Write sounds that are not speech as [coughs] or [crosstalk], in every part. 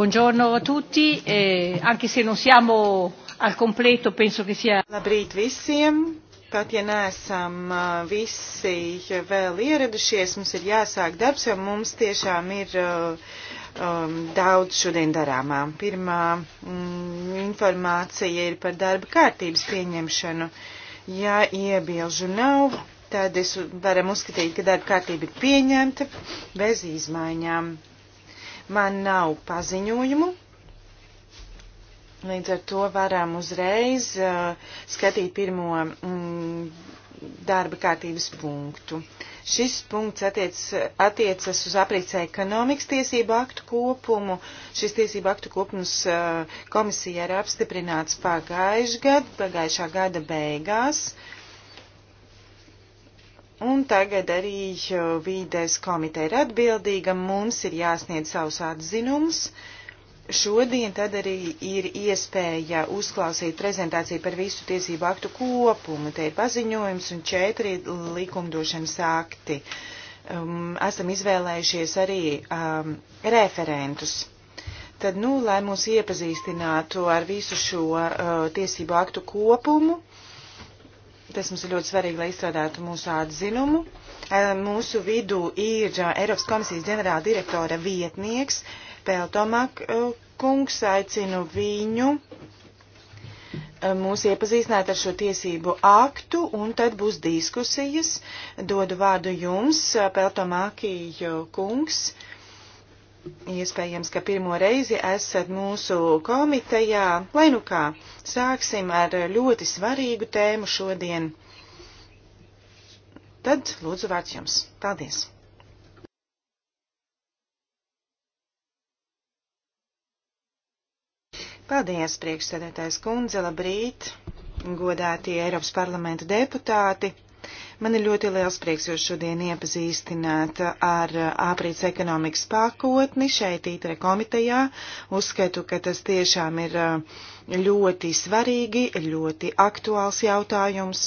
Buongiorno a tutti, e anche se non siamo al completo penso che sia. Labrīt visiem! Pat ja neesam eh, visi vēl ieradušies, mums ir jāsāk darbs, jo mums tiešām ir eh, um, daudz šodien darāmā. Pirmā mm, informācija ir par darba kārtības pieņemšanu. Ja iebilžu nav, tad es varam uzskatīt, ka darba kārtība ir pieņemta bez izmaiņām. Man nav paziņojumu. Līdz ar to varam uzreiz uh, skatīt pirmo mm, darba kārtības punktu. Šis punkts attiec, attiecas uz aprīcē ekonomikas tiesību aktu kopumu. Šis tiesību aktu kopums uh, komisija ir apstiprināts pagājušajā gada, pagājušā gada beigās. Uh, Un tagad arī uh, vīdes komiteja ir atbildīga, mums ir jāsniedz savus atzinumus. Šodien tad arī ir iespēja uzklausīt prezentāciju par visu tiesību aktu kopumu. Te ir paziņojums un četri likumdošanas akti. Um, esam izvēlējušies arī um, referentus. Tad, nu, lai mūs iepazīstinātu ar visu šo uh, tiesību aktu kopumu, uh, Tas mums ir ļoti svarīgi, lai izstrādātu mūsu atzinumu. Mūsu vidū ir Eiropas komisijas ģenerāla direktora vietnieks Peltomak kungs. Aicinu viņu mūs iepazīstināt ar šo tiesību aktu, un tad būs diskusijas. Dodu vārdu jums, Peltomakī kungs. Iespējams, ka pirmo reizi esat mūsu komitejā. Lai nu kā, sāksim ar ļoti svarīgu tēmu šodien. Tad lūdzu vārds jums. Paldies! Paldies, priekšsēdētājs kundze, labrīt, godātie Eiropas parlamenta deputāti, Man ir ļoti liels prieks jūs šodien iepazīstināt ar aprīts ekonomikas pakotni šeit ITRE komitejā. Uzskatu, ka tas tiešām ir uh, ļoti svarīgi, ļoti aktuāls jautājums.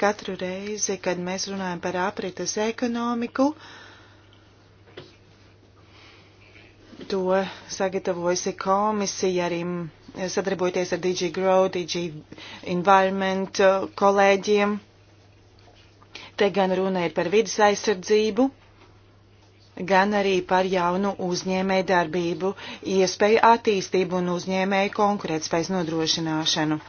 Katru reizi, kad mēs runājam par aprites ekonomiku, to sagatavojusi komisija arī sadarbojoties ar DG Grow, DG Environment uh, kolēģiem Te gan runa ir par vidas aizsardzību, gan arī par jaunu uzņēmēju darbību, iespēju attīstību un uzņēmēju konkurētspējas nodrošināšanu.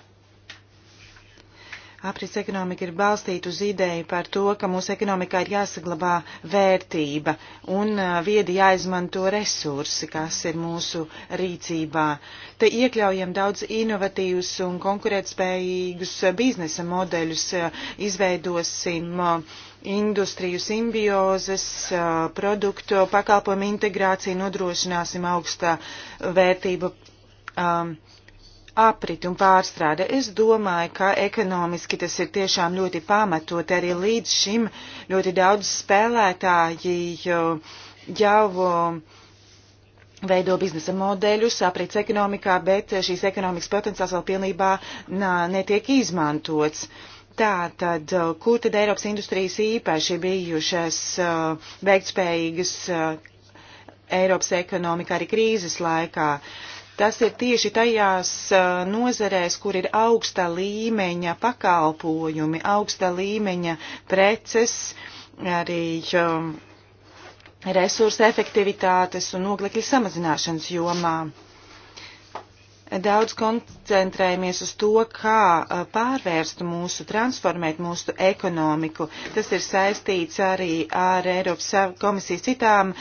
Aprits ekonomika ir balstīta uz ideju par to, ka mūsu ekonomikā ir jāsaglabā vērtība un viedi jāizmanto resursi, kas ir mūsu rīcībā. Te iekļaujam daudz inovatīvus un konkurētspējīgus biznesa modeļus, izveidosim industriju simbiozes, produktu pakalpojumu integrāciju, nodrošināsim augstā vērtība. Um, apriti un pārstrāde. Es domāju, ka ekonomiski tas ir tiešām ļoti pamatot. Arī līdz šim ļoti daudz spēlētāji jau um, veido biznesa modeļus aprits ekonomikā, bet šīs ekonomikas potenciāls vēl pilnībā netiek izmantots. Tātad, uh, kur tad Eiropas industrijas īpaši bijušas uh, veiktspējīgas uh, Eiropas ekonomika arī krīzes laikā? Uh, Tas ir tieši tajās nozerēs, kur ir augsta līmeņa pakalpojumi, augsta līmeņa preces, arī resursa efektivitātes un oglekļa samazināšanas jomā daudz koncentrējamies uz to, kā pārvērst mūsu, transformēt mūsu ekonomiku. Tas ir saistīts arī ar Eiropas komisijas citām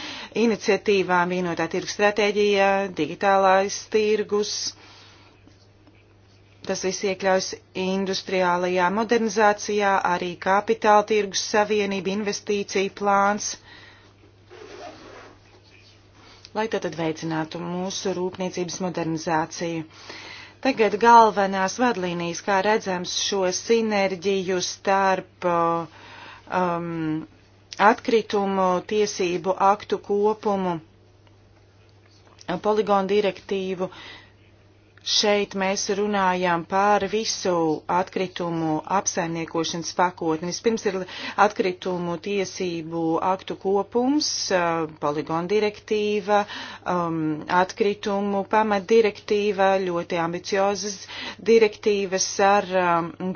iniciatīvām, vienotā tirgus stratēģija, digitālais tirgus. Tas viss iekļaus industriālajā modernizācijā, arī kapitāla tirgus savienība, investīcija plāns. Uh, lai tātad veicinātu mūsu rūpniecības modernizāciju. Tagad galvenās vadlīnijas, kā redzams, šo sinerģiju starp uh, um, atkritumu tiesību aktu kopumu, poligonu direktīvu, Šeit mēs runājām par visu atkritumu apsaimniekošanas pakotni. Vispirms ir atkritumu tiesību aktu kopums, poligona direktīva, um, atkritumu pamatdirektīva, ļoti ambiciozas direktīvas ar um,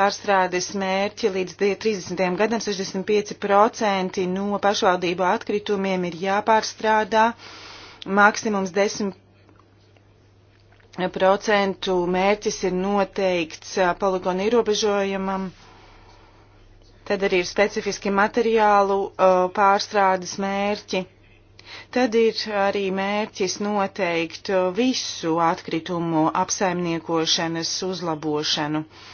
pārstrādes mērķi līdz 30. gadam 65% no pašvaldību atkritumiem ir jāpārstrādā maksimums 10 procentu mērķis ir noteikts poligonu ierobežojumam. Tad arī ir specifiski materiālu pārstrādes mērķi. Tad ir arī mērķis noteikt visu atkritumu apsaimniekošanas uzlabošanu. Uh,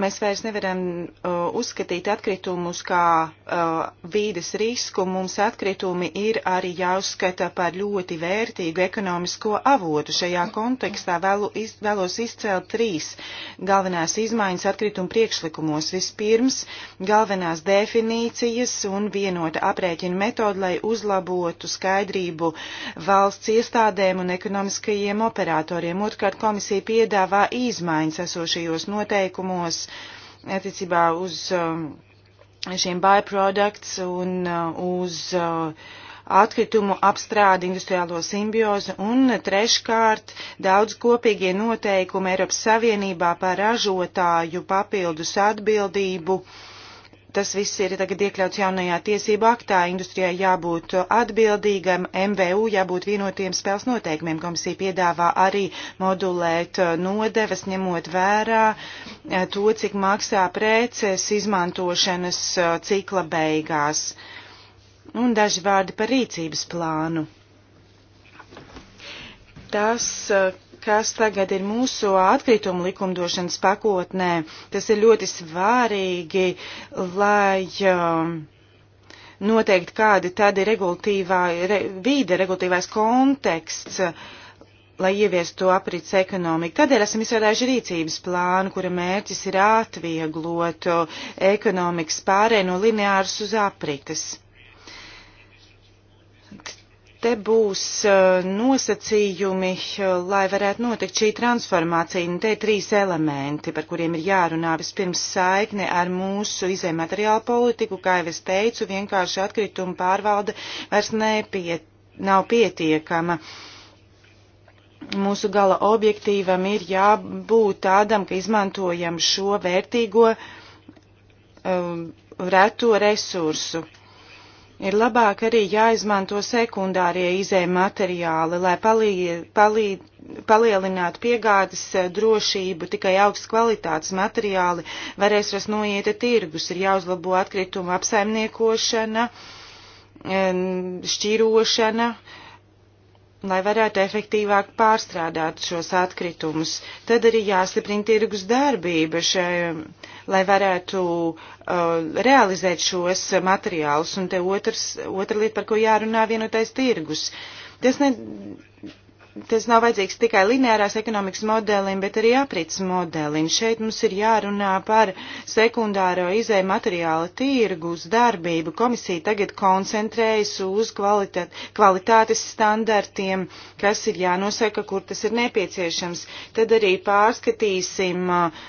Mēs vairs nevaram uh, uzskatīt atkritumus kā uh, vīdes risku. Mums atkritumi ir arī jāuzskata par ļoti vērtīgu ekonomisko avotu. Šajā kontekstā vēlu iz, vēlos izcelt trīs galvenās izmaiņas atkritumu priekšlikumos. Vispirms galvenās definīcijas un vienota aprēķina metoda, lai uzlabotu skaidrību valsts iestādēm un ekonomiskajiem operatoriem. Otrkārt, komisija piedāvā izmaiņas esošajos noteikumos attiecībā uz um, šiem byproducts un uh, uz uh, atkritumu apstrādi industriālo simbiozu un treškārt daudz kopīgie noteikumi Eiropas Savienībā par ražotāju papildus atbildību uh, tas viss ir tagad iekļauts jaunajā tiesību aktā. Industrijai jābūt atbildīgam, MVU jābūt vienotiem spēles noteikumiem. Komisija piedāvā arī modulēt uh, nodevas, ņemot vērā uh, to, cik maksā preces izmantošanas uh, cikla beigās. Un daži vārdi par rīcības plānu. Tas, kas tagad ir mūsu atkrituma likumdošanas pakotnē. Tas ir ļoti svārīgi, lai um, noteikti kādi tādi regulatīvā re, vīde, regulatīvais konteksts, lai ieviestu aprits ekonomiku. Tādēļ esam izstrādājuši rīcības plānu, kura mērķis ir atvieglot ekonomikas pārēj no lineāras uz aprites te būs eh, nosacījumi, eh, lai varētu notikt šī transformācija. Un te ir trīs elementi, par kuriem ir jārunā. Vispirms saikne ar mūsu izēmateriālu politiku, kā jau es teicu, vienkārši atkrituma pārvalde vairs nepiet, nav pietiekama. Mūsu gala objektīvam ir jābūt tādam, ka izmantojam šo vērtīgo um, reto resursu Ir labāk arī jāizmanto sekundārie izējai materiāli, lai palie, palie, palielinātu piegādes eh, drošību, tikai augsts kvalitātes materiāli varēs rast noieta tirgus, ir jāuzlabo atkritumu apsaimniekošana, šķirošana, lai varētu efektīvāk pārstrādāt šos atkritumus. Tad arī jāstiprina tirgus darbība, še, lai varētu uh, realizēt šos materiālus. Un te otrs, otra lieta, par ko jārunā vienotais tirgus. Tas ne, tas nav vajadzīgs tikai lineārās ekonomikas modelim, bet arī aprits modelim. Šeit mums ir jārunā par sekundāro izēju materiāla tīrgu uz darbību. Komisija tagad koncentrējas uz kvalitāt, kvalitātes standartiem, kas ir jānosaka, kur tas ir nepieciešams. Tad arī pārskatīsim uh,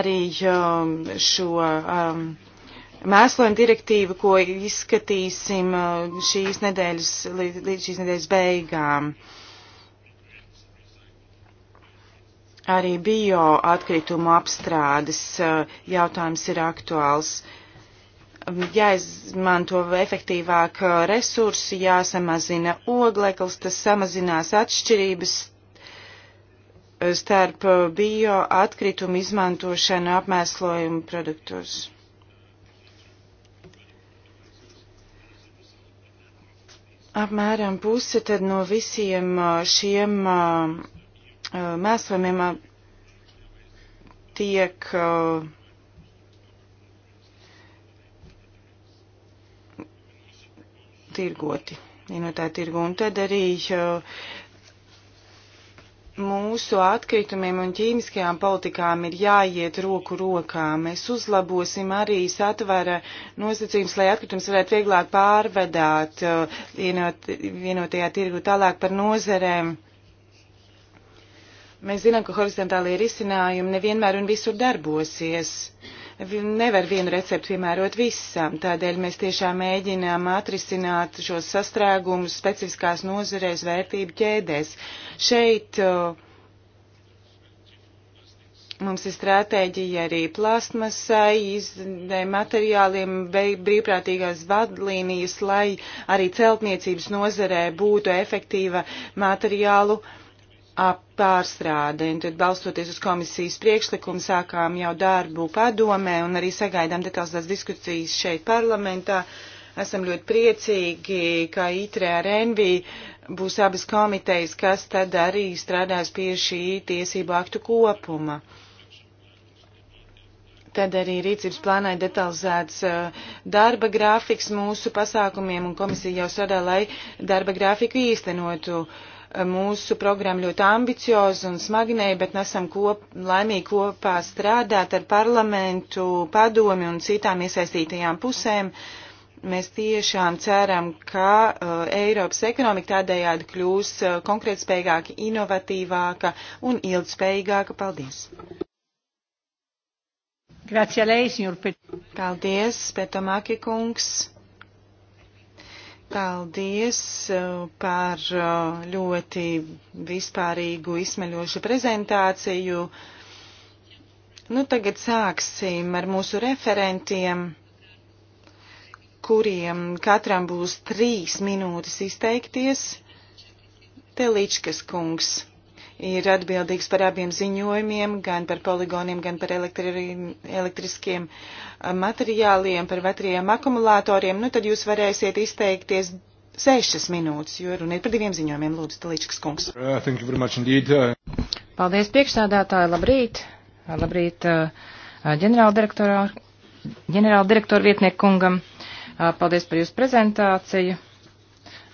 arī um, šo. Um, mēslojuma direktīva, ko izskatīsim uh, šīs nedēļas, līdz šīs nedēļas beigām. Uh, Arī bioatkritumu apstrādes eh, jautājums ir aktuāls. Um, jāizmanto efektīvāk eh, resursi, jāsamazina ogleklis, tas samazinās atšķirības eh, starp bioatkritumu izmantošanu apmēslojumu produktos. Apmēram puse tad no visiem šiem mēsojumiem tiek tirgoti, vienotāji tirgu. Un tad arī mūsu atkritumiem un ķīmiskajām politikām ir jāiet roku rokā. Mēs uzlabosim arī satvara nosacījums, lai atkritums varētu vieglāk pārvedāt vienotajā tirgu tālāk par nozerēm Mēs zinām, ka horizontālie risinājumi nevienmēr un visur darbosies. Nevar vienu recepti piemērot visam, tādēļ mēs tiešām mēģinām atrisināt šos sastrēgumus specifiskās nozarēs vērtību ķēdēs. Šeit mums ir stratēģija arī plastmasai, izdē materiāliem, brīvprātīgās vadlīnijas, lai arī celtniecības nozarē būtu efektīva materiālu uh, pārstrāde. Un tad balstoties uz komisijas priekšlikumu sākām jau darbu padomē un arī sagaidām detalizētas diskusijas šeit parlamentā. Esam ļoti priecīgi, ka ITRE ar NV būs abas komitejas, kas tad arī strādās pie šī tiesību aktu kopuma. Tad arī rīcības plānā ir detalizēts uh, darba grafiks mūsu pasākumiem, un komisija jau strādā, lai darba grafiku īstenotu. Uh, Mūsu programma ļoti ambicioza un smagnēja, bet esam kop, laimīgi kopā strādāt ar parlamentu, padomi un citām iesaistītajām pusēm. Mēs tiešām ceram, ka uh, Eiropas ekonomika tādējādi kļūs uh, konkrētspējīgāka, inovatīvāka un ilgspējīgāka. Paldies! Grazie lei, signor Pet. Paldies, Petomaki kungs. Paldies uh, par uh, ļoti vispārīgu izsmeļošu prezentāciju. Nu, tagad sāksim ar mūsu referentiem, kuriem katram būs trīs minūtes izteikties. Telīčkas kungs ir atbildīgs par abiem ziņojumiem, gan par poligoniem, gan par elektri, elektriskiem eh, materiāliem, par vetriem akumulatoriem, nu tad jūs varēsiet izteikties sešas minūtes, jo runa ir par diviem ziņojumiem. Lūdzu, Talīčkas kungs. Uh, uh. Paldies priekšsādātāji, labrīt! Labrīt ģenerāldirektoru uh, ģenerāldirektor vietniekungam. Paldies par jūsu prezentāciju.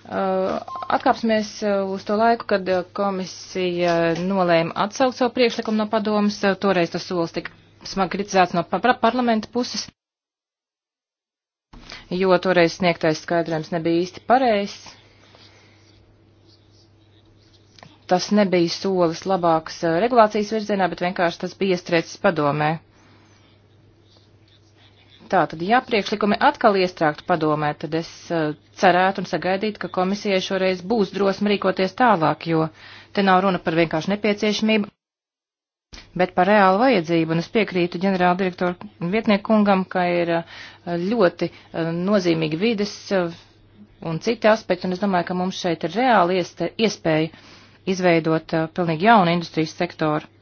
Uh, atkāpsimies uh, uz to laiku, kad uh, komisija nolēma atsaukt savu priekšlikumu no padomas. Toreiz tas solis tika smagi kritizēts no parlamenta puses, jo toreiz sniegtais skaidrojums nebija īsti pareizs. Tas nebija solis labākas regulācijas virzienā, bet vienkārši tas bija iestrēcis padomē. Tātad, ja priekšlikumi atkal iestrāktu padomē, tad es uh, cerētu un sagaidītu, ka komisijai šoreiz būs drosme rīkoties tālāk, jo te nav runa par vienkārši nepieciešamību, bet par reālu vajadzību, un es piekrītu ģenerāla direktoru vietniekungam, ka ir uh, ļoti uh, nozīmīgi vides un citi aspekti, un es domāju, ka mums šeit ir reāli iespēja izveidot pilnīgi jaunu industrijas sektoru.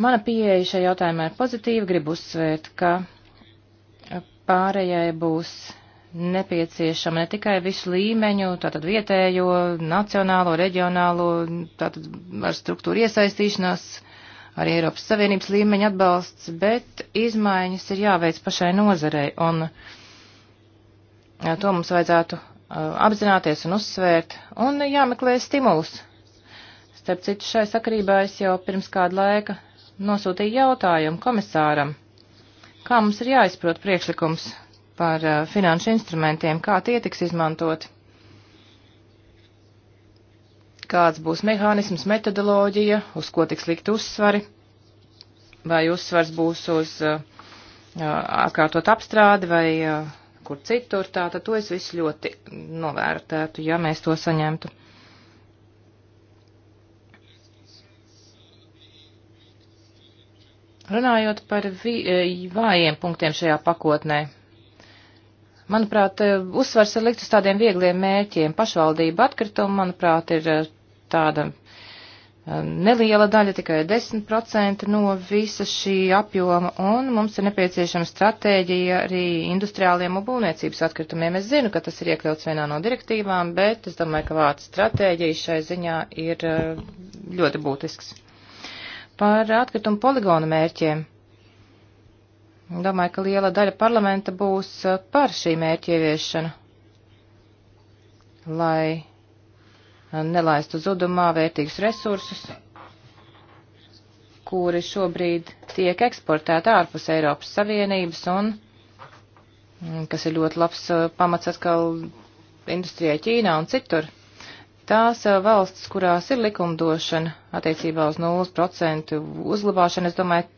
Mana pieeja šajā jautājumā ir pozitīva. Gribu uzsvērt, ka pārējai būs nepieciešama ne tikai visu līmeņu, tātad vietējo, nacionālo, reģionālo, tātad ar struktūru iesaistīšanās, arī Eiropas Savienības līmeņa atbalsts, bet izmaiņas ir jāveic pašai nozarei, un to mums vajadzētu apzināties un uzsvērt, un jāmeklē stimulus. Starp citu, šai sakarībā es jau pirms kādu laiku nosūtīju jautājumu komisāram, kā mums ir jāizprot priekšlikums par uh, finanšu instrumentiem, kā tie tiks izmantoti, kāds būs mehānisms, metodoloģija, uz ko tiks likt uzsvari, vai uzsvars būs uz uh, atkārtot apstrādi vai uh, kur citur, tā tad to es visu ļoti novērtētu, ja mēs to saņemtu. Runājot par e, vājiem punktiem šajā pakotnē, manuprāt, e, uzsvars ir likt uz tādiem viegliem mērķiem. Pašvaldība atkrituma, manuprāt, ir e, tāda neliela daļa, tikai 10% no visa šī apjoma, un mums ir nepieciešama stratēģija arī industriāliem un būvniecības atkritumiem. Es zinu, ka tas ir iekļauts vienā no direktīvām, bet es domāju, ka vārds stratēģija šai ziņā ir ļoti būtisks par atkritumu poligonu mērķiem. Domāju, ka liela daļa parlamenta būs eh, par šī mērķa ieviešanu, lai eh, nelaistu zudumā vērtīgus resursus, kuri šobrīd tiek eksportēti ārpus Eiropas Savienības un mm, kas ir ļoti labs eh, pamats atkal industrijai Ķīnā un citur. Tās valsts, kurās ir likumdošana attiecībā uz 0% uzglabāšanu, es domāju,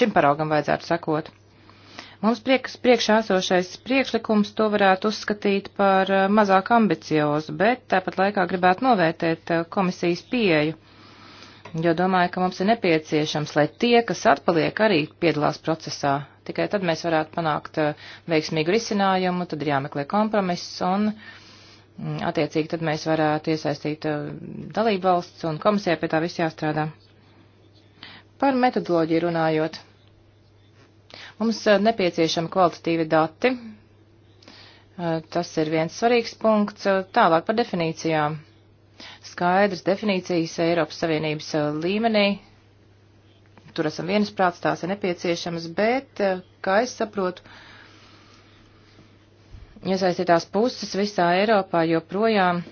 šim paraugam vajadzētu sekot. Mums prieks, priekšā esošais priekšlikums to varētu uzskatīt par mazāk ambiciozu, bet tāpat laikā gribētu novērtēt komisijas pieeju, jo domāju, ka mums ir nepieciešams, lai tie, kas atpaliek, arī piedalās procesā. Tikai tad mēs varētu panākt veiksmīgu risinājumu, tad ir jāmeklē kompromiss un. Uh, Mm, attiecīgi tad mēs varētu iesaistīt uh, dalību valsts un komisijai pie tā viss jāstrādā. Par metodoloģiju runājot. Mums uh, nepieciešami kvalitatīvi dati. Uh, tas ir viens svarīgs punkts. Tālāk par definīcijām. Skaidrs definīcijas Eiropas Savienības līmenī. Tur esam vienas prāts, tās ir nepieciešamas, bet, kā es saprotu, uh, iesaistītās puses visā Eiropā joprojām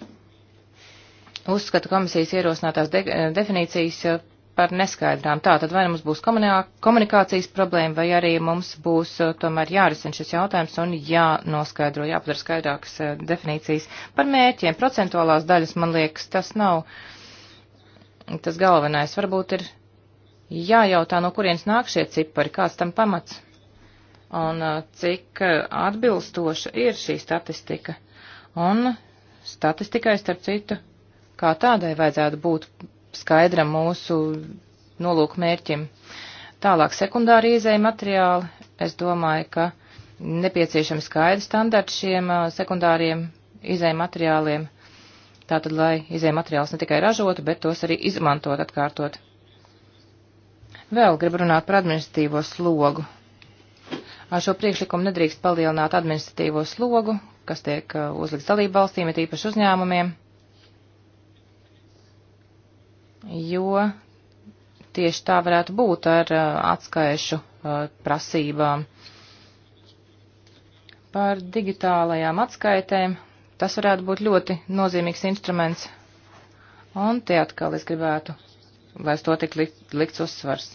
uzskata komisijas ierosinātās de definīcijas eh, par neskaidrām. Tā tad vai mums būs komunikācijas problēma, vai arī mums būs eh, tomēr jārisina šis jautājums un jānoskaidro, jāpadara skaidrākas eh, definīcijas par mērķiem. Procentuālās daļas, man liekas, tas nav tas galvenais. Varbūt ir jājautā, no kurienes nāk šie cipari, kāds tam pamats un uh, cik uh, atbilstoša ir šī statistika. Un statistikai, starp citu, kā tādai vajadzētu būt skaidram mūsu nolūku mērķim. Tālāk sekundāri izēja materiāli. Es domāju, ka nepieciešami skaidri standarti šiem uh, sekundāriem izēja materiāliem. Tātad, lai izēja materiāls ne tikai ražotu, bet tos arī izmantot atkārtot. Vēl gribu runāt par administratīvo slogu. Ar šo priekšlikumu nedrīkst palielināt administratīvo slogu, kas tiek uh, uzlikts dalību valstīm, ir īpaši uzņēmumiem, jo tieši tā varētu būt ar uh, atskaišu uh, prasībām. Par digitālajām atskaitēm tas varētu būt ļoti nozīmīgs instruments, un te atkal es gribētu, lai uz to tik likts uzsvars.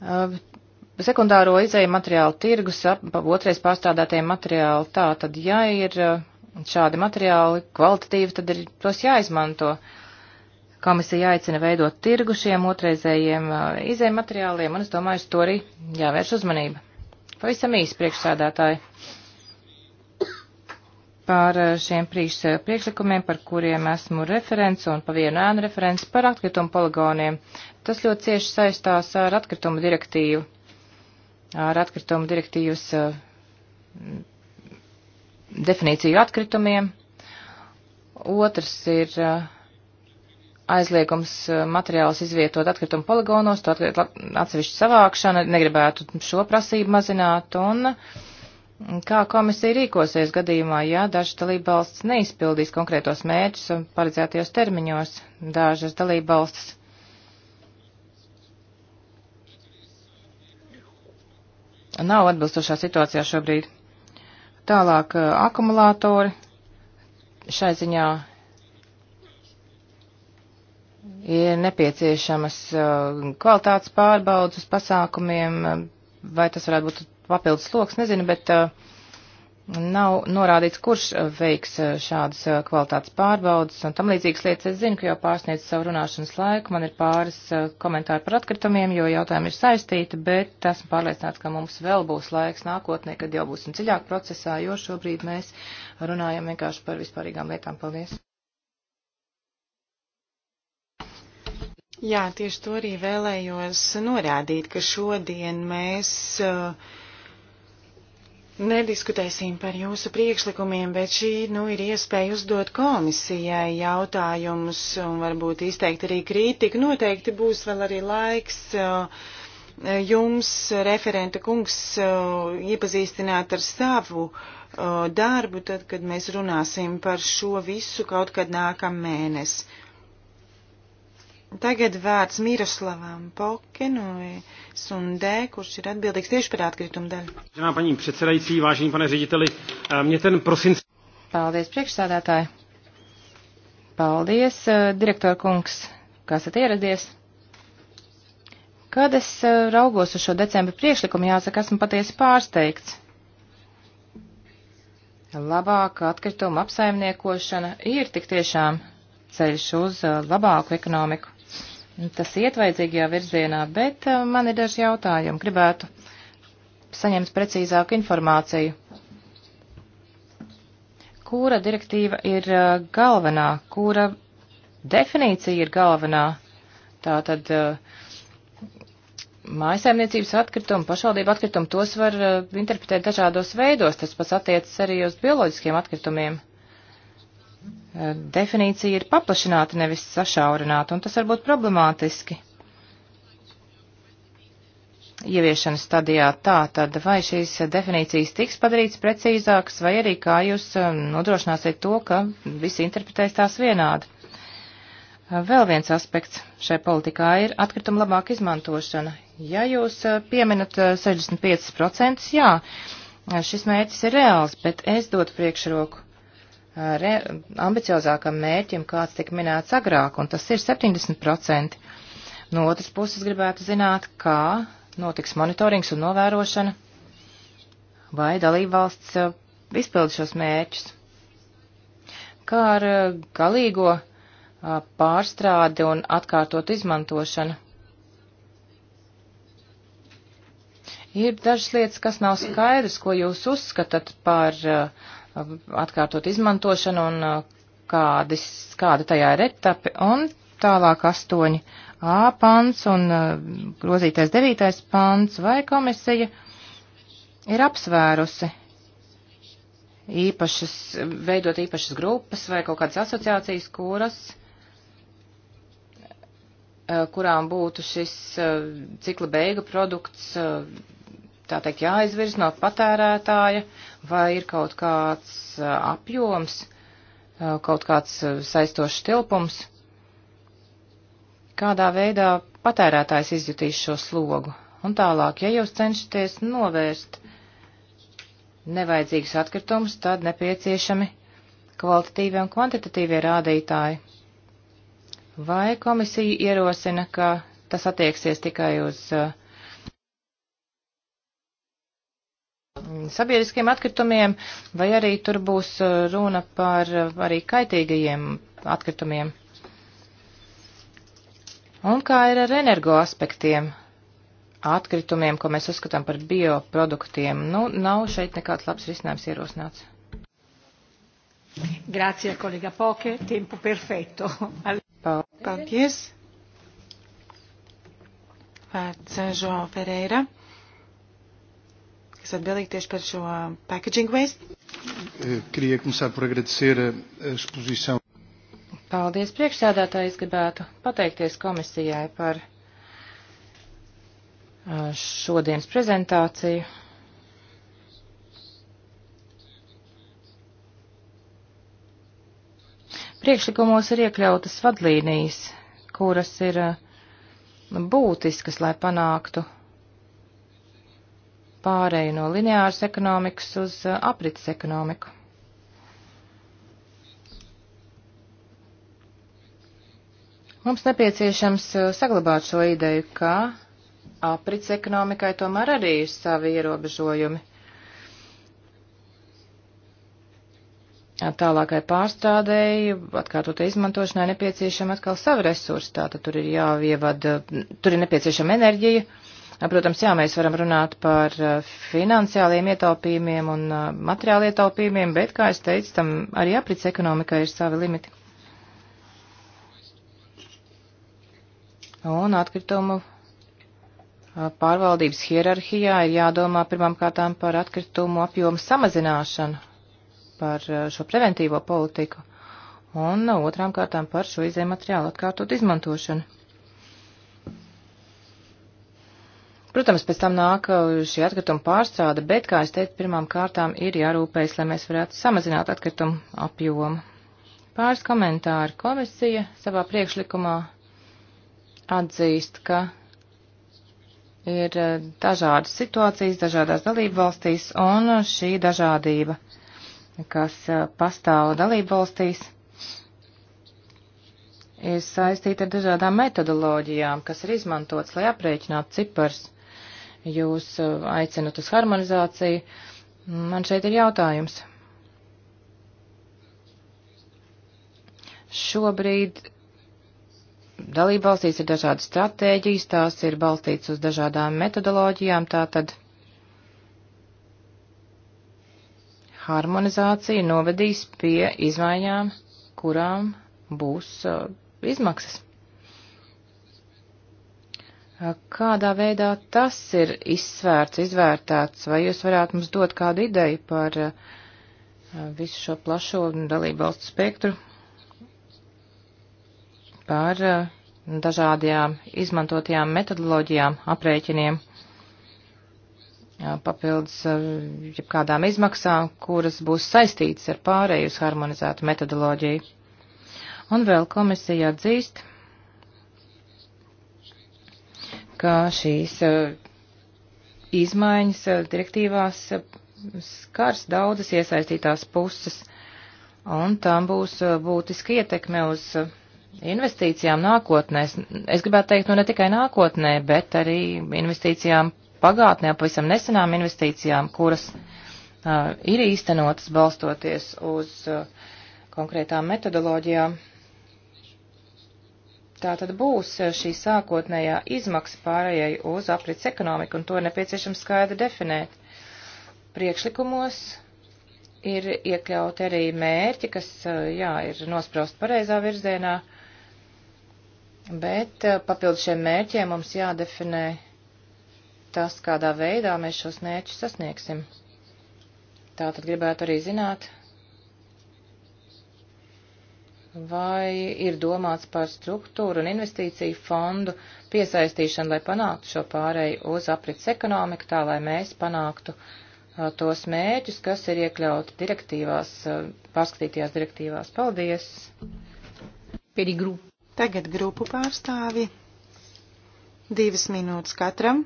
Uh, sekundāro izēju materiālu tirgus ap otrais pārstrādātie materiāli. Tā tad, ja ir uh, šādi materiāli kvalitatīvi, tad ir tos jāizmanto. Komisija aicina veidot tirgu šiem otrreizējiem uh, izēju materiāliem, un es domāju, uz to arī jāvērš uzmanība. Pavisam īsi priekšsēdētāji par eh, šiem priekš, eh, priekšlikumiem, par kuriem esmu referents un pa vienu ēnu referents par atkritumu poligoniem. Tas ļoti cieši saistās ar atkritumu direktīvu, ar atkritumu direktīvas eh, definīciju atkritumiem. Otrs ir aizliegums materiālus izvietot atkritumu poligonos, to atsevišķu savākšanu, negribētu šo prasību mazināt. Un, uh, Kā komisija rīkosies gadījumā, ja dažas dalībvalstis neizpildīs konkrētos mērķus un paredzētajos termiņos? Dažas dalībvalstis nav atbilstošā situācijā šobrīd. Tālāk eh, akumulātori šai ziņā ir nepieciešamas eh, kvalitātes pārbaudas pasākumiem, vai tas varētu būt papildus sloks, nezinu, bet uh, nav norādīts, kurš uh, veiks uh, šādas kvalitātes pārbaudas un tam līdzīgas lietas. Es zinu, ka jau pārsniedz savu runāšanas laiku, man ir pāris komentāri par atkritumiem, jo jautājumi ir saistīti, bet esmu pārliecināts, ka mums vēl būs laiks nākotnē, kad jau būsim dziļāk procesā, jo šobrīd mēs runājam vienkārši par vispārīgām lietām. Paldies! Jā, tieši to arī vēlējos norādīt, ka šodien mēs uh, Nediskutēsim par jūsu priekšlikumiem, bet šī nu, ir iespēja uzdot komisijai jautājumus un varbūt izteikt arī kritiku. Noteikti būs vēl arī laiks uh, jums, referenta kungs, uh, iepazīstināt ar savu uh, darbu, tad, kad mēs runāsim par šo visu kaut kad nākamēnes. mēnesi. Tagad vārds Miroslavam Pokenojas un D, kurš ir atbildīgs tieši par atkritumu daļu. Ženā, paņī, predsedājīcī, vāžiņi, pane reģiteli, eh, mne ten prosins. Paldies, priekšsādātāji. Paldies, eh, direktor kungs, kā esat ieradies. Kad es eh, raugos uz šo decembra priekšlikumu, jāsaka, esmu patiesi pārsteigts. Labāka atkrituma apsaimniekošana ir tik tiešām ceļš uz labāku ekonomiku tas iet vajadzīgajā virzienā, bet eh, man ir daži jautājumi. Gribētu saņemt precīzāku informāciju. Kura direktīva ir eh, galvenā, kura definīcija ir galvenā? Tā tad eh, mājasēmniecības atkritumi, pašvaldību atkritumi, tos var interpretēt dažādos veidos. Tas pats attiecas arī uz bioloģiskiem atkritumiem definīcija ir paplašināta, nevis sašaurināta, un tas var būt problemātiski. Ieviešanas stadijā tā tad, vai šīs definīcijas tiks padarīts precīzākas, vai arī kā jūs um, nodrošināsiet to, ka visi interpretēs tās vienādi. Uh, vēl viens aspekts šai politikā ir atkrituma labāka izmantošana. Ja jūs uh, pieminat 65%, uh, jā, šis mērķis ir reāls, bet es dotu priekšroku re, ambiciozākam mērķim, kāds tika minēts agrāk, un tas ir 70%. No otras puses gribētu zināt, kā notiks monitorings un novērošana, vai dalība valsts uh, izpildi šos mērķus. Kā ar uh, galīgo uh, pārstrādi un atkārtot izmantošanu. Ir dažas lietas, kas nav skaidrs, ko jūs uzskatat par uh, atkārtot izmantošanu un uh, kādis, kāda tajā ir etapi. Un tālāk 8a pants un uh, grozītais 9. pants vai komisija ir apsvērusi īpašas, veidot īpašas grupas vai kaut kādas asociācijas, kuras, uh, kurām būtu šis cikla beiga produkts tā teikt, jāizvirz no patērētāja, vai ir kaut kāds uh, apjoms, uh, kaut kāds uh, saistošs tilpums, kādā veidā patērētājs izjutīs šo slogu. Un tālāk, ja jūs cenšaties novērst nevajadzīgus atkritumus, tad nepieciešami kvalitatīvie un kvantitatīvie rādītāji. Vai komisija ierosina, ka tas attieksies tikai uz uh, sabiedriskiem atkritumiem, vai arī tur būs uh, runa par uh, arī kaitīgajiem atkritumiem. Un kā ir ar energo aspektiem, atkritumiem, ko mēs uzskatām par bioproduktiem? Nu, nav šeit nekāds labs risinājums ierosināts. Grazie, kolega Poke, tempo perfetto. Paldies. Vārds Žoa uh, Pereira kas atbildīgi tieši par šo um, packaging waste. Eh, queria começar por agradecer a exposição. Paldies priekšsēdētāji, es gribētu pateikties komisijai par uh, šodienas prezentāciju. Priekšlikumos ir iekļautas vadlīnijas, kuras ir uh, būtiskas, lai panāktu pārēju no lineāras ekonomikas uz uh, aprits ekonomiku. Mums nepieciešams uh, saglabāt šo ideju, ka aprits ekonomikai tomēr arī ir savi ierobežojumi. Tālākai pārstrādēji, atkārtotai izmantošanai nepieciešama atkal savi resursi, tātad tur ir jāievad, uh, tur ir nepieciešama enerģija, uh, Protams, jā, mēs varam runāt par finansiāliem ietaupījumiem un materiāli ietaupījumiem, bet, kā es teicu, tam arī aprits ekonomikai ir savi limiti. Un atkritumu pārvaldības hierarhijā ir jādomā pirmām kārtām par atkritumu apjomu samazināšanu, par šo preventīvo politiku, un otrām kārtām par šo izējumateriālu atkārtot izmantošanu. Protams, pēc tam nāk uh, šī atkrituma pārstrāde, bet, kā es teicu, pirmām kārtām ir jārūpējas, lai mēs varētu samazināt atkritumu apjomu. Pāris komentāri komisija savā priekšlikumā atzīst, ka ir uh, dažādas situācijas dažādās dalību valstīs, un šī dažādība, kas uh, pastāv dalību valstīs, ir saistīta ar dažādām metodoloģijām, kas ir izmantotas, lai aprēķinātu cipars jūs uh, aicinat uz harmonizāciju. Man šeit ir jautājums. Šobrīd dalība valstīs ir dažādas stratēģijas, tās ir balstītas uz dažādām metodoloģijām, tātad harmonizācija novedīs pie izmaiņām, kurām būs uh, izmaksas. Kādā veidā tas ir izsvērts, izvērtēts, vai jūs varētu mums dot kādu ideju par uh, visu šo plašo dalību valstu spektru, par uh, dažādajām izmantotajām metodoloģijām, aprēķiniem, uh, papildus jebkādām izmaksām, kuras būs saistītas ar pārēju uz harmonizētu metodoloģiju. Un vēl komisija atzīst, ka šīs eh, izmaiņas eh, direktīvās eh, skars daudzas iesaistītās puses, un tam būs būtiski ietekme uz investīcijām nākotnē. Es gribētu teikt, nu ne tikai nākotnē, bet arī investīcijām pagātnē, pavisam nesenām investīcijām, kuras uh, ir īstenotas balstoties uz uh, konkrētām metodoloģijām tā tad būs šī sākotnējā izmaksa pārējai uz aprits ekonomiku, un to ir nepieciešams skaidri definēt. Priekšlikumos ir iekļauti arī mērķi, kas, eh, jā, ir nospraust pareizā virzienā, bet eh, papildus šiem mērķiem mums jādefinē tas, kādā veidā mēs šos mērķus sasniegsim. Tātad gribētu arī zināt, vai ir domāts par struktūru un investīciju fondu piesaistīšanu, lai panāktu šo pārēju uz aprits ekonomiku, tā lai mēs panāktu uh, tos mērķus, kas ir iekļauti direktīvās, uh, pārskatītajās direktīvās. Paldies! Tagad grupu pārstāvi. Divas minūtes katram.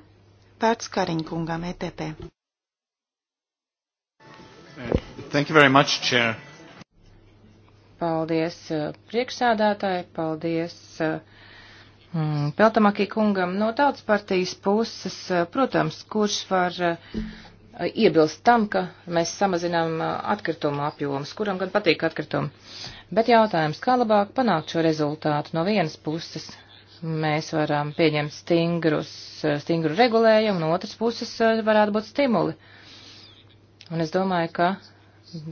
Vērts Kariņkungam ETP. Thank you very much, Chair. Paldies uh, priekšsādātāji, paldies uh, mm, Peltamakī kungam no tautas partijas puses. Uh, protams, kurš var iebilst tam, ka mēs samazinām atkritumu apjomus, kuram gan patīk atkritumi. Bet jautājums, kā labāk panākt šo rezultātu no vienas puses? Mēs varam pieņemt stingrus, stingru regulējumu, no otras puses varētu būt stimuli. Un es domāju, ka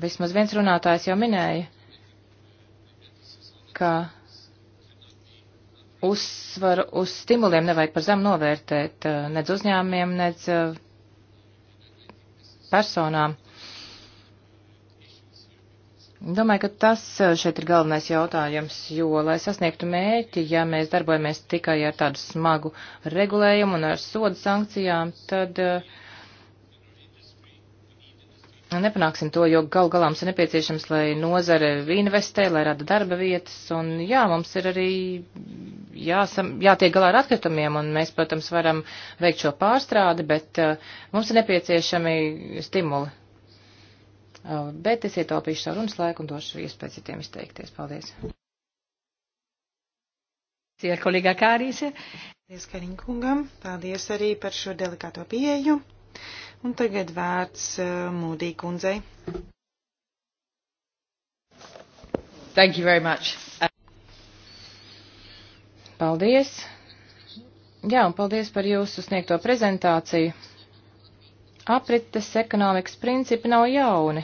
vismaz viens runātājs jau minēja, ka uzsvaru uz stimuliem nevajag par zem novērtēt eh, nedz uzņēmumiem, nedz eh, personām. Domāju, ka tas eh, šeit ir galvenais jautājums, jo, lai sasniegtu mērķi, ja mēs darbojamies tikai ar tādu smagu regulējumu un ar sodu sankcijām, tad uh, nepanāksim to, jo gal galā mums ir nepieciešams, lai nozare investē, lai rada darba vietas, un jā, mums ir arī jāsam, jātiek galā ar atkritumiem, un mēs, protams, varam veikt šo pārstrādi, bet uh, mums ir nepieciešami stimuli. Uh, bet es ietaupīšu savu runas laiku un došu iespēju citiem izteikties. Paldies. Cier kolēģa Kārīse. Paldies Kariņkungam. Paldies arī par šo delikāto pieeju. Un tagad vērts uh, Mūdī kundzei. Thank you very much. Uh, paldies. Jā, un paldies par jūsu sniegto prezentāciju. Aprites ekonomikas principi nav jauni.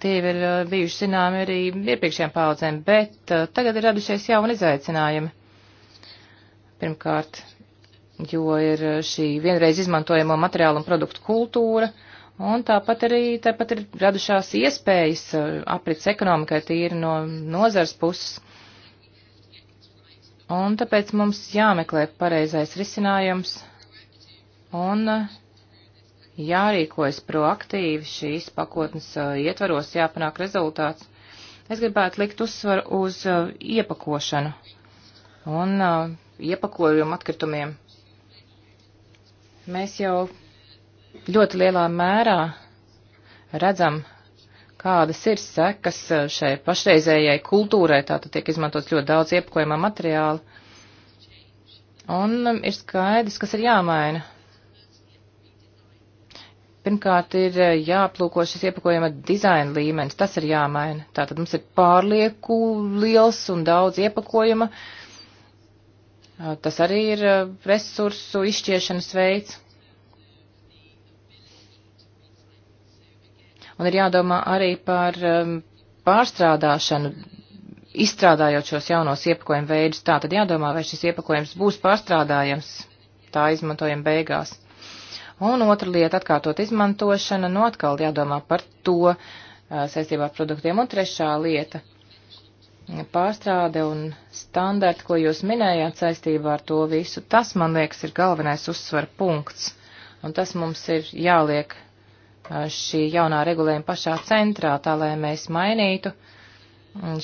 Tie ir uh, bijuši zināmi arī iepriekšējām paudzēm, bet tagad ir radušies jauni izaicinājumi. Pirmkārt, jo ir eh, šī vienreiz izmantojamo materiālu un produktu kultūra, un tāpat arī tāpat ir radušās iespējas eh, aprits ekonomikai tīri no nozars puses. Un tāpēc mums jāmeklē pareizais risinājums un eh, jārīkojas proaktīvi šīs pakotnes ietvaros, jāpanāk rezultāts. Es gribētu likt uzsvaru uz iepakošanu un iepakojumu atkritumiem. Mēs jau ļoti lielā mērā redzam, kādas ir sekas eh, šai pašreizējai kultūrai, tātad tiek izmantots ļoti daudz iepakojumā materiāla. Un um, ir skaidrs, kas ir jāmaina. Pirmkārt, ir eh, jāplūko šis iepakojuma dizaina līmenis. Tas ir jāmaina. Tātad mums ir pārlieku liels un daudz iepakojuma. Uh, Tas arī ir resursu izšķiešanas veids. Un ir jādomā arī par pārstrādāšanu, izstrādājot šos jaunos iepakojumu veidus. Tā tad jādomā, vai šis iepakojums būs pārstrādājams, tā izmantojam beigās. Un otra lieta - atkārtot izmantošana, no nu atkal jādomā par to saistībā ar produktiem. Un trešā lieta - pārstrāde un standarti, ko jūs minējāt saistībā ar to visu, tas, man liekas, ir galvenais uzsver punkts. Un tas mums ir jāliek šī jaunā regulējuma pašā centrā, tā lai mēs mainītu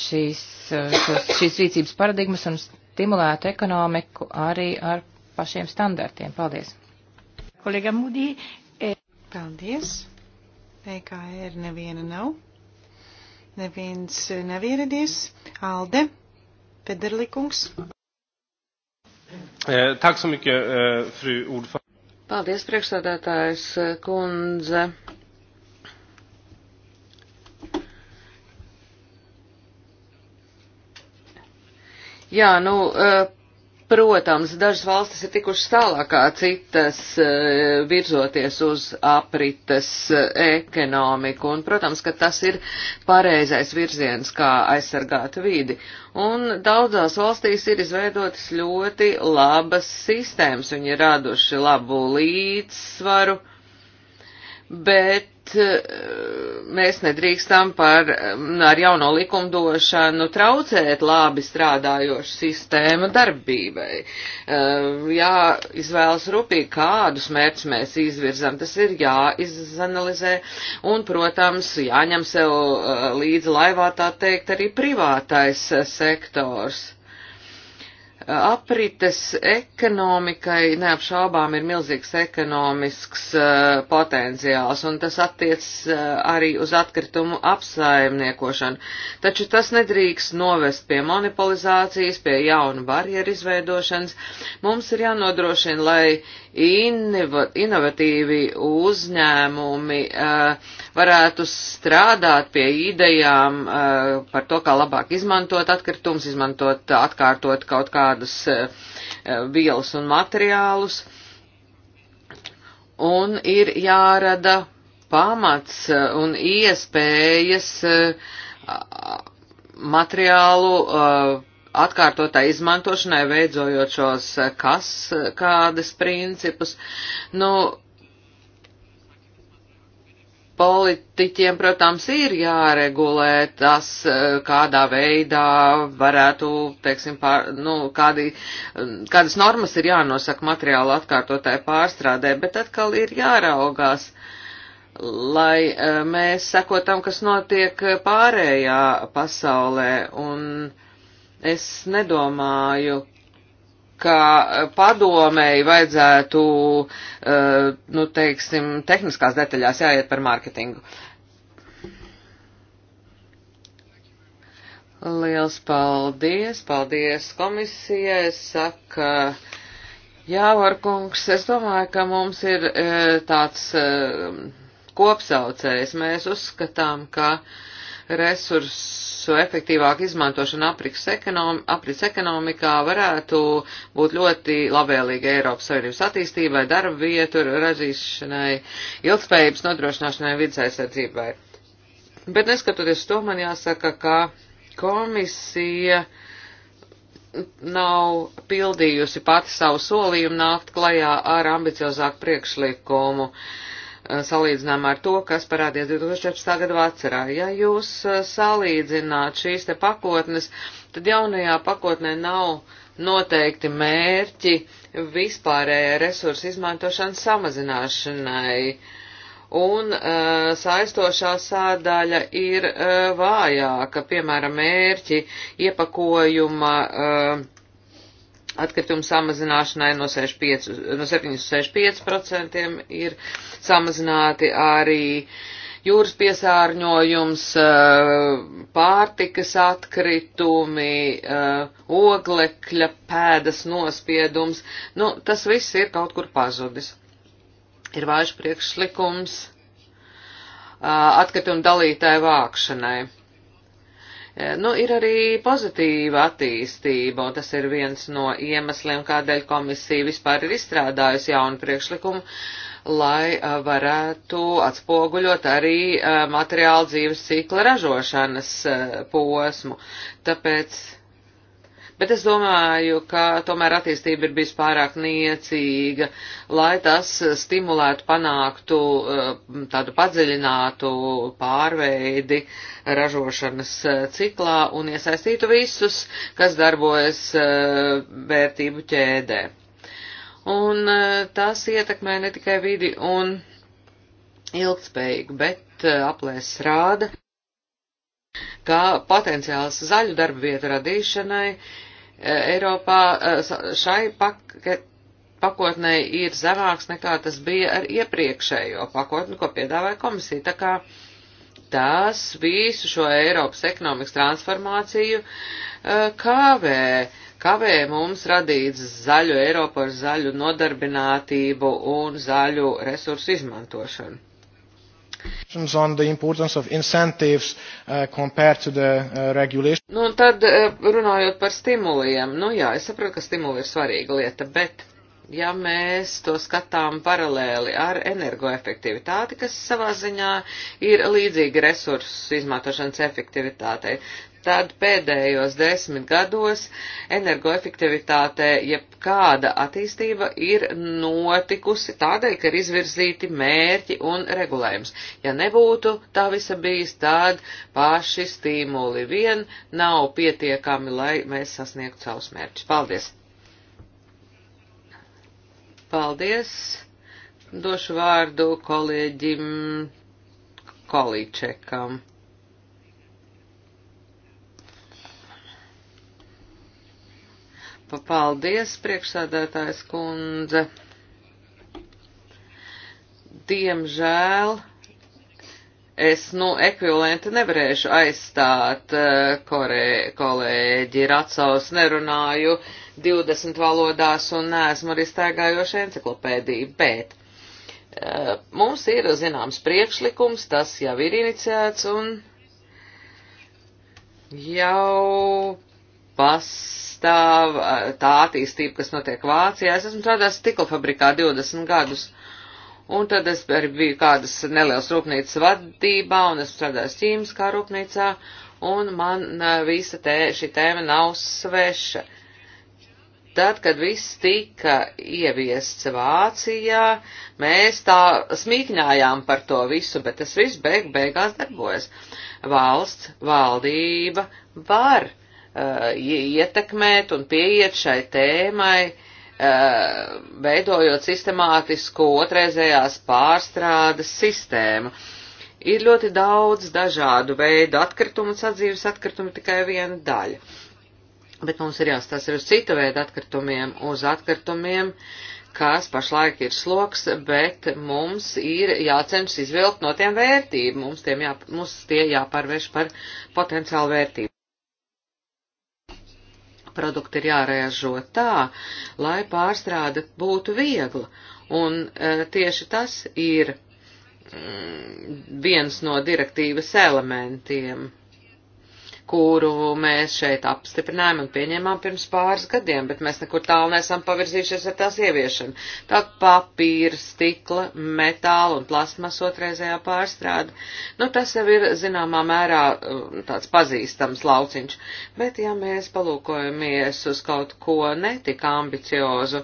šīs, šos, šīs rīcības paradigmas un stimulētu ekonomiku arī ar pašiem standartiem. Paldies. Kolēģa Mudī, e... paldies. EKR er neviena nav. Neviens nav ieradies. Alde, Pederlikungs. Eh, tak så mycket, eh, fru ordförande. Paldies, priekšsēdētājs eh, kundze. Jā, nu, Protams, dažas valstis ir tikušas tālāk kā citas, e, virzoties uz aprites e, ekonomiku, un, protams, ka tas ir pareizais virziens, kā aizsargāt vidi. Un daudzās valstīs ir izveidotas ļoti labas sistēmas, viņi ir raduši labu līdzsvaru, bet Eh, mēs nedrīkstam par, mm, ar jauno likumdošanu traucēt labi strādājošu sistēmu darbībai. Eh, jā, izvēlas rūpīgi, kādus mērķus mēs izvirzam, tas ir jāizanalizē un, protams, jāņem sev eh, līdzi laivā tā teikt arī privātais sektors Aprites ekonomikai neapšaubām ir milzīgs ekonomisks uh, potenciāls, un tas attiec uh, arī uz atkritumu apsaimniekošanu. Taču tas nedrīkst novest pie monopolizācijas, pie jaunu barjeru izveidošanas. Mums ir jānodrošina, lai inovatīvi uzņēmumi uh, varētu strādāt pie idejām eh, par to, kā labāk izmantot atkritumus, izmantot atkārtot kaut kādus eh, vielas un materiālus. Un ir jārada pamats eh, un iespējas materiālu atkārtotā izmantošanai, veidzojot šos kas kādas principus. Nu, politiķiem, protams, ir jāregulē tas, eh, kādā veidā varētu, teiksim, pār, nu, kādi, kādas normas ir jānosaka materiāla atkārtotāja pārstrādē, bet atkal ir jāraugās, lai eh, mēs sekotam, kas notiek pārējā pasaulē, un es nedomāju, ka eh, padomēji vajadzētu, eh, nu, teiksim, tehniskās detaļās jāiet par mārketingu. Liels paldies, paldies komisijai, saka Jāvarkungs. Es domāju, ka mums ir eh, tāds kopsaucējs. Mēs uzskatām, ka resursu efektīvāka izmantošana aprits ekonom, ekonomikā varētu būt ļoti labvēlīga Eiropas Savienības attīstībai, darba vietu radīšanai, ilgspējības nodrošināšanai, vidas aizsardzībai. Bet neskatoties to, man jāsaka, ka komisija nav pildījusi pati savu solījumu nākt klajā ar ambiciozāku priekšlikumu. Uh, salīdzinām ar to, kas parādījās 2014. gada vasarā. Ja jūs uh, salīdzināt šīs te pakotnes, tad jaunajā pakotnē nav noteikti mērķi vispārējai resursu izmantošanas samazināšanai. Un uh, saistošā sādaļa ir uh, vājāka, piemēram, mērķi iepakojuma uh, atkritumu samazināšanai no, 65, no 7 uz 65% ir samazināti arī jūras piesārņojums, eh, pārtikas atkritumi, eh, oglekļa pēdas nospiedums. Nu, tas viss ir kaut kur pazudis. Ir vājš priekšlikums eh, atkritumu dalītāju vākšanai Nu, ir arī pozitīva attīstība, un tas ir viens no iemesliem, kādēļ komisija vispār ir izstrādājusi jaunu priekšlikumu, lai uh, varētu atspoguļot arī uh, materiālu dzīves cikla ražošanas uh, posmu. Tāpēc Bet es domāju, ka tomēr attīstība ir bijusi pārāk niecīga, lai tas stimulētu, panāktu eh, tādu padziļinātu pārveidi ražošanas eh, ciklā un iesaistītu visus, kas darbojas eh, vērtību ķēdē. Un tas ietekmē ne tikai vidi un ilgspējīgu, bet aplēs rāda, ka potenciāls zaļu darba vietu radīšanai Eiropā eh, šai paket, pakotnē ir zemāks nekā tas bija ar iepriekšējo pakotni, ko piedāvāja komisija. Tā kā tas visu šo Eiropas ekonomikas transformāciju eh, kavē, kavē mums radīt zaļu Eiropu ar zaļu nodarbinātību un zaļu resursu izmantošanu on the importance of incentives uh, compared to the uh, regulation. Nu, un tad uh, runājot par stimuliem, nu jā, es saprotu, ka stimuli ir svarīga lieta, bet ja mēs to skatām paralēli ar energoefektivitāti, kas savā ziņā ir līdzīga resursu izmantošanas efektivitātei, tad pēdējos desmit gados energoefektivitātē jebkāda attīstība ir notikusi tādēļ, ka ir izvirzīti mērķi un regulējums. Ja nebūtu tā visa bijis, tad paši stimuli vien nav pietiekami, lai mēs sasniegtu savus mērķus. Paldies! Paldies! Došu vārdu kolēģim Kolīčekam. Paldies, priekšsādātājs kundze. Diemžēl es, nu, ekvivalenti nevarēšu aizstāt eh, korē, kolēģi Racovs, nerunāju 20 valodās un neesmu arī staigājoša enciklopēdija, bet eh, mums ir zināms priekšlikums, tas jau ir iniciēts un jau pas nepastāv tā attīstība, kas notiek Vācijā. Es esmu strādājis stikla fabrikā 20 gadus. Un tad es biju kādas nelielas rūpnīcas vadībā, un es strādāju ķīmiskā rūpnīcā, un man e, visa tē, šī tēma nav sveša. Tad, kad viss tika ieviests Vācijā, mēs tā smīkņājām par to visu, bet tas viss beig beigās darbojas. Valsts, valdība var Uh, ietekmēt un pieiet šai tēmai, uh, veidojot sistemātisku otrreizējās pārstrādes sistēmu. Ir ļoti daudz dažādu veidu atkritumu, sadzīves atkritumi tikai viena daļa. Bet mums ir jāstās ir uz citu veidu atkritumiem, uz atkritumiem, kas pašlaik ir sloks, bet mums ir jācenšas izvilkt no tiem vērtību, mums, tiem jā, mums tie jāpārvērš par potenciālu vērtību produkti ir jāražo tā, lai pārstrāde būtu viegla. Un eh, tieši tas ir mm, viens no direktīvas elementiem kuru mēs šeit apstiprinājām un pieņēmām pirms pāris gadiem, bet mēs nekur tālu nesam pavirzījušies ar tās ieviešanu. Tā papīra, stikla, metāla un plasmas otrreizējā pārstrāde, nu tas jau ir zināmā mērā um, tāds pazīstams lauciņš, bet ja mēs palūkojamies uz kaut ko netika ambiciozu,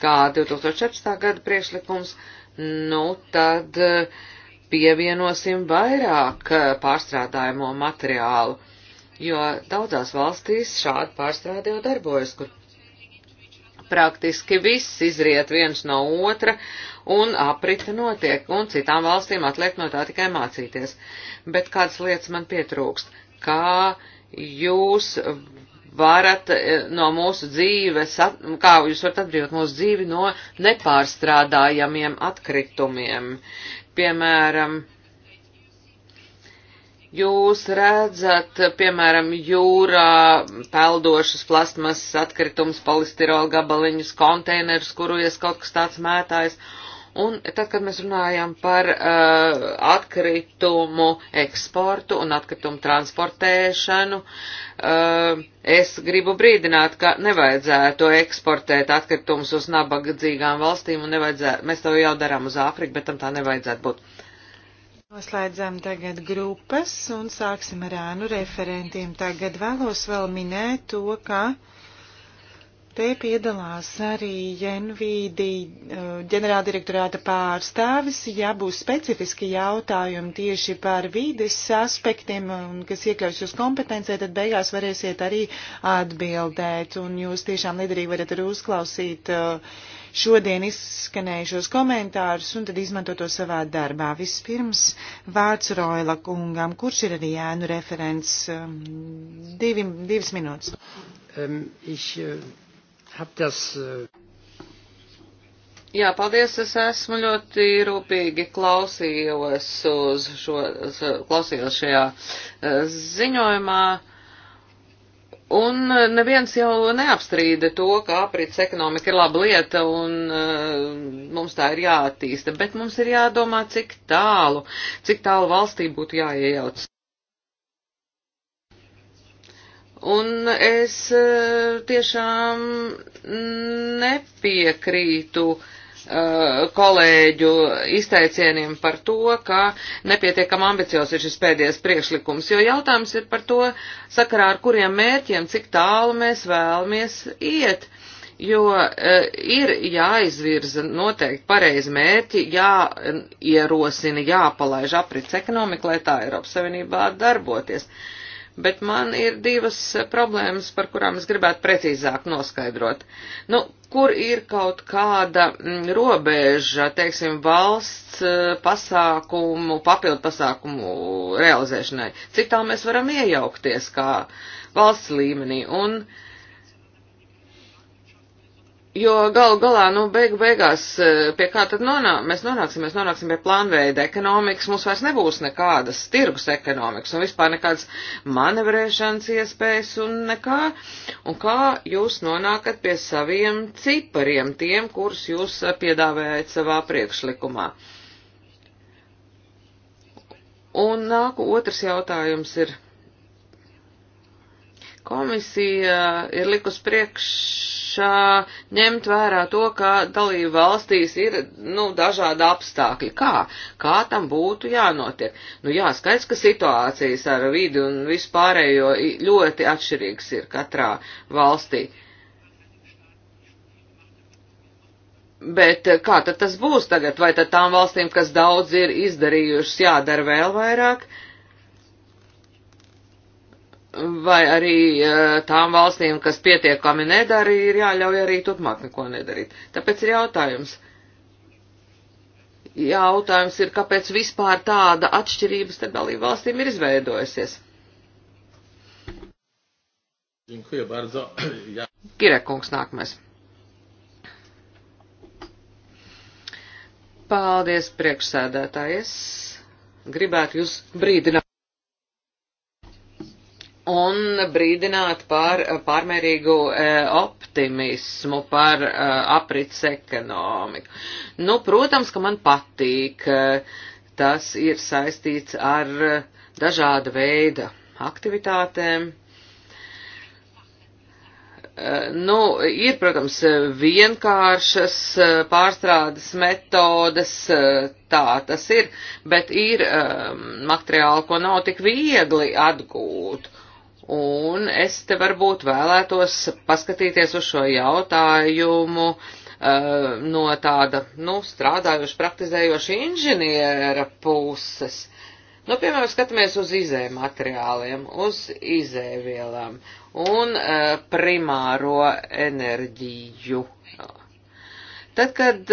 kā 2014. gada priekšlikums, nu tad uh, pievienosim vairāk uh, pārstrādājumu materiālu jo daudzās valstīs šādi pārstrādi jau darbojas, kur praktiski viss izriet viens no otra un aprita notiek, un citām valstīm atliek no tā tikai mācīties. Bet kādas lietas man pietrūkst? Kā jūs varat eh, no mūsu dzīves, kā jūs varat atbrīvot mūsu dzīvi no nepārstrādājamiem atkritumiem? Piemēram, Jūs redzat, piemēram, jūrā peldošas plasmasas atkritumus, polistirola gabaliņus, konteinerus, kuru ies kaut kas tāds mētājs. Un tad, kad mēs runājam par uh, atkritumu eksportu un atkritumu transportēšanu, uh, es gribu brīdināt, ka nevajadzētu eksportēt atkritumus uz nabadzīgām valstīm un nevajadzētu, mēs to jau darām uz Āfriku, bet tam tā nevajadzētu būt. Noslēdzam tagad grupas un sāksim ar ēnu referentiem. Tagad vēlos vēl minēt to, ka te piedalās arī NVD uh, ģenerāldirektorāta pārstāvis, ja būs specifiski jautājumi tieši par vīdes aspektiem, kas iekļaus jūs kompetencē, tad beigās varēsiet arī atbildēt. Un jūs tiešām liederīgi varat arī uzklausīt uh, šodien izskanējušos komentārus un tad izmanto to savā darbā. Vispirms vārds Roila kungam, kurš ir arī ēnu referents. Um, divi, divas minūtes. Um, ich, uh, das, uh... Jā, paldies, es esmu ļoti rūpīgi klausījos, uz šo, klausījos šajā uh, ziņojumā. Uh, Un eh, neviens jau neapstrīda to, ka aprits ekonomika ir laba lieta un uh, mums tā ir jāattīsta, bet mums ir jādomā, cik tālu, cik tālu valstī būtu jāiejauc. Un es uh, tiešām nepiekrītu uh, Eh, kolēģu izteicieniem par to, ka nepietiekam ambicios ir šis pēdējais priekšlikums, jo jautājums ir par to sakarā ar kuriem mērķiem, cik tālu mēs vēlamies iet, jo eh, ir jāizvirza noteikti pareizi mērķi, jāierosina, jāpalaiž aprits ekonomika, lai tā Eiropas Savienībā darboties. Uh, bet man ir divas eh, problēmas, par kurām es gribētu precīzāk noskaidrot. Nu, kur ir kaut kāda mm, robeža, teiksim, valsts eh, pasākumu, papildu pasākumu realizēšanai? Cik tā mēs varam iejaukties kā valsts līmenī? Un, uh, Jo galu galā, nu, beigu beigās, e, pie kā tad nonāk, mēs nonāksim, mēs nonāksim pie plānveida ekonomikas, mums vairs nebūs nekādas tirgus ekonomikas un vispār nekādas manevrēšanas iespējas un nekā. Un kā jūs nonākat pie saviem cipariem, tiem, kurus jūs piedāvājat savā priekšlikumā? Un nāku otrs jautājums ir. Komisija ir likus priekš priekšā, ņemt vērā to, ka dalību valstīs ir, nu, dažādi apstākļi. Kā? Kā tam būtu jānotiek? Nu, jā, skaidrs, ka situācijas ar vidi un vispārējo ļoti atšķirīgas ir katrā valstī. Bet kā tad tas būs tagad? Vai tad tām valstīm, kas daudz ir izdarījušas, jādara vēl vairāk? Uh, vai arī uh, tām valstīm, kas pietiekami nedara, ir jāļauj arī turpmāk neko nedarīt. Tāpēc ir jautājums. Jautājums ir, kāpēc vispār tāda atšķirības starp dalību valstīm ir izveidojusies. [clears throat] Kirekungs nākamais. Paldies, priekšsēdētāji. Es gribētu jūs brīdināt un brīdināt par eh, pārmērīgu eh, optimismu par eh, aprits ekonomiku. Nu, protams, ka man patīk, tas ir saistīts ar dažāda veida aktivitātēm. Nu, ir, protams, vienkāršas pārstrādes metodas, tā tas ir, bet ir materiāli, ko nav tik viegli atgūt. Uh, Un es te varbūt vēlētos paskatīties uz šo jautājumu uh, no tāda, nu, strādājoša, praktizējoša inženiera puses. Nu, piemēram, skatāmies uz izē materiāliem, uz izēvielām un uh, primāro enerģiju. Tad, kad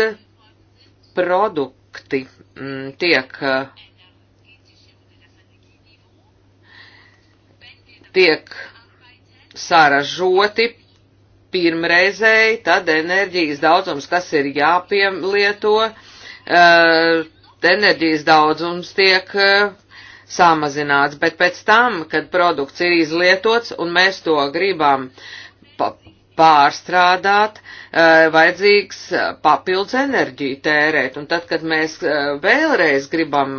produkti m, mm, tiek uh, tiek saražoti pirmreizēji, tad enerģijas daudzums, kas ir jāpielieto, eh, enerģijas daudzums tiek eh, samazināts, bet pēc tam, kad produkts ir izlietots un mēs to gribam pārstrādāt, eh, vajadzīgs papildus enerģiju tērēt, un tad, kad mēs vēlreiz gribam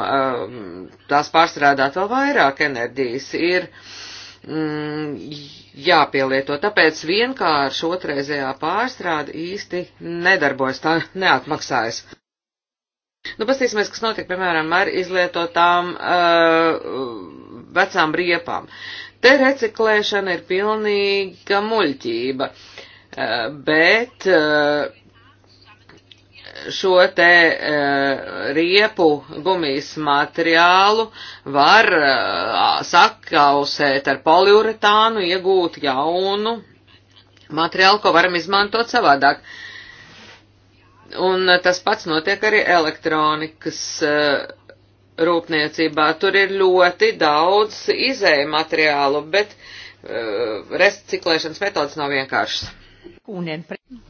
tās pārstrādāt vēl vairāk enerģijas, ir mm, jāpielieto. Tāpēc vienkārši otrreizējā pārstrāde īsti nedarbojas, tā neatmaksājas. Nu, paskatīsimies, kas notiek, piemēram, ar izlietotām uh, vecām riepām. Te reciklēšana ir pilnīga muļķība, uh, bet uh, šo te eh, riepu gumijas materiālu var eh, sakausēt ar poliuretānu, iegūt jaunu materiālu, ko varam izmantot savādāk. Un eh, tas pats notiek arī elektronikas rūpniecībā. Tur ir ļoti daudz izēja materiālu, bet uh, reciklēšanas metodas nav vienkāršas.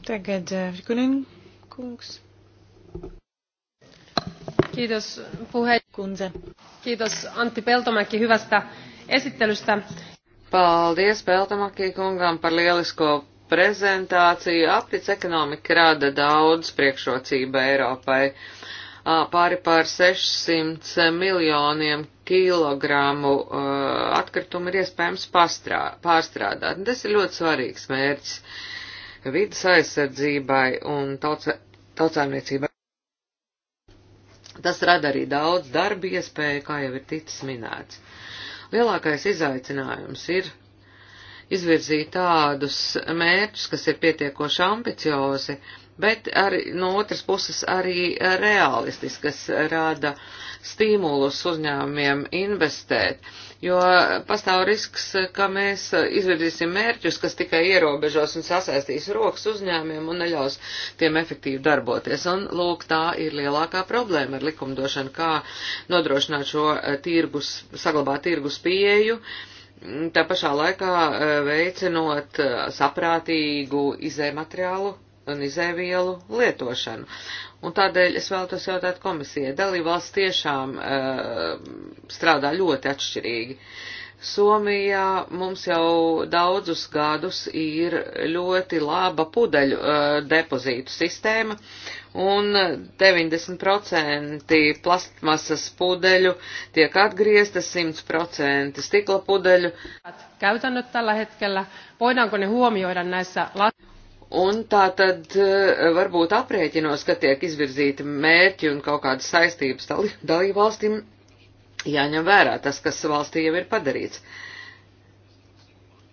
Tagad Rikunen kungs. Kiitos puheenjohtaja. Kiitos Antti Peltomäki hyvästä esittelystä. Paldies Peltomäki kungam par lielisko prezentāciju. Aptic ekonomika rada daudz priekšrocība Eiropai. Pāri pār 600 miljoniem kilogramu atkritumu ir iespējams pārstrādāt. Tas ir ļoti svarīgs mērķis vidas aizsardzībai un tautsā, tautsāmniecībai. Tas rada arī daudz darba iespēju, kā jau ir ticis minēts. Lielākais izaicinājums ir izvirzīt tādus mērķus, kas ir pietiekoši ambiciozi, bet arī no otras puses arī realistiski, kas rada stimulus uzņēmumiem investēt, jo pastāv risks, ka mēs izvirzīsim mērķus, kas tikai ierobežos un sasaistīs rokas uzņēmiem un neļaus tiem efektīvi darboties. Un lūk, tā ir lielākā problēma ar likumdošanu, kā nodrošināt šo tirgus, saglabāt tirgus pieeju. Uh, Mm, tā pašā laikā e, veicinot e, saprātīgu izēmateriālu un izēvielu lietošanu. Un tādēļ es vēlētos jautāt komisijai. Dalībvalsts tiešām uh, strādā ļoti atšķirīgi. Somijā mums jau daudzus gadus ir ļoti laba pudeļu uh, depozītu sistēma, uh, un 90% plastmasas pudeļu tiek atgriezta, 100% stikla pudeļu. Käytännöt tällä hetkellä, voidaanko ne huomioida näissä Un tā tad eh, varbūt aprēķinos, ka tiek izvirzīti mērķi un kaut kādas saistības dalībvalstīm jāņem vērā tas, kas valstī jau ir padarīts. Uh,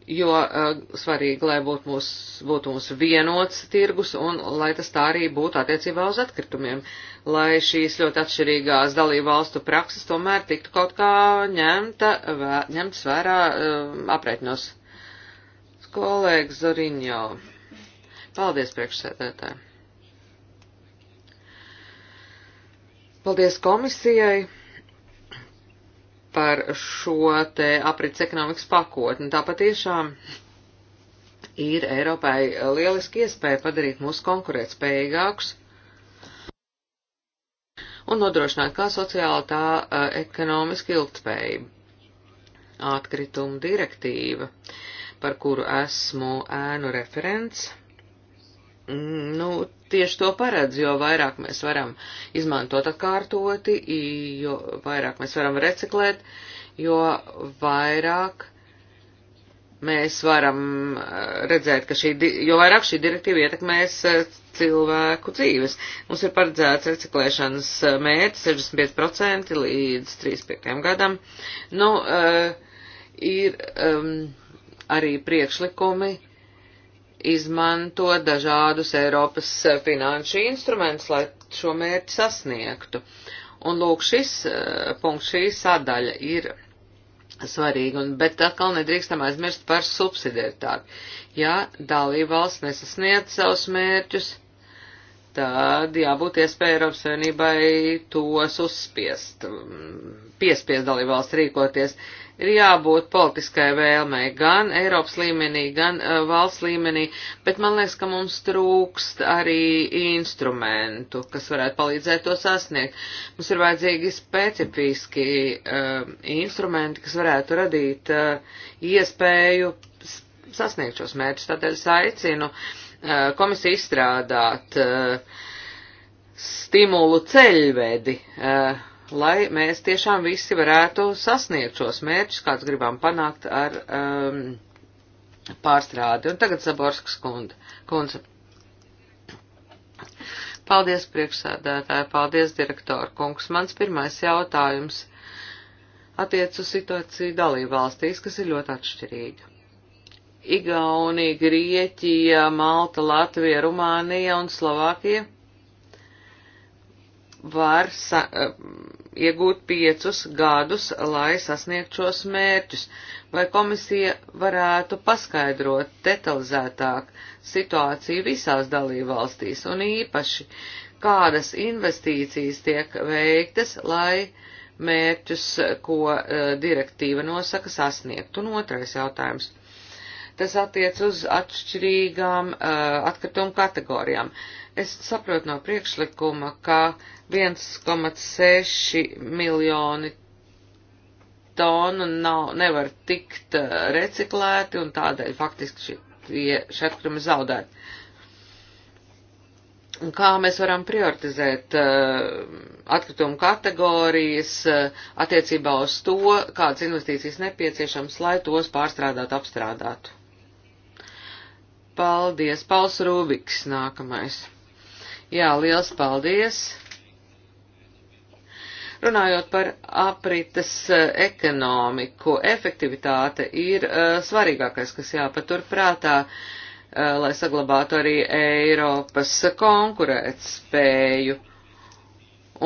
jo uh, svarīgi, lai būtu mūs, būtu mūs vienots tirgus un lai tas tā arī būtu attiecībā uz atkritumiem, lai šīs ļoti atšķirīgās dalību valstu prakses tomēr tiktu kaut kā ņemta, vē, ņemtas vērā uh, eh, apreitņos. Kolēģis Zoriņo. Paldies, priekšsēdētāji. Paldies komisijai par šo te aprits ekonomikas pakotni. Tā patiešām ir Eiropai lieliski iespēja padarīt mūs konkurētspējīgākus un nodrošināt kā sociāli, tā uh, ekonomiski ilgtspējību. Atkrituma direktīva, par kuru esmu ēnu referents, Mm, nu, tieši to paredz, jo vairāk mēs varam izmantot atkārtoti, jo vairāk mēs varam reciklēt, jo vairāk mēs varam eh, redzēt, ka šī, jo vairāk šī direktīva ietekmēs eh, cilvēku dzīves. Mums ir paredzēts reciklēšanas eh, mērķis 65% līdz 35 gadam. Nu, uh, ir um, arī priekšlikumi izmanto dažādus Eiropas finanšu instrumentus, lai šo mērķi sasniegtu. Un lūk, šis eh, punkts, šī sadaļa ir svarīga, un, bet atkal nedrīkstam aizmirst par subsidiaritāti. Ja dalībvalsts nesasniedz savus mērķus, tad jābūt iespēja Eiropas Savienībai tos uzspiest, mm, piespiest dalībvalsts rīkoties. Uh, ir jābūt politiskai vēlmei gan Eiropas līmenī, gan uh, valsts līmenī, bet man liekas, ka mums trūkst arī instrumentu, kas varētu palīdzēt to sasniegt. Mums ir vajadzīgi specifiski uh, instrumenti, kas varētu radīt uh, iespēju sasniegt šos mērķus. Tādēļ es aicinu uh, komisiju izstrādāt uh, stimulu ceļvedi. Uh, lai mēs tiešām visi varētu sasniegt šos mērķus, kāds gribam panākt ar um, pārstrādi. Un tagad Zaborskas kundze. Paldies, priekšsēdētāji, paldies, direktora kungs. Mans pirmais jautājums attiec uz situāciju dalību valstīs, kas ir ļoti atšķirīga. Igaunija, Grieķija, Malta, Latvija, Rumānija un Slovākija var sa, iegūt piecus gadus, lai sasniegtu šos mērķus, vai komisija varētu paskaidrot detalizētāk situāciju visās dalībvalstīs un īpaši, kādas investīcijas tiek veiktas, lai mērķus, ko e, direktīva nosaka, sasniegt. Un otrais jautājums. Tas attiec uz atšķirīgām uh, atkritumu kategorijām. Uh, Es saprotu no priekšlikuma, ka 1,6 miljoni tonu nav, nevar tikt uh, reciklēti un tādēļ faktiski šie atkritumi zaudēti. Un kā mēs varam prioritizēt uh, atkritumu kategorijas uh, attiecībā uz to, kādas investīcijas nepieciešams, lai tos pārstrādātu, apstrādātu? Paldies, Pauls Rūbiks nākamais. Jā, liels paldies! Runājot par aprites eh, ekonomiku, efektivitāte ir uh, svarīgākais, kas jāpatur prātā, uh, lai saglabātu arī Eiropas konkurētspēju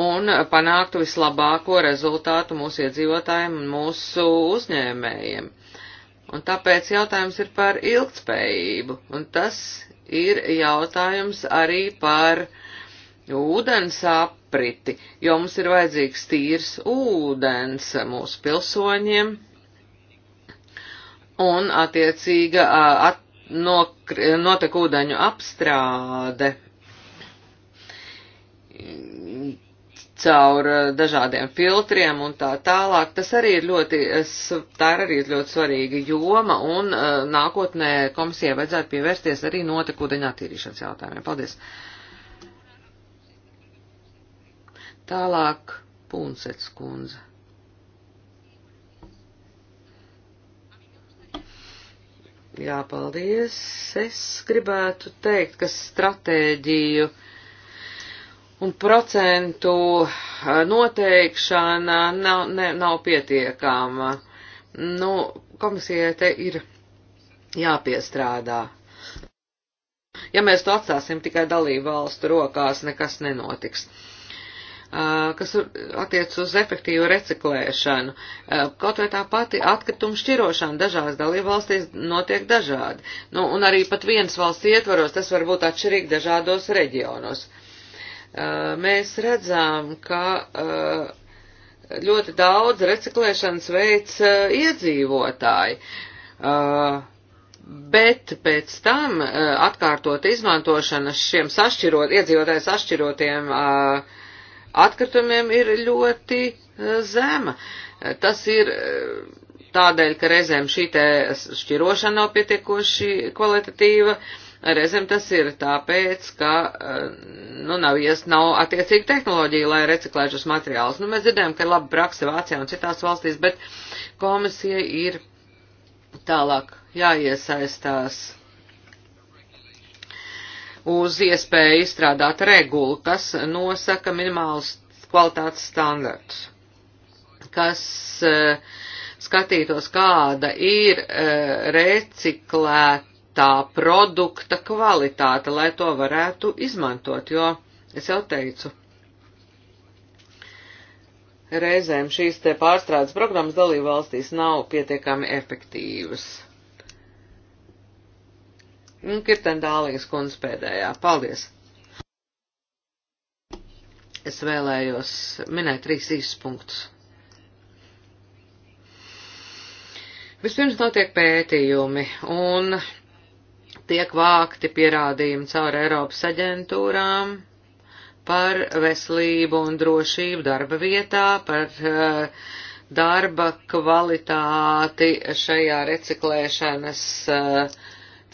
un panāktu vislabāko rezultātu mūsu iedzīvotājiem un mūsu uzņēmējiem. Un tāpēc jautājums ir par ilgtspējību, un tas ir jautājums arī par ūdens apriti, jo mums ir vajadzīgs tīrs ūdens mūsu pilsoņiem un attiecīga at, notek ūdeņu apstrāde caur eh, dažādiem filtriem un tā tālāk. Tas arī ir ļoti, eh, tā ir arī ļoti svarīga joma un eh, nākotnē komisijai vajadzētu pievērsties arī notekūdeņa attīrīšanas jautājumiem. Paldies! Tālāk Punsets kundze. Jā, paldies. Es gribētu teikt, ka stratēģiju uh, un procentu eh, noteikšana nav, ne, nav pietiekama. Nu, komisijai te ir jāpiestrādā. Ja mēs to atstāsim tikai dalību valstu rokās, nekas nenotiks eh, kas attiec uz efektīvu reciklēšanu. Eh, kaut vai tā pati atkrituma šķirošana dažās dalībvalstīs notiek dažādi. Nu, un arī pat vienas valsts ietvaros tas var būt atšķirīgi dažādos reģionos. Uh, mēs redzām, ka ļoti daudz reciklēšanas veids iedzīvotāji bet pēc tam uh, atkārtot izmantošana šiem sašķirot, iedzīvotāju sašķirotiem uh, atkritumiem ir ļoti uh, zema. Tas ir tādēļ, ka reizēm šī te šķirošana nav pietiekoši kvalitatīva, Reizēm tas ir tāpēc, ka eh, nu, nav, ies, nav attiecīgi tehnoloģija, lai reciklētu šos materiālus. Nu, mēs dzirdējām, ka ir laba praksa Vācijā un citās valstīs, bet komisija ir tālāk jāiesaistās uz iespēju izstrādāt regulu, kas nosaka minimālus kvalitātes standartus, kas eh, skatītos, kāda ir eh, reciklēta tā produkta kvalitāte, lai to varētu izmantot, jo es jau teicu, reizēm šīs te pārstrādes programmas dalību valstīs nav pietiekami efektīvas. Kirtendālijas kundze pēdējā. Paldies! Es vēlējos minēt trīs īsus punktus. Vispirms notiek pētījumi, un tiek vākti pierādījumi caur Eiropas aģentūrām par veselību un drošību darba vietā, par uh, darba kvalitāti šajā reciklēšanas uh,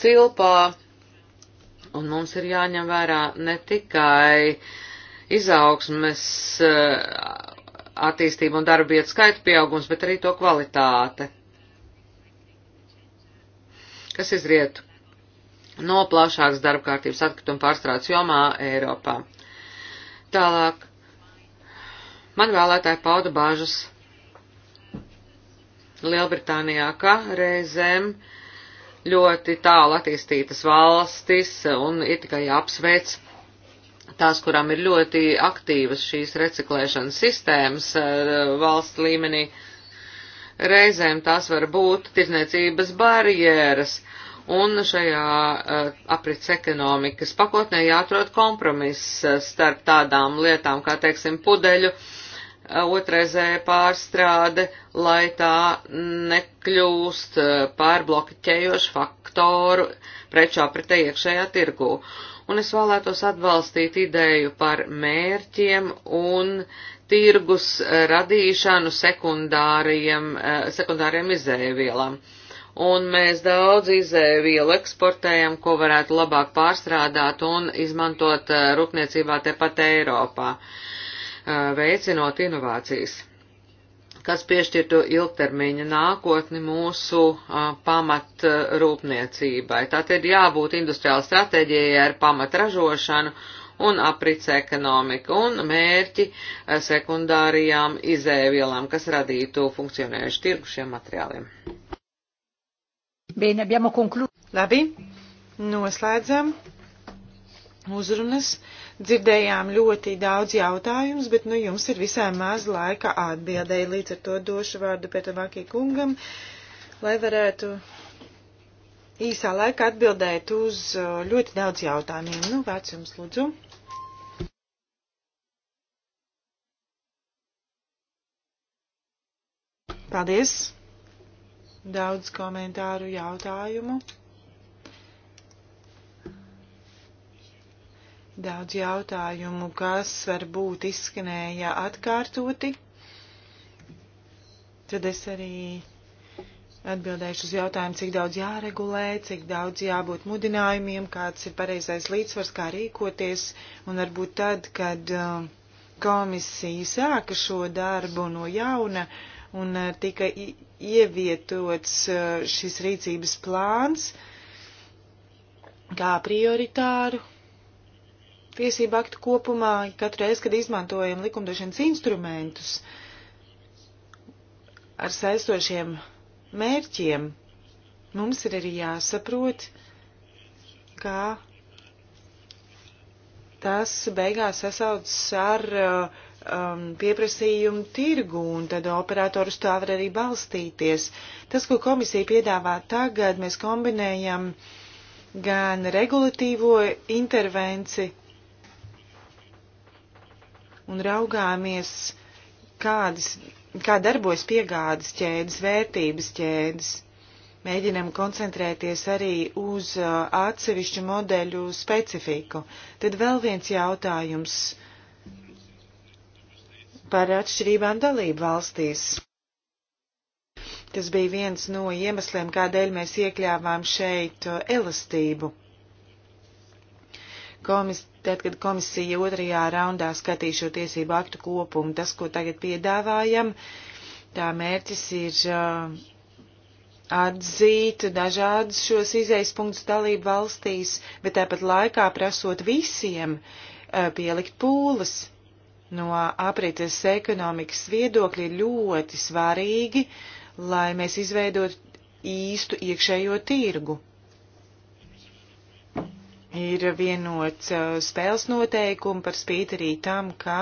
cilpā. Un mums ir jāņem vērā ne tikai izaugsmes uh, attīstība un darba vietas skaita pieaugums, bet arī to kvalitāte, kas izriet no plašākas darbkārtības atkrituma pārstrādes jomā Eiropā. Tālāk, man vēlētāji pauda bāžas Lielbritānijā, ka reizēm ļoti tālu attīstītas valstis un ir tikai apsveic tās, kurām ir ļoti aktīvas šīs reciklēšanas sistēmas eh, valsts līmenī. Reizēm tās var būt tirdzniecības barjeras, uh, Un šajā uh, aprits ekonomikas pakotnē jāatrod kompromiss eh, starp tādām lietām, kā teiksim, pudeļu uh, eh, otrreizēja pārstrāde, lai tā nekļūst uh, par bloķējošu faktoru preču apritē iekšējā tirgū. Un es vēlētos atbalstīt ideju par mērķiem un tirgus radīšanu sekundāriem, sekundāriem izēvielām. vielām un mēs daudz izēvielu eksportējam, ko varētu labāk pārstrādāt un izmantot eh, rūpniecībā tepat Eiropā, eh, veicinot inovācijas, kas piešķirtu ilgtermiņa nākotni mūsu eh, pamat rūpniecībai. Tātad ir jābūt industriāla stratēģijai ar pamat ražošanu un aprits ekonomika un mērķi sekundārajām izēvielām, kas radītu funkcionējuši tirgu šiem materiāliem. Bene, abbiamo concluso. Labi, noslēdzam uzrunas. Dzirdējām ļoti daudz jautājumus, bet nu jums ir visai maz laika atbildēji. Līdz ar to došu vārdu Pētavākī kungam, lai varētu īsā laika atbildēt uz uh, ļoti daudz jautājumiem. Nu, vārds jums lūdzu. Paldies! daudz komentāru, jautājumu. Daudz jautājumu, kas varbūt izskanēja atkārtoti. Tad es arī atbildēšu uz jautājumu, cik daudz jāregulē, cik daudz jābūt mudinājumiem, kāds ir pareizais līdzsvars, kā rīkoties. Un varbūt tad, kad um, komisija sāka šo darbu no jauna, uh, un eh, tika ievietots eh, šis rīcības plāns kā prioritāru tiesību aktu kopumā. Katru reizi, kad izmantojam likumdošanas instrumentus ar saistošiem mērķiem, mums ir arī jāsaprot, kā tas beigās sasaucas ar uh, um, pieprasījumu tirgu, un tad operators tā var arī balstīties. Tas, ko komisija piedāvā tagad, mēs kombinējam gan regulatīvo intervenci un raugāmies, kādas, kā darbojas piegādes ķēdes, vērtības ķēdes. Mēģinam koncentrēties arī uz uh, atsevišķu modeļu specifiku. Tad vēl viens jautājums. Uh, par atšķirībām dalību valstīs. Tas bija viens no iemesliem, kādēļ mēs iekļāvām šeit elastību. Komis, tad, kad komisija otrajā raundā skatīja šo tiesību aktu kopumu, tas, ko tagad piedāvājam, tā mērķis ir uh, atzīt dažādus šos izējas punktus dalību valstīs, bet tāpat laikā prasot visiem uh, pielikt pūles no aprītes ekonomikas viedokļa ir ļoti svarīgi, lai mēs izveidotu īstu iekšējo tirgu. Ir vienots uh, spēles noteikumi par spīti arī tam, ka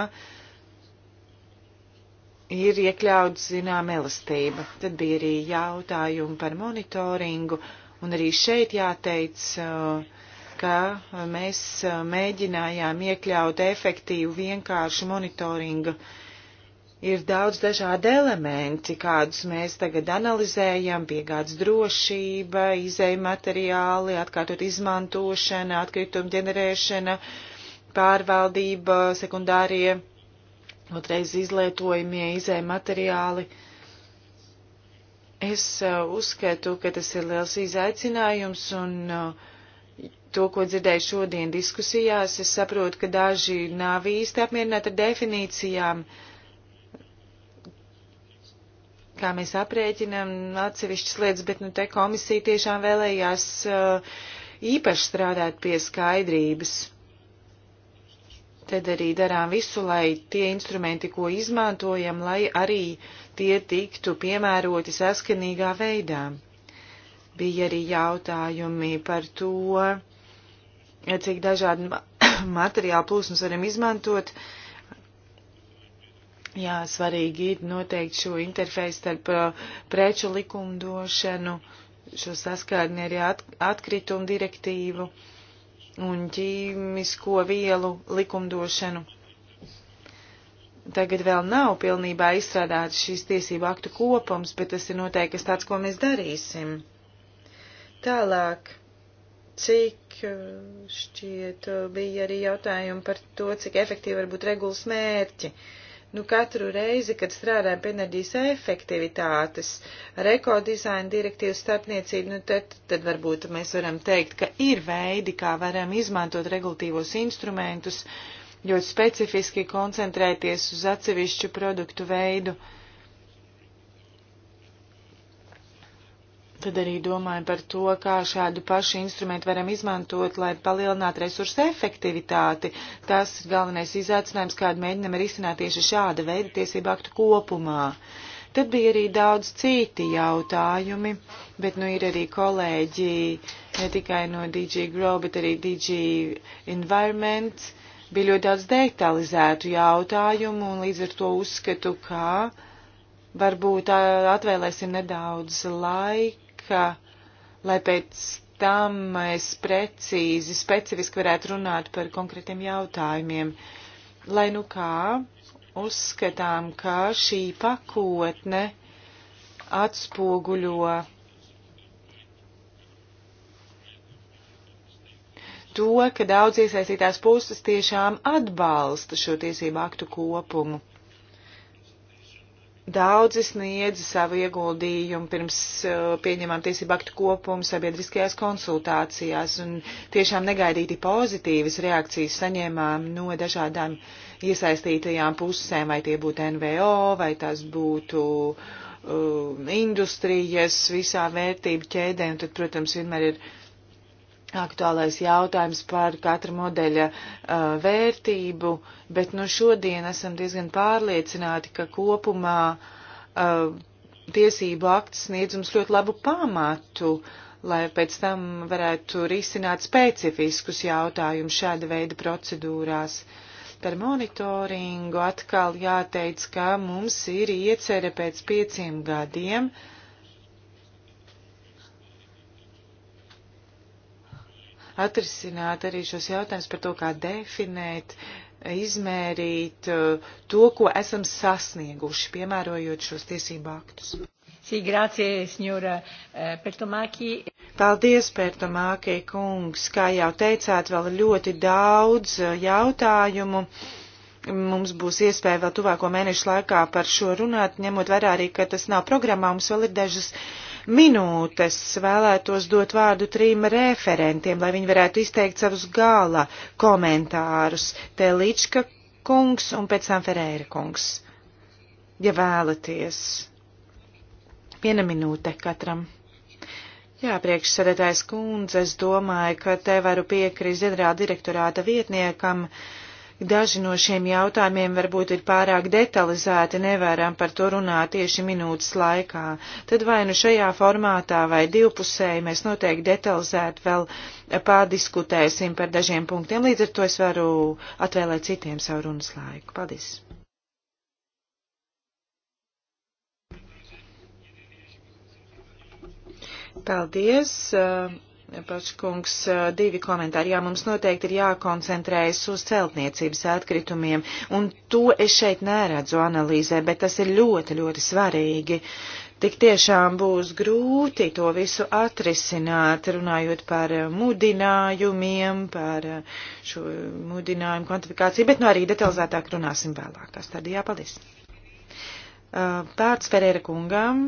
ir iekļauts zinām elastība. Tad bija arī jautājumi par monitoringu, un arī šeit jāteic, uh, ka mēs uh, mēģinājām iekļaut efektīvu vienkāršu monitoringu. Ir daudz dažādi elementi, kādus mēs tagad analizējam, piegādes drošība, izēja materiāli, atkārtot izmantošana, atkrituma ģenerēšana, pārvaldība, sekundārie, otrais izlietojumie, izēja materiāli. Es uh, uzskatu, ka tas ir liels izaicinājums un uh, to, ko dzirdēju šodien diskusijās, es saprotu, ka daži nav īsti apmierināti ar definīcijām, kā mēs aprēķinam atsevišķas lietas, bet nu te komisija tiešām vēlējās uh, īpaši strādāt pie skaidrības. Tad arī darām visu, lai tie instrumenti, ko izmantojam, lai arī tie tiktu piemēroti saskanīgā veidā. Bija arī jautājumi par to, cik dažādi [coughs] materiāla plūsmas varam izmantot. Jā, svarīgi ir noteikt šo interfeisu starp uh, preču likumdošanu, šo saskārni arī at atkritumu direktīvu un ķīmisko vielu likumdošanu. Tagad vēl nav pilnībā izstrādāts šīs tiesību aktu kopums, bet tas ir noteikti kas tāds, ko mēs darīsim. Tālāk, cik uh, šķiet uh, bija arī jautājumi par to, cik efektīvi var būt regulas mērķi. Nu, katru reizi, kad strādājam pie enerģijas efektivitātes, ar ekodizaina direktīvas starpniecību, nu, tad, tad varbūt mēs varam teikt, ka ir veidi, kā varam izmantot regulatīvos instrumentus, ļoti specifiski koncentrēties uz atsevišķu produktu veidu. Uh, Tad arī domājam par to, kā šādu pašu instrumentu varam izmantot, lai palielinātu resursu efektivitāti. Tas ir galvenais izaicinājums, kādu mēģinam risināt tieši šāda veida tiesību aktu kopumā. Tad bija arī daudz citi jautājumi, bet nu ir arī kolēģi ne tikai no DG Grow, bet arī DG Environment. Bija ļoti daudz detalizētu jautājumu un līdz ar to uzskatu, ka varbūt atvēlēsim nedaudz laika ka, lai pēc tam es precīzi, specifiski varētu runāt par konkrētiem jautājumiem. Lai nu kā, uzskatām, ka šī pakotne atspoguļo to, ka daudz iesaistītās puses tiešām atbalsta šo tiesību aktu kopumu. Daudzi sniedz savu ieguldījumu pirms uh, pieņemam tiesību aktu kopumu sabiedriskajās konsultācijās, un tiešām negaidīti pozitīvas reakcijas saņēmām no dažādām iesaistītajām pusēm, vai tie būtu NVO, vai tas būtu uh, industrijas visā vērtību ķēdē, un tad, protams, vienmēr ir uh, aktuālais jautājums par katra modeļa uh, vērtību, bet nu šodien esam diezgan pārliecināti, ka kopumā uh, tiesību akts sniedz mums ļoti labu pamatu, lai pēc tam varētu risināt specifiskus jautājumus šāda veida procedūrās. Par monitoringu atkal jāteic, ka mums ir iecerē pēc pieciem gadiem uh, atrisināt arī šos jautājumus par to, kā definēt, izmērīt uh, to, ko esam sasnieguši, piemērojot šos tiesību aktus. Sī, grācie, signora eh, Pertomāki. Paldies, Pertomāki kungs. Kā jau teicāt, vēl ļoti daudz eh, jautājumu mums būs iespēja vēl tuvāko mēnešu laikā par šo runāt, ņemot vērā arī, ka tas nav programmā, mums vēl ir dažas minūtes vēlētos dot vārdu trim referentiem, lai viņi varētu izteikt savus gala komentārus. Telička kungs un pēc tam Ferēra kungs, ja vēlaties. Viena minūte katram. Jā, priekšsēdētājs kundze, es domāju, ka te varu piekrist ģenerāla direktorāta vietniekam. Uh, Daži no šiem jautājumiem varbūt ir pārāk detalizēti, nevaram par to runāt tieši minūtes laikā. Tad vai nu šajā formātā vai divpusēji mēs noteikti detalizēti vēl pārdiskutēsim par dažiem punktiem. Līdz ar to es varu atvēlēt citiem savu runas laiku. Paldies! Paldies! Uh Paškungs, eh, divi komentāri. Jā, mums noteikti ir jākoncentrējas uz celtniecības atkritumiem, un to es šeit neredzu analīzē, bet tas ir ļoti, ļoti svarīgi. Tik tiešām būs grūti to visu atrisināt, runājot par eh, mudinājumiem, par eh, šo mudinājumu kvantifikāciju, bet nu arī detalizētāk runāsim vēlāk. Tas tad jāpaldies. Pērts Ferēra kungam,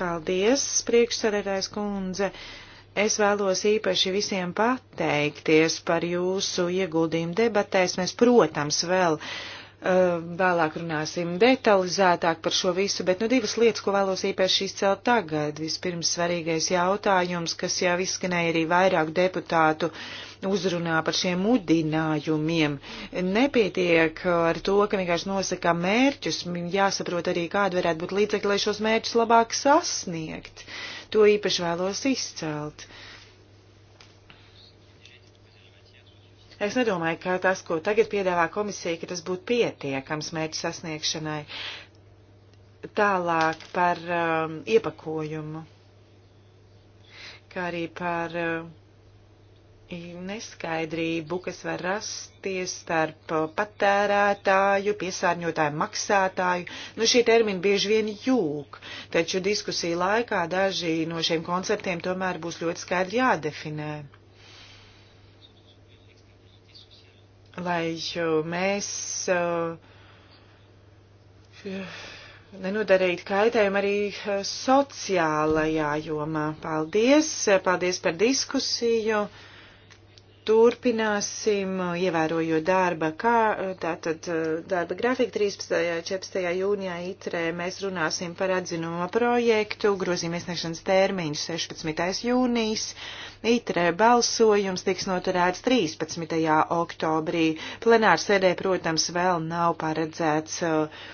paldies, priekšsēdētājs kundze. Uh, Es vēlos īpaši visiem pateikties par jūsu ieguldījumu debatēs. Mēs, protams, vēl eh, vēlāk runāsim detalizētāk par šo visu, bet nu divas lietas, ko vēlos īpaši izcelt tagad. Vispirms svarīgais jautājums, kas jau izskanēja arī vairāku deputātu uzrunā par šiem mudinājumiem. Nepietiek ar to, ka vienkārši nosaka mērķus, jāsaprot arī, kāda varētu būt līdzekļi, lai šos mērķus labāk sasniegt. Uh, To īpaši vēlos izcelt. Es nedomāju, ka tas, ko tagad piedāvā komisija, ka tas būtu pietiekams mērķu sasniegšanai. Tālāk par um, iepakojumu, kā arī par uh, neskaidrību, kas var rasties starp patērētāju, piesārņotāju, maksātāju. Nu, šie termini bieži vien jūg, taču diskusiju laikā daži no šiem konceptiem tomēr būs ļoti skaidri jādefinē. Lai mēs uh, nenodarīt kaitējumu arī uh, sociālajā jomā. Paldies, paldies par diskusiju turpināsim, ievērojot darba, kā, tātad eh, darba grafika 13. 14. jūnijā itrē mēs runāsim par atzinumu projektu, grozījuma iesniegšanas termiņš 16. jūnijas, itrē balsojums tiks noturēts 13. oktobrī, plenārs sēdē, protams, vēl nav paredzēts eh,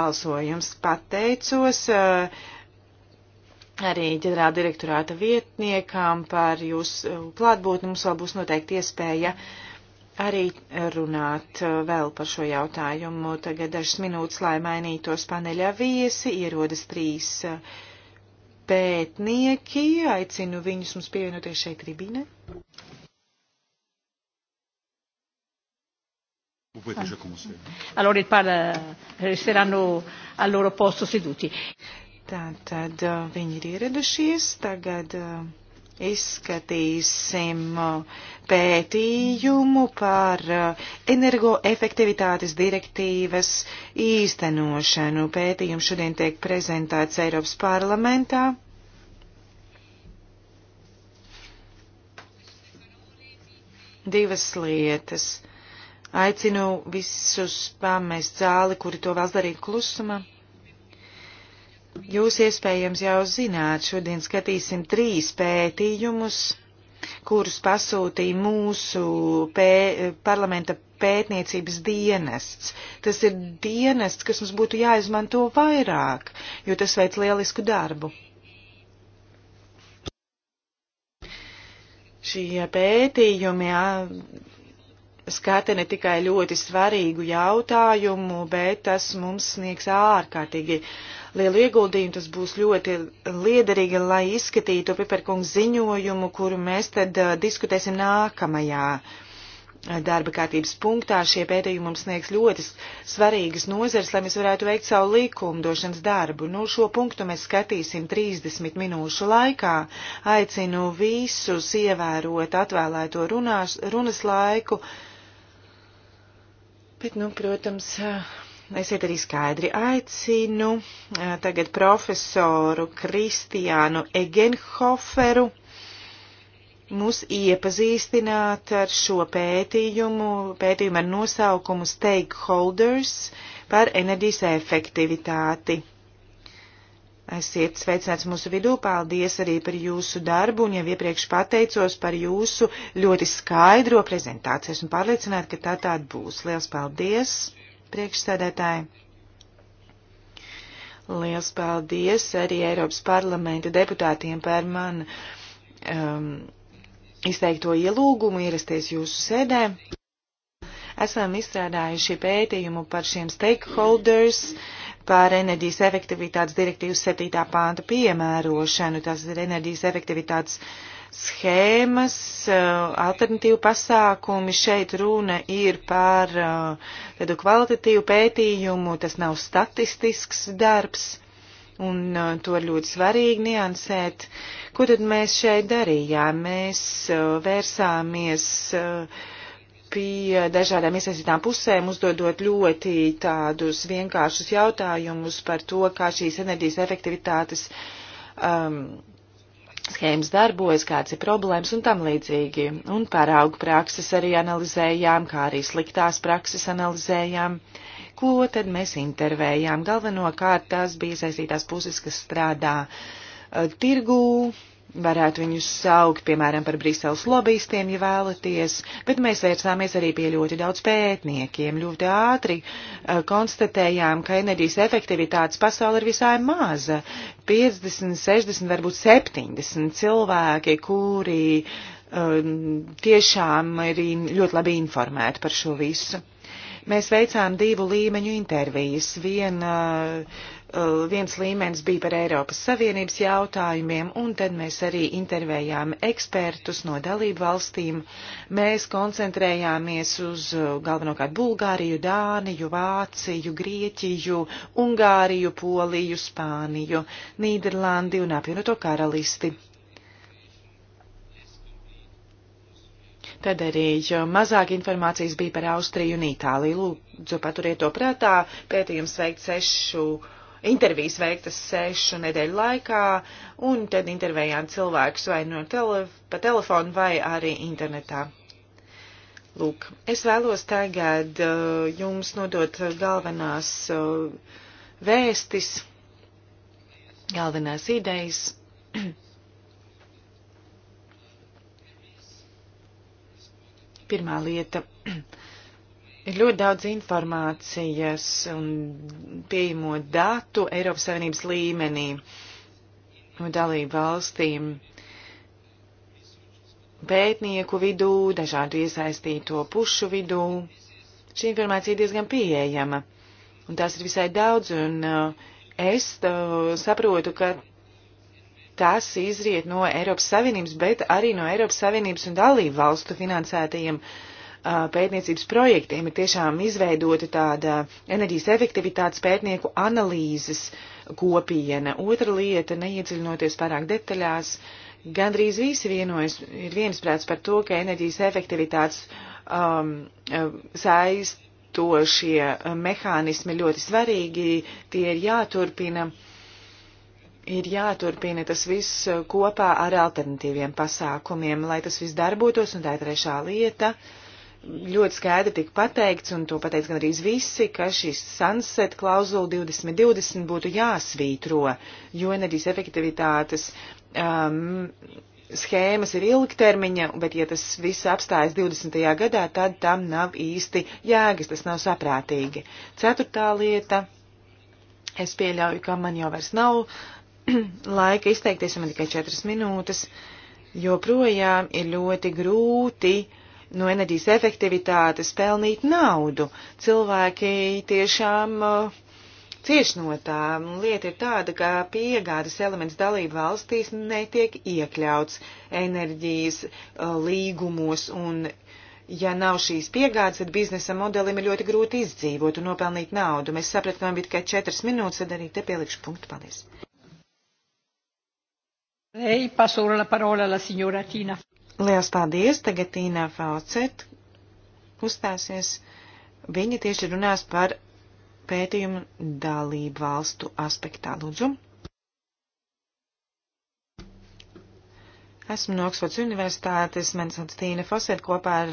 balsojums. Pateicos. Uh, arī ģenerāla direktorāta vietniekām par jūsu klātbūtni. Mums vēl būs noteikti iespēja arī runāt uh, vēl par šo jautājumu. Tagad dažas minūtes, lai mainītos paneļa viesi, ierodas trīs uh, pētnieki. Aicinu viņus mums pievienoties šeit tribīne. Allora il par resteranno al loro posto seduti. Tā tad uh, viņi ir ieradušies. Tagad uh, izskatīsim uh, pētījumu par energoefektivitātes direktīvas īstenošanu. Pētījums šodien tiek prezentēts Eiropas parlamentā. Divas lietas. Aicinu visus pamest zāli, kuri to vēl darīt klusumā. Jūs iespējams jau zināt, šodien skatīsim trīs pētījumus, kurus pasūtīja mūsu pē, parlamenta pētniecības dienests. Tas ir dienests, kas mums būtu jāizmanto vairāk, jo tas veic lielisku darbu. Šie pētījumi jā, skata ne tikai ļoti svarīgu jautājumu, bet tas mums sniegs ārkārtīgi uh, lielu ieguldījumu. Tas būs ļoti liederīgi, lai izskatītu Piperkungs ziņojumu, kuru mēs tad diskutēsim nākamajā darba kārtības punktā šie pētījumi mums sniegs ļoti svarīgas nozeres, lai mēs varētu veikt savu likumdošanas darbu. Nu, šo punktu mēs skatīsim 30 minūšu laikā. Aicinu visus ievērot atvēlēto runās, runas laiku. Bet, nu, protams, Esiet arī skaidri. Aicinu tagad profesoru Kristiānu Egenhoferu mūs iepazīstināt ar šo pētījumu, pētījumu ar nosaukumu Stakeholders par enerģijas efektivitāti. Esiet sveicināts mūsu vidū, paldies arī par jūsu darbu un jau iepriekš pateicos par jūsu ļoti skaidro prezentāciju. Esmu pārliecināta, ka tā tāda būs. Liels paldies! priekšsēdētāji. Liels paldies arī Eiropas parlamenta deputātiem par man um, izteikto ielūgumu ierasties jūsu sēdē. Esam izstrādājuši pētījumu par šiem stakeholders, par enerģijas efektivitātes direktīvas 7. pānta piemērošanu. Tas ir enerģijas efektivitātes uh, schēmas, eh, alternatīvu pasākumi. Šeit runa ir par eh, tādu kvalitatīvu pētījumu, tas nav statistisks darbs, un eh, to ir ļoti svarīgi niansēt. Ko tad mēs šeit darījām? Mēs vērsāmies pie dažādām iesaistītām pusēm, uzdodot ļoti tādus vienkāršus jautājumus par to, kā šīs enerģijas efektivitātes um, schēmas darbojas, kāds ir problēmas un tam līdzīgi. Un paraugu prakses arī analizējām, kā arī sliktās prakses analizējām. Ko tad mēs intervējām? Galvenokārt tās bija saistītās puses, kas strādā uh, tirgū, varētu viņus saukt, piemēram, par Briseles lobbyistiem, ja vēlaties, bet mēs vērsāmies arī pie ļoti daudz pētniekiem. Ļoti ātri uh, konstatējām, ka enerģijas efektivitātes pasauli ir visai maza - 50, 60, varbūt 70 cilvēki, kuri um, tiešām ir ļoti labi informēti par šo visu. Mēs veicām divu līmeņu intervijas. Viena uh, Eh, viens līmenis bija par Eiropas Savienības jautājumiem, un tad mēs arī intervējām ekspertus no dalību valstīm. Mēs koncentrējāmies uz eh, galvenokārt Bulgāriju, Dāniju, Vāciju, Grieķiju, Ungāriju, Poliju, Spāniju, Nīderlandi un apvienoto karalisti. Tad arī eh, mazāk informācijas bija par Austriju un Itāliju. Lūdzu, paturiet to prātā. Pētījums veikt sešu intervijas veiktas sešu nedēļu laikā, un tad intervējām cilvēkus vai no nu telef pa telefonu vai arī internetā. Lūk, es vēlos tagad uh, jums nodot galvenās uh, vēstis, galvenās idejas. [clears throat] Pirmā lieta [clears throat] Ir ļoti daudz informācijas un pieejamo datu Eiropas Savienības līmenī no dalību valstīm pētnieku vidū, dažādu iesaistīto pušu vidū. Šī informācija ir diezgan pieejama, un tās ir visai daudz, un uh, es uh, saprotu, ka tas izriet no Eiropas Savienības, bet arī no Eiropas Savienības un dalību valstu finansētajiem uh, pētniecības projektiem ir tiešām izveidota tāda enerģijas efektivitātes pētnieku analīzes kopiena. Otra lieta, neiedziļinoties pārāk detaļās, gandrīz visi vienojas, ir viensprāts par to, ka enerģijas efektivitātes um, saistošie mehānismi ļoti svarīgi, tie ir jāturpina. Ir jāturpina tas viss kopā ar alternatīviem pasākumiem, lai tas viss darbotos, un tā ir trešā lieta. Uh, ļoti skaidri tika pateikts, un to pateica gan arī visi, ka šī sunset klauzula 2020 būtu jāsvītro, jo enerģijas efektivitātes um, schēmas ir ilgtermiņa, bet ja tas viss apstājas 20. gadā, tad tam nav īsti jēgas, tas nav saprātīgi. Ceturtā lieta, es pieļauju, ka man jau vairs nav [clears throat] laika izteikties, man tikai četras minūtes, joprojām ir ļoti grūti uh, no enerģijas efektivitātes pelnīt naudu. Cilvēki tiešām uh, Cieši no tā lieta ir tāda, ka piegādes elements dalību valstīs netiek iekļauts enerģijas uh, līgumos, un ja nav šīs piegādes, tad biznesa modelim ir ļoti grūti izdzīvot un nopelnīt naudu. Mēs sapratām, ka man bija tikai četras minūtes, tad arī te pielikšu punktu. Paldies! Lei passo ora la parola alla signora Tina. Liels paldies! Tagad Tīnā Faucet uzstāsies. Viņa tieši runās par pētījumu dalību valstu aspektā. Lūdzu! Esmu no Oksfords Universitātes, man sauc Tīna Fosēt, kopā ar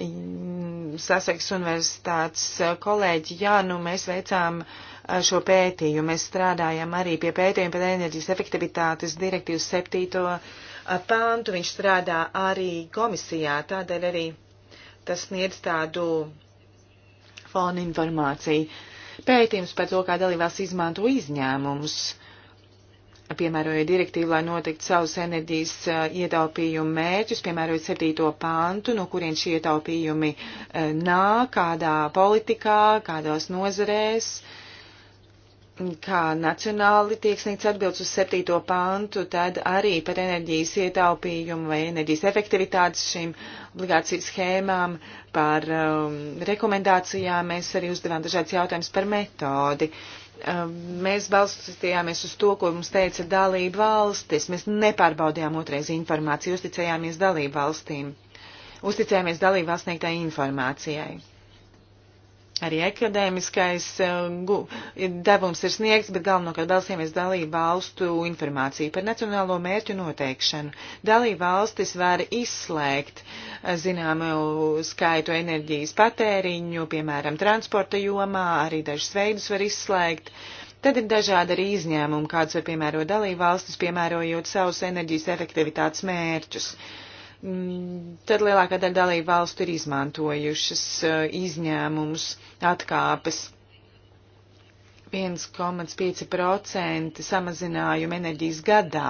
mm, Saseks Universitātes eh, kolēģi. Jā, nu mēs veicām eh, šo pētījumu, mēs strādājam arī pie pētījuma par enerģijas efektivitātes direktīvas septīto. 7 pantu, viņš strādā arī komisijā, tādēļ arī tas sniedz tādu fonu informāciju. Pētījums par to, kā dalībās izmanto izņēmumus, piemēroja direktīvu, lai noteikti savus enerģijas ietaupījumu mērķus, piemēroja 7. pantu, no kurien šie ietaupījumi nāk, kādā politikā, kādās nozarēs. Uh, kā nacionāli tiek sniegts atbildes uz 7. pantu, tad arī par enerģijas ietaupījumu vai enerģijas efektivitātes šīm obligāciju schēmām, par um, rekomendācijām mēs arī uzdevām dažādas jautājumas par metodi. Um, mēs balstījāmies uz to, ko mums teica dalība valstis. Mēs nepārbaudījām otrais informāciju, uzticējāmies dalību valstīm. Uzticējāmies dalību valstniektai informācijai. Arī akadēmiskais um, devums ir sniegts, bet galvenokārt balsīmies dalību valstu informāciju par nacionālo mērķu noteikšanu. Dalību valstis var izslēgt eh, zināmu skaitu enerģijas patēriņu, piemēram, transporta jomā, arī dažus veidus var izslēgt. Tad ir dažādi arī izņēmumi, kāds var piemērot dalību valstis, piemērojot savus enerģijas efektivitātes mērķus. Uh, Mm, tad lielākā daļa dalību valstu ir izmantojušas eh, izņēmumus, atkāpes. 1,5% samazinājumu enerģijas gadā.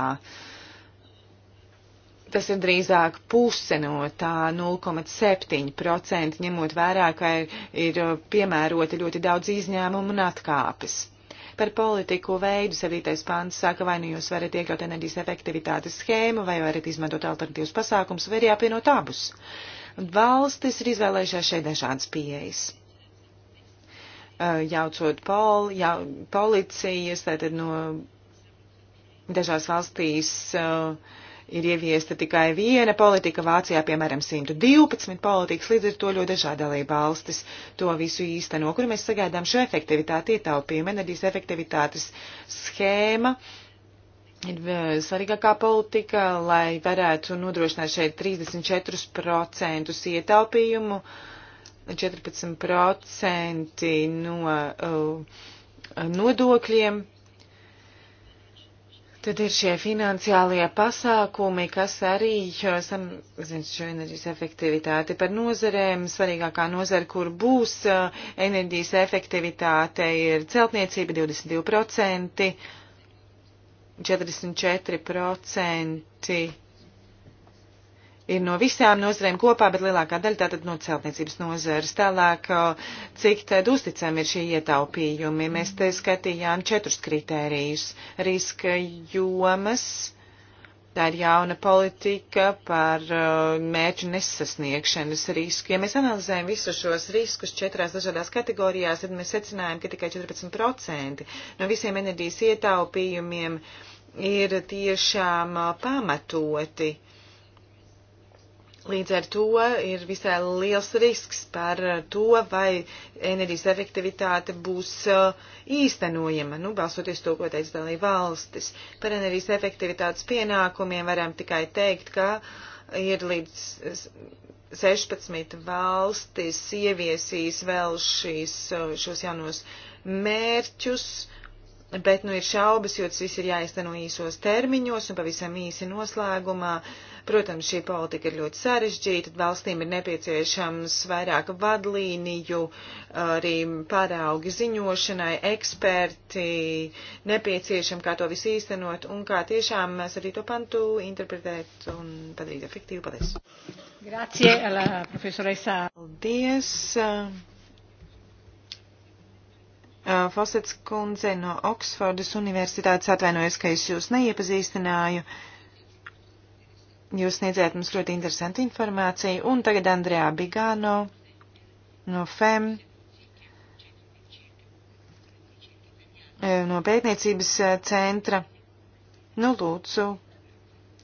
Tas ir drīzāk puse no tā 0,7%, ņemot vērā, ka ir, ir piemēroti ļoti daudz izņēmumu un atkāpes. Par politiku veidu 7. pāns saka, vai nu jūs varat iekļaut enerģijas efektivitātes schēmu, vai varat izmantot alternatīvas pasākums, vai arī apvienot abus. Valstis ir izvēlējušās šeit dažādas pieejas uh, jaucot pol, jau, policijas, tātad no dažās valstīs uh, ir ieviesta tikai viena politika, Vācijā piemēram 112 politikas, līdz ar to ļoti dažādi dalība valstis to visu īsteno, kur mēs sagaidām šo efektivitāti ietaupījumu. Enerģijas efektivitātes schēma ir e, svarīgākā politika, lai varētu nodrošināt šeit 34% ietaupījumu, 14% no uh, nodokļiem. Tad ir šie finansiālie pasākumi, kas arī samazina šo enerģijas efektivitāti. Par nozarēm svarīgākā nozara, kur būs enerģijas efektivitāte, ir celtniecība 22%, 44% ir no visām nozarēm kopā, bet lielākā daļa tātad no celtniecības nozares. Tālāk, cik tad uzticami ir šie ietaupījumi? Mēs te skatījām četrus kritērijus. Riska jomas. Tā ir jauna politika par uh, mērķu nesasniegšanas risku. Ja mēs analizējam visus šos riskus četrās dažādās kategorijās, tad mēs secinājam, ka tikai 14% no visiem enerģijas ietaupījumiem ir tiešām uh, pamatoti. Uh, Līdz ar to ir visai liels risks par to, vai enerģijas efektivitāte būs uh, īstenojama, nu, balsoties to, ko teica dalība valstis. Par enerģijas efektivitātes pienākumiem varam tikai teikt, ka ir līdz 16 valstis ieviesīs vēl šīs, uh, šos jaunos mērķus, bet, nu, ir šaubas, jo tas viss ir jāizteno īsos termiņos un pavisam īsi noslēgumā. Uh, Protams, šī politika ir ļoti sarežģīta, valstīm ir nepieciešams vairāk vadlīniju, arī paraugi ziņošanai, eksperti, nepieciešam, kā to visu īstenot un kā tiešām mēs arī to pantu interpretēt un padarīt efektīvu. Paldies! Grazie, la profesoresa. Paldies! Fosets kundze no Oksfordas universitātes atvainojas, ka es jūs neiepazīstināju. Uh, Jūs sniedzējāt mums ļoti interesantu informāciju. Un tagad Andrejā Bigāno no FEM, eh, no pētniecības eh, centra. Nu, lūdzu,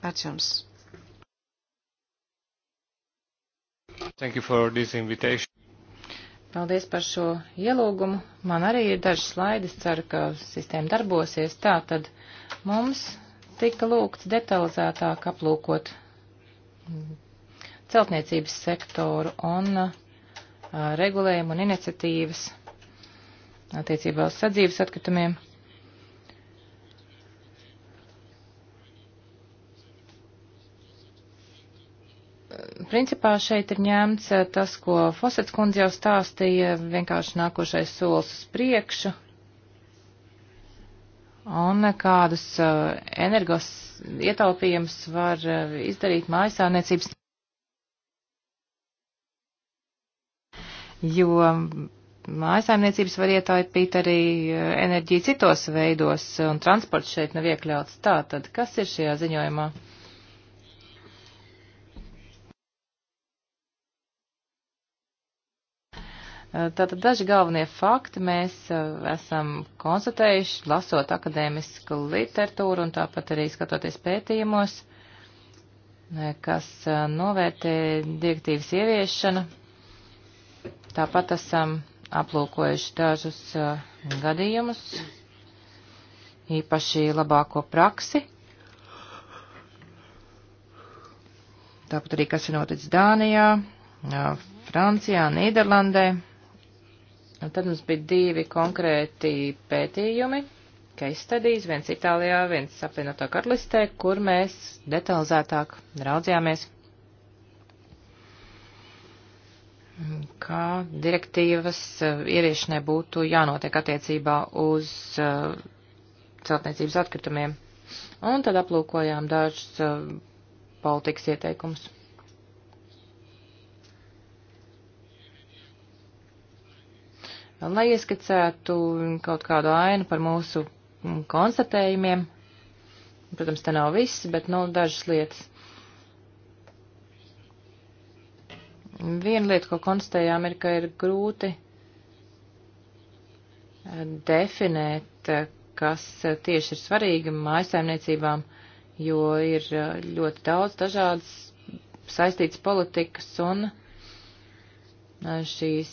ar jums. Thank you for this invitation. Paldies par šo ielūgumu. Man arī ir daži slaidi, ceru, ka sistēma darbosies. Tā tad mums tika lūgts detalizētāk aplūkot celtniecības sektoru un a, regulējumu un iniciatīvas attiecībā uz sadzīves atkritumiem. Principā šeit ir ņemts tas, ko Fosets kundze jau stāstīja, vienkārši nākošais solis uz priekšu, un kādus eh, energos ietaupījumus var eh, izdarīt mājasāniecības. Jo mājasāniecības var ietaupīt arī eh, enerģiju citos veidos, un transports šeit nav iekļauts. Tātad, kas ir šajā ziņojumā? Tātad daži galvenie fakti mēs uh, esam konstatējuši, lasot akadēmisku literatūru un tāpat arī skatoties pētījumos, eh, kas uh, novērtē direktīvas ieviešanu. Tāpat esam aplūkojuši dažus uh, gadījumus, īpaši labāko praksi. Tāpat arī, kas ir noticis Dānijā, Francijā, Nīderlandē Un tad mums bija divi konkrēti pētījumi, case studies, viens Itālijā, viens apvienoto karalistē, kur mēs detalizētāk raudzījāmies, kā direktīvas uh, ieviešanai būtu jānotiek attiecībā uz uh, celtniecības atkritumiem. Un tad aplūkojām dažus uh, politikas ieteikumus. lai ieskicētu kaut kādu ainu par mūsu konstatējumiem. Protams, te nav viss, bet nu, dažas lietas. Viena lieta, ko konstatējām, ir, ka ir grūti eh, definēt, eh, kas eh, tieši ir svarīgi mājasaimniecībām, jo ir ļoti daudz dažādas saistītas politikas un šīs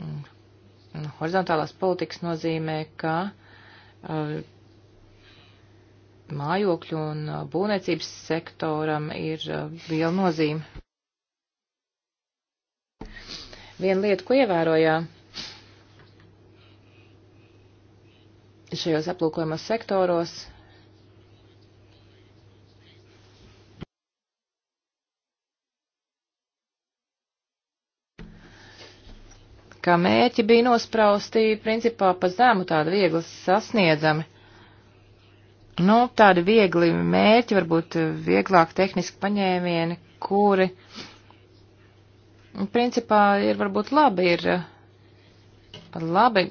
Mm. Horizontālās politikas nozīmē, ka uh, mājokļu un uh, būvniecības sektoram ir uh, liela nozīme. Viena lieta, ko ievērojām šajos aplūkojumos sektoros, ka mērķi bija nosprausti principā pa zemu, tādi viegli sasniedzami. Nu, tādi viegli mērķi, varbūt vieglāk tehniski paņēmieni, kuri principā ir varbūt labi, ir labi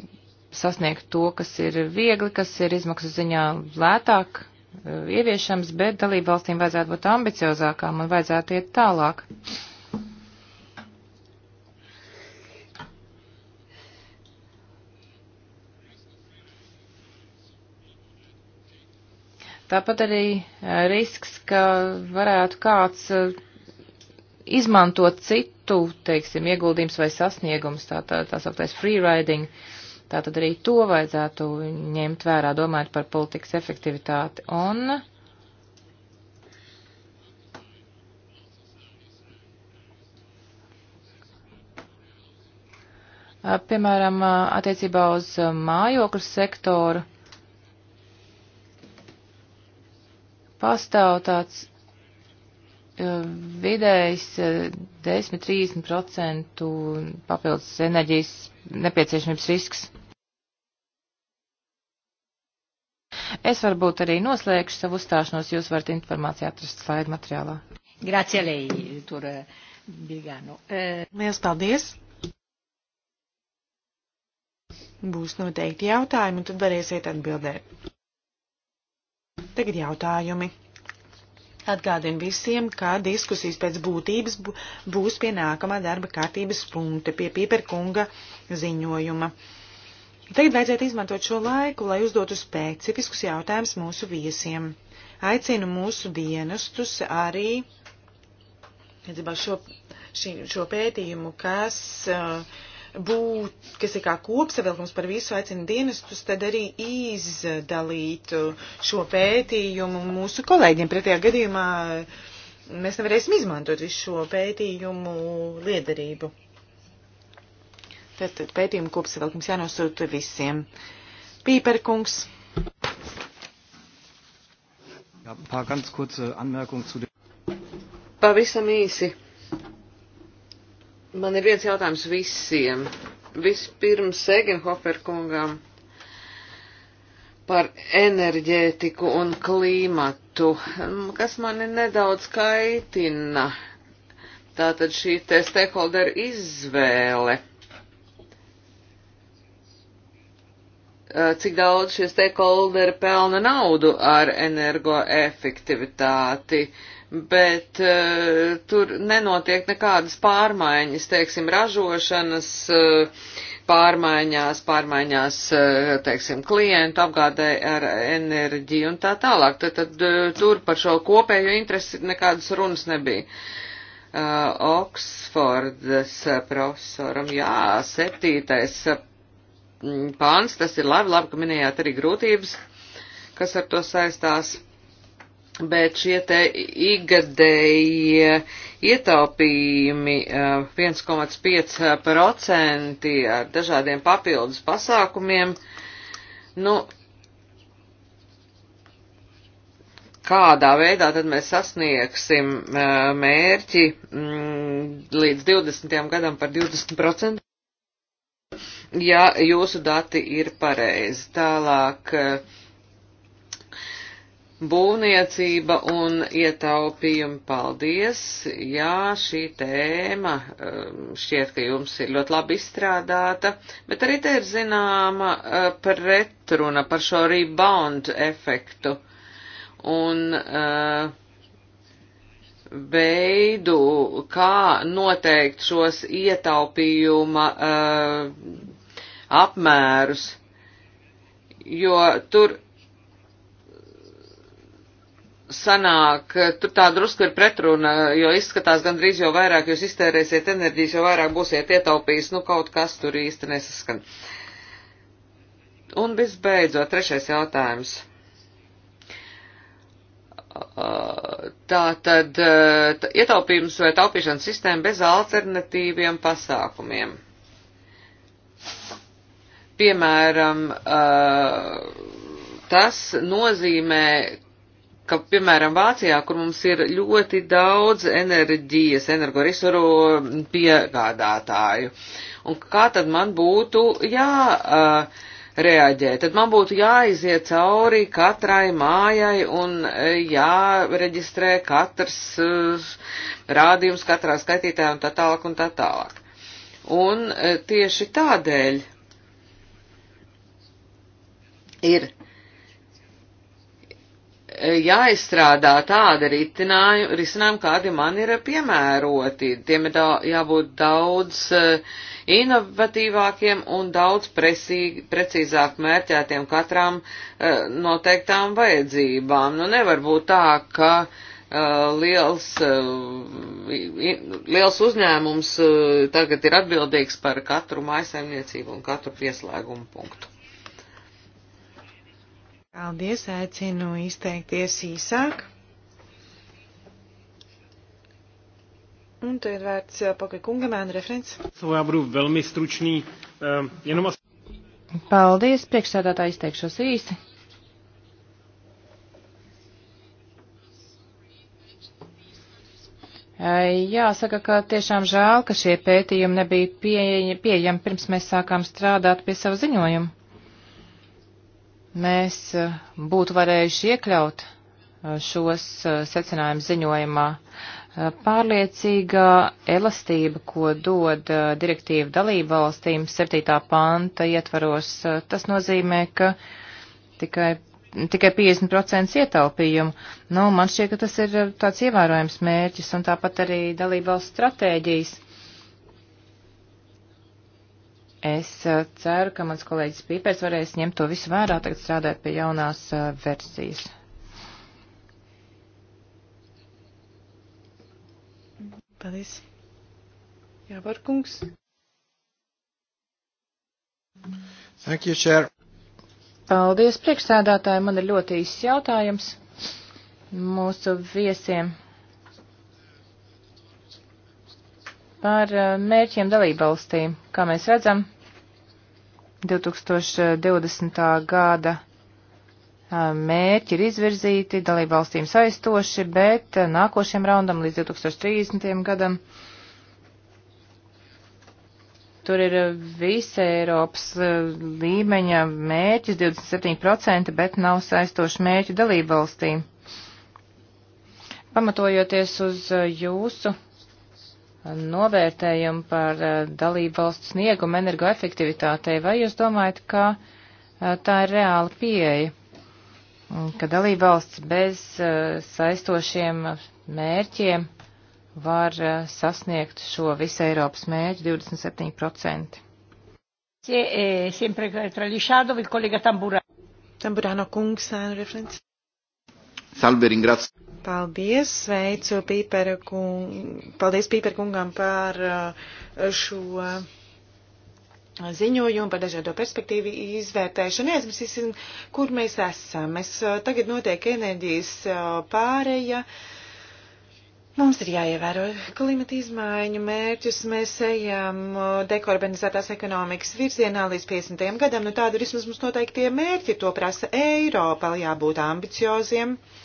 sasniegt to, kas ir viegli, kas ir izmaksu ziņā lētāk ieviešams, bet dalību valstīm vajadzētu būt ambiciozākām un vajadzētu iet tālāk. Uh, Tāpat arī eh, risks, ka varētu kāds eh, izmantot citu, teiksim, ieguldījums vai sasniegums, tā, tā, tā sauktais freeriding. Tātad arī to vajadzētu ņemt vērā, domājot par politikas efektivitāti. Un Piemēram, attiecībā uz mājokļu sektoru pastāv tāds eh, vidējs 10-30% eh, papildus enerģijas nepieciešamības risks. Es varbūt arī noslēgšu savu uzstāšanos, jūs varat informāciju atrast slaidu materiālā. Grācie lei, tur Bilgānu. Eh, Liels paldies! Būs noteikti jautājumi, un tad varēsiet atbildēt. Tagad jautājumi. Atgādinu visiem, ka diskusijas pēc būtības būs pie nākamā darba kārtības punkta, pie Pīperkunga ziņojuma. Tagad vajadzētu izmantot šo laiku, lai uzdotu specifiskus jautājumus mūsu viesiem. Aicinu mūsu dienestus arī šo, šī, šo pētījumu, kas uh, būt, kas ir kā kopsavilkums par visu aicinu dienestus, tad arī izdalīt uh, šo pētījumu mūsu kolēģiem. Pretējā gadījumā uh, mēs nevarēsim izmantot visu šo pētījumu liederību. Tātad pētījumu kopsavilkums jānosūta visiem. Pīperkungs. Ja, Pavisam īsi Man ir viens jautājums visiem. Vispirms Egenhofer kungam par enerģētiku un klīmatu, mm, kas mani nedaudz kaitina. Tātad šī te stakeholder izvēle. Cik daudz šie stakeholderi pelna naudu ar energoefektivitāti? Uh, bet uh, tur nenotiek nekādas pārmaiņas, teiksim, ražošanas uh, pārmaiņās, pārmaiņās, uh, teiksim, klientu apgādē ar enerģiju un tā tālāk. Tad, tad uh, tur par šo kopējo interesi nekādas runas nebija. Uh, Oksfordas profesoram, jā, septītais pāns, tas ir labi, labi, ka minējāt arī grūtības, kas ar to saistās bet šie te igadējie ietaupījumi 1,5% e, ar dažādiem papildus pasākumiem, nu, kādā veidā tad mēs sasniegsim e, mērķi mm, līdz 20. gadam par 20%? Ja jūsu dati ir pareizi, tālāk uh, Būvniecība un ietaupījumi, paldies. Jā, šī tēma um, šķiet, ka jums ir ļoti labi izstrādāta, bet arī te ir zināma uh, pretruna par šo rebound efektu un uh, veidu, kā noteikt šos ietaupījuma uh, apmērus, jo tur sanāk, tur tā drusku ir pretruna, jo izskatās gandrīz jau vairāk jūs iztērēsiet enerģijas, jo vairāk būsiet ietaupījis, nu kaut kas tur īsti nesaskan. Un visbeidzot, trešais jautājums. Tā tad tā, ietaupījums vai taupīšanas sistēma bez alternatīviem pasākumiem. Piemēram, tas nozīmē, ka, piemēram, Vācijā, kur mums ir ļoti daudz enerģijas, energoresoru piegādātāju, un kā tad man būtu jā. Uh, reaģē. Tad man būtu jāiziet cauri katrai mājai un e, jāreģistrē katrs uh, rādījums katrā skaitītājā un tā tālāk un tā tālāk. Un uh, tieši tādēļ ir jāizstrādā tāda risinājuma, kādi man ir piemēroti. Tiem ir da jābūt daudz eh, inovatīvākiem un daudz presī, precīzāk mērķētiem katram eh, noteiktām vajadzībām. Nu, nevar būt tā, ka eh, liels, liels uzņēmums tagad ir atbildīgs par katru mājasaimniecību un katru pieslēgumu punktu. Paldies, aicinu izteikties īsāk. Un to ir vērts eh, pakaļ kungam, ēna referents. Savā būtu velmi stručnī. Um, eh, jenom... Paldies, priekšsēdētā izteikšos īsi. Eh, jāsaka, ka tiešām žēl, ka šie pētījumi nebija pieejami pirms mēs sākām strādāt pie sava ziņojuma mēs eh, būtu varējuši iekļaut eh, šos eh, secinājumus ziņojumā. Pārliecīgā elastība, ko dod direktīva dalību valstīm 7. panta ietvaros, tas nozīmē, ka tikai, tikai 50% ietaupījumu. Nu, man šķiet, ka tas ir tāds ievērojams mērķis un tāpat arī dalību valsts stratēģijas Es eh, ceru, ka mans kolēģis Pīpers varēs ņemt to visu vērā, tagad strādāt pie jaunās eh, versijas. Paldies. Jā, Barkungs. Thank you, Chair. Paldies, priekšsēdātāji. Man ir ļoti īsts jautājums mūsu viesiem par eh, mērķiem dalībvalstīm. Kā mēs redzam, 2020. gada mērķi ir izvirzīti, dalība valstīm saistoši, bet nākošiem raundam līdz 2030. gadam tur ir visa Eiropas līmeņa mērķis 27%, bet nav saistoši mērķi dalību valstīm. Pamatojoties uz jūsu novērtējumu par eh, dalību valstu sniegumu energoefektivitātei, vai jūs domājat, ka eh, tā ir reāla pieeja, ka dalība valsts bez eh, saistošiem mērķiem var sasniegt šo visu Eiropas mērķu 27%? Siempre tra gli shadow il collega Tamburano. Tamburano kungs, referents. Salve, ringrazio. Paldies, sveicu Pīpera kung, paldies Pīpera kungam par uh, šo uh, ziņojumu par dažādo perspektīvu izvērtēšanu. Neaizmirsīsim, kur mēs esam. Mēs uh, tagad notiek enerģijas pāreja. Mums ir jāievēro klimata izmaiņu mērķus. Mēs ejam dekarbonizētās ekonomikas virzienā līdz 50. gadam. Nu, tāda ir vismaz mums noteiktie mērķi. To prasa Eiropa, jābūt ambicioziem. Uh,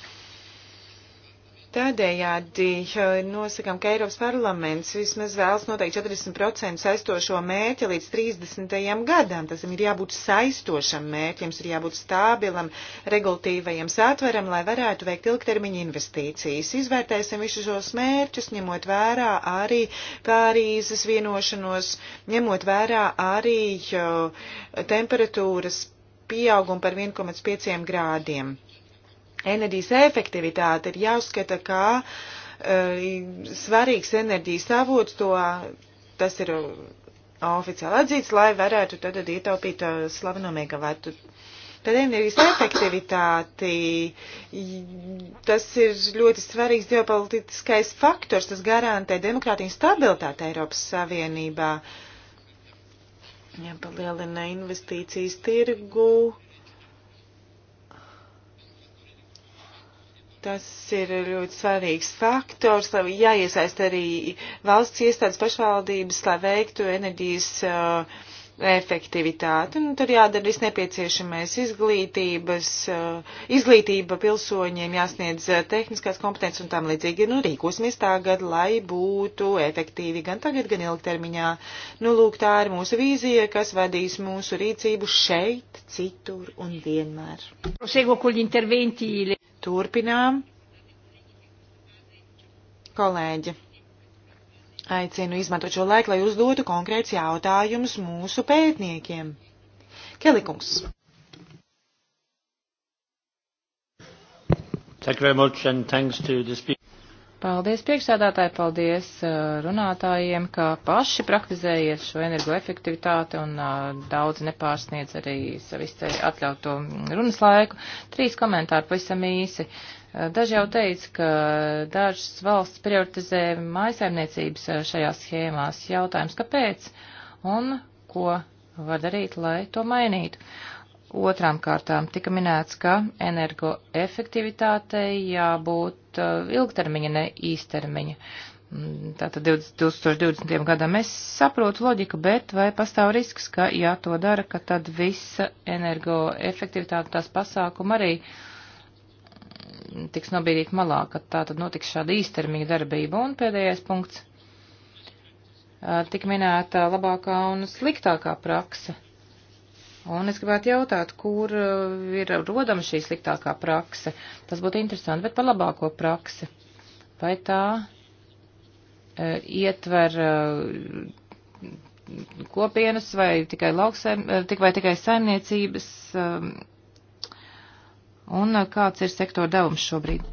Tādējādi nosakām, ka Eiropas parlaments vismaz vēlas noteikti 40% saistošo mērķi līdz 30. gadam. Tas ir jābūt saistošam mērķim, ir jābūt stabilam, regulatīvajam satveram, lai varētu veikt ilgtermiņa investīcijas. Izvērtēsim visus šos mērķus, ņemot vērā arī Pārīzes vienošanos, ņemot vērā arī temperatūras pieaugumu par 1,5 grādiem enerģijas efektivitāte ir jāuzskata kā uh, svarīgs enerģijas avots, to tas ir uh, oficiāli atzīts, lai varētu tad ietaupīt uh, slaveno megavatu. Tad enerģijas efektivitāti, tas ir ļoti svarīgs ģeopolitiskais faktors, tas garantē demokrātiju stabilitāti Eiropas Savienībā. Jāpalielina investīcijas tirgu. Uh, Tas ir ļoti svarīgs faktors, lai jāiesaist arī valsts iestādes pašvaldības, lai veiktu enerģijas uh, efektivitāti. Un nu, tur jādara viss nepieciešamais izglītības, uh, izglītība pilsoņiem, jāsniedz uh, tehniskās kompetences un tam līdzīgi. Nu, rīkosimies tagad, lai būtu efektīvi gan tagad, gan ilgtermiņā. Nu, lūk, tā ir mūsu vīzija, kas vadīs mūsu rīcību šeit, citur un vienmēr. Turpinām. Kolēģi, aicinu izmantot šo laiku, lai uzdotu konkrēts jautājums mūsu pētniekiem. Kelikums. Thank you very much and thanks to the speaker. Paldies priekšsādātāji, paldies uh, runātājiem, ka paši praktizējiet šo energoefektivitāti un uh, daudz nepārsniedz arī savu atļautu runas laiku. Trīs komentāri pavisam īsi. Uh, daži jau teica, ka dažas valsts prioritizē mājasaimniecības šajās schēmās. Jautājums, kāpēc un ko var darīt, lai to mainītu? Otrām kārtām tika minēts, ka energoefektivitātei jābūt uh, ilgtermiņa, ne īstermiņa. Mm, tātad 2020. gadam es saprotu loģiku, bet vai pastāv risks, ka ja to dara, ka tad visa energoefektivitāte tās pasākuma arī mm, tiks nobīdīt malā, ka tā tad notiks šāda īstermiņa darbība. Un pēdējais punkts. Tik minēta labākā un sliktākā praksa Un es gribētu jautāt, kur uh, ir rodama šī sliktākā prakse. Tas būtu interesanti, bet par labāko praksi. Vai tā e, ietver e, kopienas vai tikai, lauksaim, e, tik, vai tikai saimniecības? E, un kāds ir sektora devums šobrīd?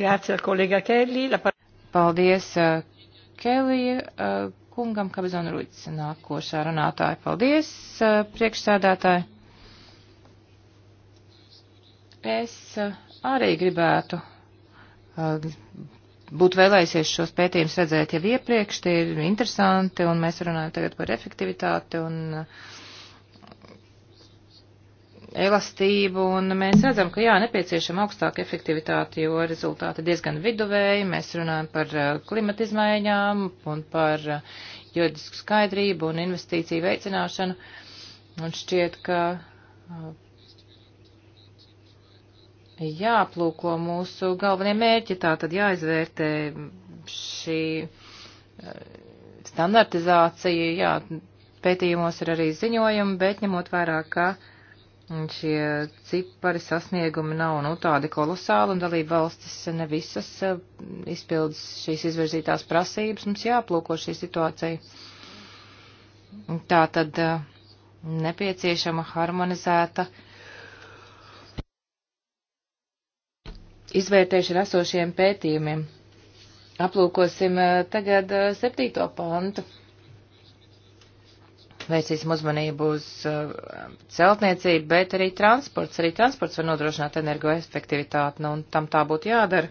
Grācija, kolēģa Kelly. La... Paldies, Kelly. E, kungam, Kabezon Ruicis nākošā runātāja. Paldies, eh, priekšsēdētāji. Es eh, arī gribētu eh, būt vēlējusies šos pētījumus redzēt jau iepriekš, tie ir interesanti, un mēs runājam tagad par efektivitāti un uh, elastību, un mēs redzam, ka jā, nepieciešama augstāka efektivitāte, jo rezultāti diezgan viduvēji. Mēs runājam par uh, klimata izmaiņām un par uh, juridisku skaidrību un investīciju veicināšanu. Un šķiet, ka uh, jāplūko mūsu galvenie mērķi, tā tad jāizvērtē šī standartizācija, jā, pētījumos ir arī ziņojumi, bet ņemot vairāk, ka Un šie cipari sasniegumi nav nu, tādi kolosāli, un dalība valstis ne visas eh, izpildas šīs izvirzītās prasības. Mums jāplūko šī situācija. Tā tad eh, nepieciešama harmonizēta izvērtēšana esošiem pētījumiem. Aplūkosim eh, tagad septīto pantu. Vērsīsim uzmanību uz uh, celtniecību, bet arī transports. Arī transports var nodrošināt energoefektivitāti, nu, un tam tā būtu jādara.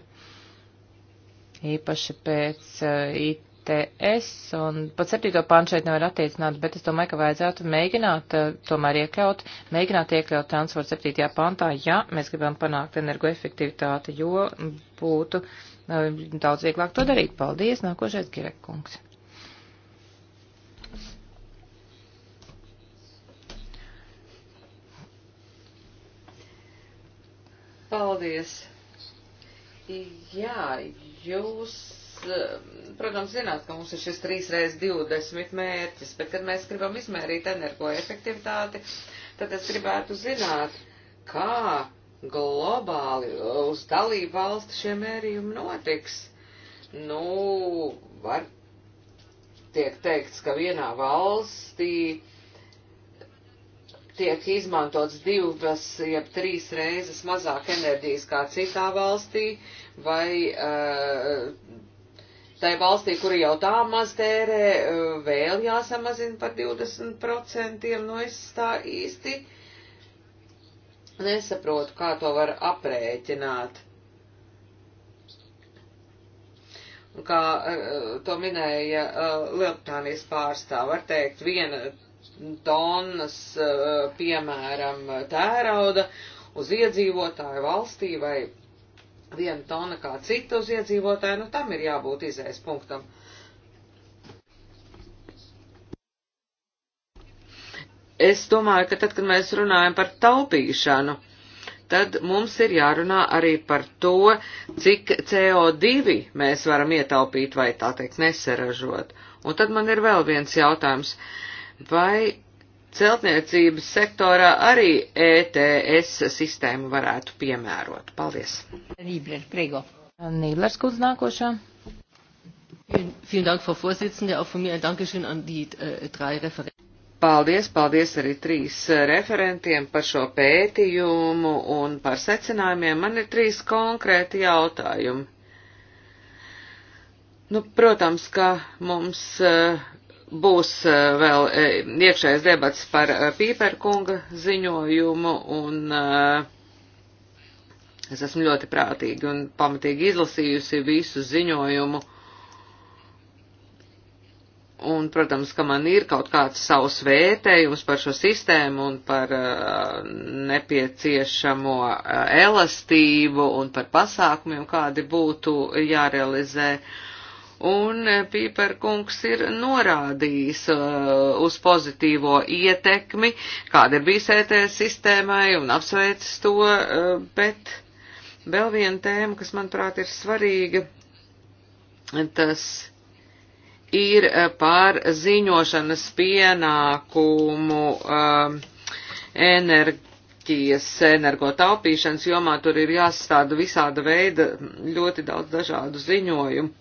Īpaši pēc uh, ITS, un pat septīto pānu šeit nevar attiecināt, bet es domāju, ka vajadzētu mēģināt uh, tomēr iekļaut, mēģināt iekļaut transportu septītajā pāntā, ja mēs gribam panākt energoefektivitāti, jo būtu uh, daudz vieglāk to darīt. Paldies, nākošais Girekungs. Paldies! Jā, jūs, eh, protams, zināt, ka mums ir šis 3x20 mērķis, bet kad mēs gribam izmērīt energoefektivitāti, tad es gribētu zināt, kā globāli uz dalību valstu šie mērījumi notiks. Nu, var tiek teikts, ka vienā valstī tiek izmantots divas, jeb trīs reizes mazāk enerģijas kā citā valstī, vai eh, tai valstī, kur jau tā maz tērē, eh, vēl jāsamazina par 20%, no nu, es tā īsti nesaprotu, kā to var aprēķināt. Kā eh, to minēja Lielbritānijas pārstāv, var teikt, viena tonnas, eh, piemēram, tērauda uz iedzīvotāju valstī vai viena tona kā cita uz iedzīvotāju, nu tam ir jābūt izējas punktam. Es domāju, ka tad, kad mēs runājam par taupīšanu, tad mums ir jārunā arī par to, cik CO2 mēs varam ietaupīt vai tā teikt nesaražot. Un tad man ir vēl viens jautājums. Uh, Vai celtniecības sektorā arī ETS sistēmu varētu piemērot? Paldies. Nībler, priego. Nīblers kundz nākošā. Vielen Dank, Frau Vorsitzende. Auch von mir ein Dankeschön an die äh, drei Referenten. Paldies, paldies arī trīs äh, referentiem par šo pētījumu un par secinājumiem. Man ir trīs konkrēti jautājumi. Nu, protams, ka mums uh, Būs eh, vēl eh, iekšējais debats par eh, Pīperkunga ziņojumu, un es esmu ļoti prātīgi un pamatīgi izlasījusi visu ziņojumu. Un, protams, ka man ir kaut kāds savs vērtējums par šo sistēmu un par nepieciešamo elastību un par pasākumiem, kādi būtu jārealizē. Uh, Un eh, Pīperkungs ir norādījis uh, uz pozitīvo ietekmi, kāda ir bijis ET sistēmai un apsveicis to, uh, bet vēl viena tēma, kas manuprāt ir svarīga, tas ir par ziņošanas pienākumu um, enerģijas, energotaupīšanas jomā. Tur ir jāsastāda visāda veida ļoti daudz dažādu ziņojumu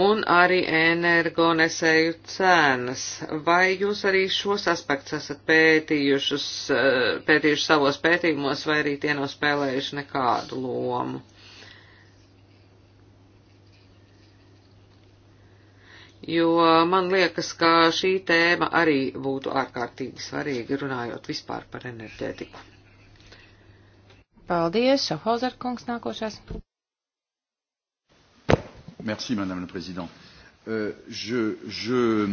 un arī energonesēju cenas. Vai jūs arī šos aspektus esat pētījušus, eh, pētījuši savos pētījumos, vai arī tie nav spēlējuši nekādu lomu? Jo man liekas, ka šī tēma arī būtu ārkārtīgi svarīga runājot vispār par enerģētiku. Paldies, Šafhauser kungs nākošais. Merci, Madame la Présidente. Uh, je, je...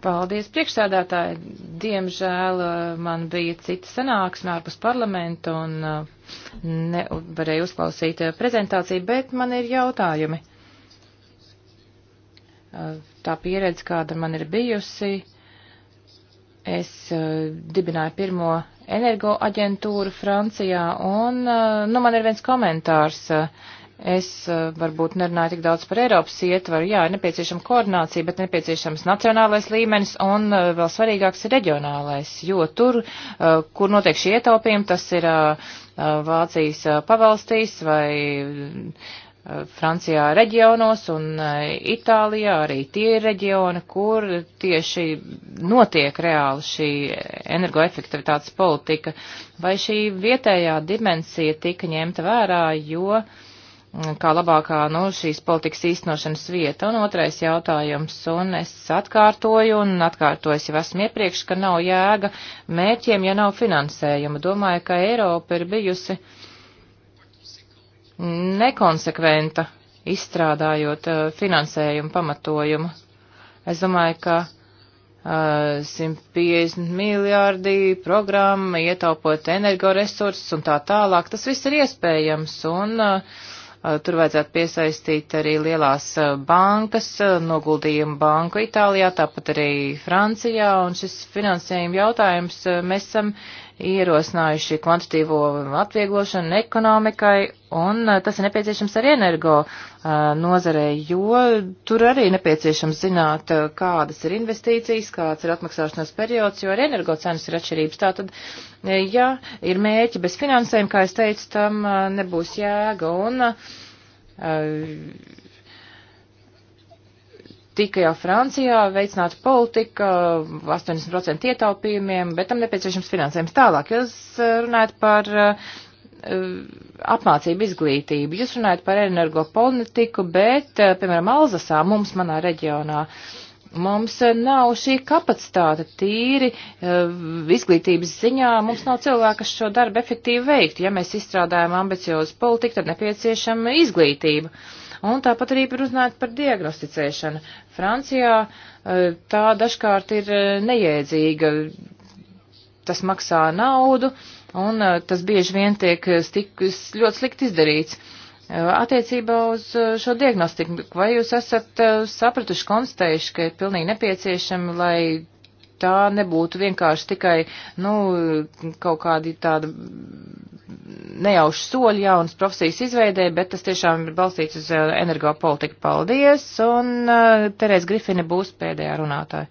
Paldies, priekšsēdētāji. Diemžēl uh, man bija cita sanāksme ārpus parlamenta un uh, nevarēju uzklausīt uh, prezentāciju, bet man ir jautājumi. Tā pieredze, kāda man ir bijusi, es dibināju pirmo energoaģentūru Francijā un, nu, man ir viens komentārs. Es eh, varbūt nerunāju tik daudz par Eiropas ietvaru. Jā, ir nepieciešama koordinācija, bet nepieciešams nacionālais līmenis un eh, vēl svarīgāks ir reģionālais, jo tur, eh, kur notiek šie ietaupījumi, tas ir Vācijas pavalstīs vai Francijā reģionos un Itālijā arī tie ir reģioni, kur tieši notiek reāli šī energoefektivitātes politika. Vai šī vietējā dimensija tika ņemta vērā, jo uh, Mm, kā labākā nu, šīs politikas īstenošanas vieta. Un otrais jautājums, un es atkārtoju un atkārtoju jau esmu iepriekš, ka nav jēga mērķiem, ja nav finansējuma. Domāju, ka Eiropa ir bijusi nekonsekventa izstrādājot eh, finansējumu pamatojumu. Es domāju, ka 150 eh, miljārdi programma, ietaupot energoresursus un tā tālāk, tas viss ir iespējams. Un, uh, Uh, tur vajadzētu piesaistīt arī lielās uh, bankas, uh, noguldījumu banku Itālijā, tāpat arī Francijā, un šis finansējuma jautājums mēs esam ierosinājuši kvantitīvo atvieglošanu ekonomikai, un eh, tas ir nepieciešams arī energo eh, nozarei, jo tur arī nepieciešams zināt, eh, kādas ir investīcijas, kāds ir atmaksāšanas periods, jo arī energo cenas ir atšķirības. Tātad, ja ir mēķi bez finansējuma, kā es teicu, tam nebūs jēga. Un, tika jau Francijā veicināta politika 80% ietaupījumiem, bet tam nepieciešams finansējums tālāk. Jūs eh, runājat par uh, apmācību izglītību, jūs runājat par energopolitiku, bet, uh, piemēram, Alzasā mums manā reģionā. Mums nav šī kapacitāte tīri uh, izglītības ziņā, mums nav cilvēka, kas šo darbu efektīvi veiktu. Ja mēs izstrādājam ambiciozu politiku, tad nepieciešama izglītība. Un tāpat arī par uzzināt par diagnosticēšanu. Francijā eh, tā dažkārt ir eh, neiedzīga. Tas maksā naudu, un eh, tas bieži vien tiek stik, ļoti slikti izdarīts. Attiecībā uz šo diagnostiku, vai jūs esat sapratuši, konstatējuši, ka ir pilnīgi nepieciešami, lai tā nebūtu vienkārši tikai, nu, kaut kādi tāda nejauši soļi jaunas profesijas izveidē, bet tas tiešām ir balstīts uz uh, energopolitiku. Paldies, un uh, Terēs Grifini būs pēdējā runātāja.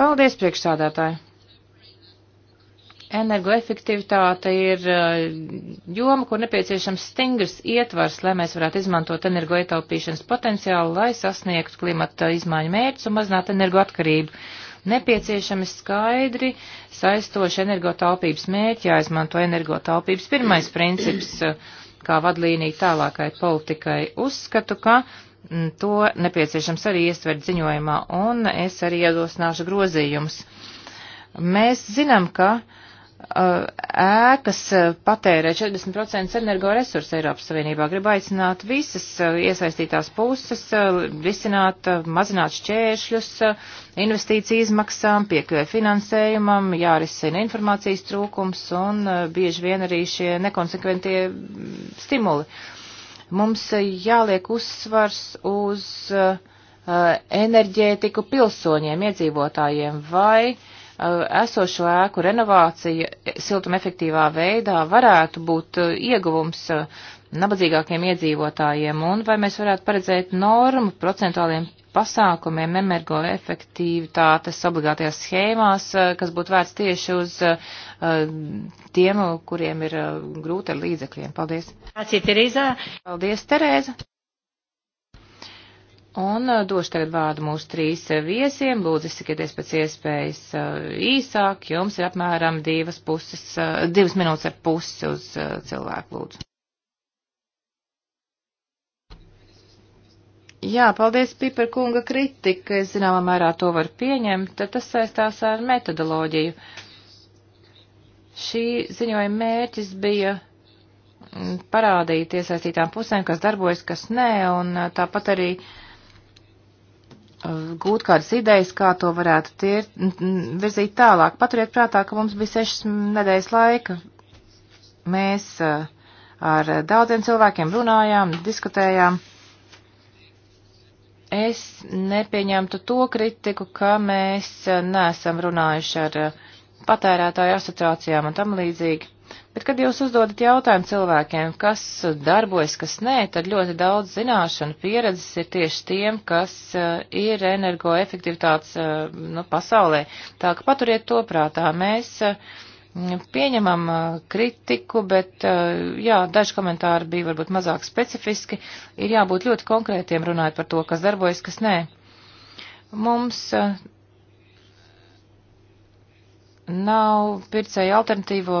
Paldies, priekšsādātāji! Energoefektivitāte ir eh, joma, kur nepieciešams stingrs ietvars, lai mēs varētu izmantot energoietaupīšanas potenciālu, lai sasniegtu klimata izmaiņu mērķus un mazinātu energoatkarību. Nepieciešami skaidri saistoši energotaupības mērķi, jāizmanto energotaupības pirmais princips eh, kā vadlīnija tālākai politikai. Uzskatu, ka mm, to nepieciešams arī iestvert ziņojumā, un es arī iedosināšu grozījumus. Mēs zinām, ka uh, Uh, ēkas uh, patērē 40% energoresursu Eiropas Savienībā. Gribu aicināt visas uh, iesaistītās puses, risināt, mazināt šķēršļus, investīciju izmaksām, piekļuvē finansējumam, jārisina informācijas trūkums un bieži vien arī šie nekonsekventie mm, stimuli. Mums jāliek uzsvars uz enerģētiku pilsoņiem, iedzīvotājiem vai uh, Eh, esošo ēku renovācija siltumefektīvā veidā varētu būt eh, ieguvums eh, nabadzīgākiem iedzīvotājiem, un vai mēs varētu paredzēt normu procentuāliem pasākumiem energoefektivitātes obligātajās schēmās, kas būtu vērts tieši uz tiem, kuriem ir grūti ar līdzekļiem. Paldies. Paldies, Terēza. Paldies, Terēza. Un uh, došu tagad vārdu mūsu trīs uh, viesiem. Lūdzu, izsakieties pēc iespējas uh, īsāk. Jums ir apmēram divas, puses, divas minūtes ar pusi uz cilvēku lūdzu. Jā, paldies Piper kunga kritika. Es zināmā mērā to varu pieņemt. Tad tas saistās ar metodoloģiju. Šī ziņojuma mērķis bija mm, parādīt iesaistītām pusēm, kas darbojas, kas nē, un tāpat arī uh, Eh, gūt kādas idejas, kā to varētu tier, virzīt tālāk. Paturiet prātā, ka mums bija sešas nedēļas laika. Mēs eh, ar daudziem cilvēkiem runājām, diskutējām. Es nepieņemtu to kritiku, ka mēs eh, neesam runājuši ar patērētāju asociācijām un tam līdzīgi. Bet, kad jūs uzdodat jautājumu cilvēkiem, kas darbojas, kas nē, tad ļoti daudz zināšanu pieredzes ir tieši tiem, kas uh, ir energoefektivitātes uh, nu, pasaulē. Tā ka paturiet to prātā. Mēs uh, pieņemam uh, kritiku, bet, uh, jā, daži komentāri bija varbūt mazāk specifiski. Ir jābūt ļoti konkrētiem runājot par to, kas darbojas, kas nē. Mums. Uh, Nav pircēju alternatīvo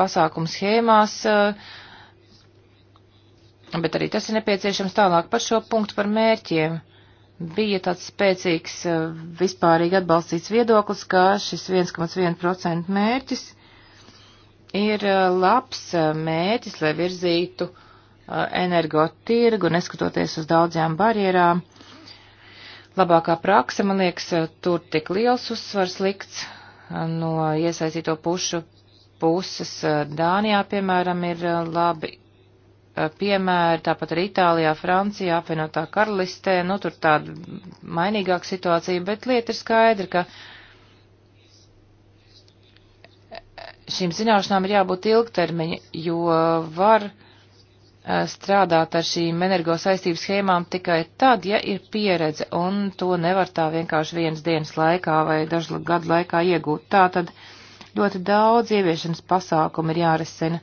pasākumu schēmās, eh, bet arī tas ir nepieciešams tālāk par šo punktu par mērķiem. Bija tāds spēcīgs eh, vispārīgi atbalstīts viedoklis, ka šis 1,1% mērķis ir eh, labs mērķis, lai virzītu energotirgu, neskatoties uz daudzām barjerām. Labākā praksa, man liekas, tur tik liels uzsvars likts no iesaistīto pušu puses. Eh, Dānijā, piemēram, ir eh, labi eh, piemēri, tāpat arī Itālijā, Francijā, apvienotā karalistē, nu tur tāda mainīgāka situācija, bet lieta ir skaidra, ka šīm zināšanām ir jābūt ilgtermiņa, jo var strādāt ar šīm energo saistības schēmām tikai tad, ja ir pieredze, un to nevar tā vienkārši vienas dienas laikā vai dažu gadu laikā iegūt. Tātad, tad Ļoti daudz ieviešanas pasākumu ir jārisina.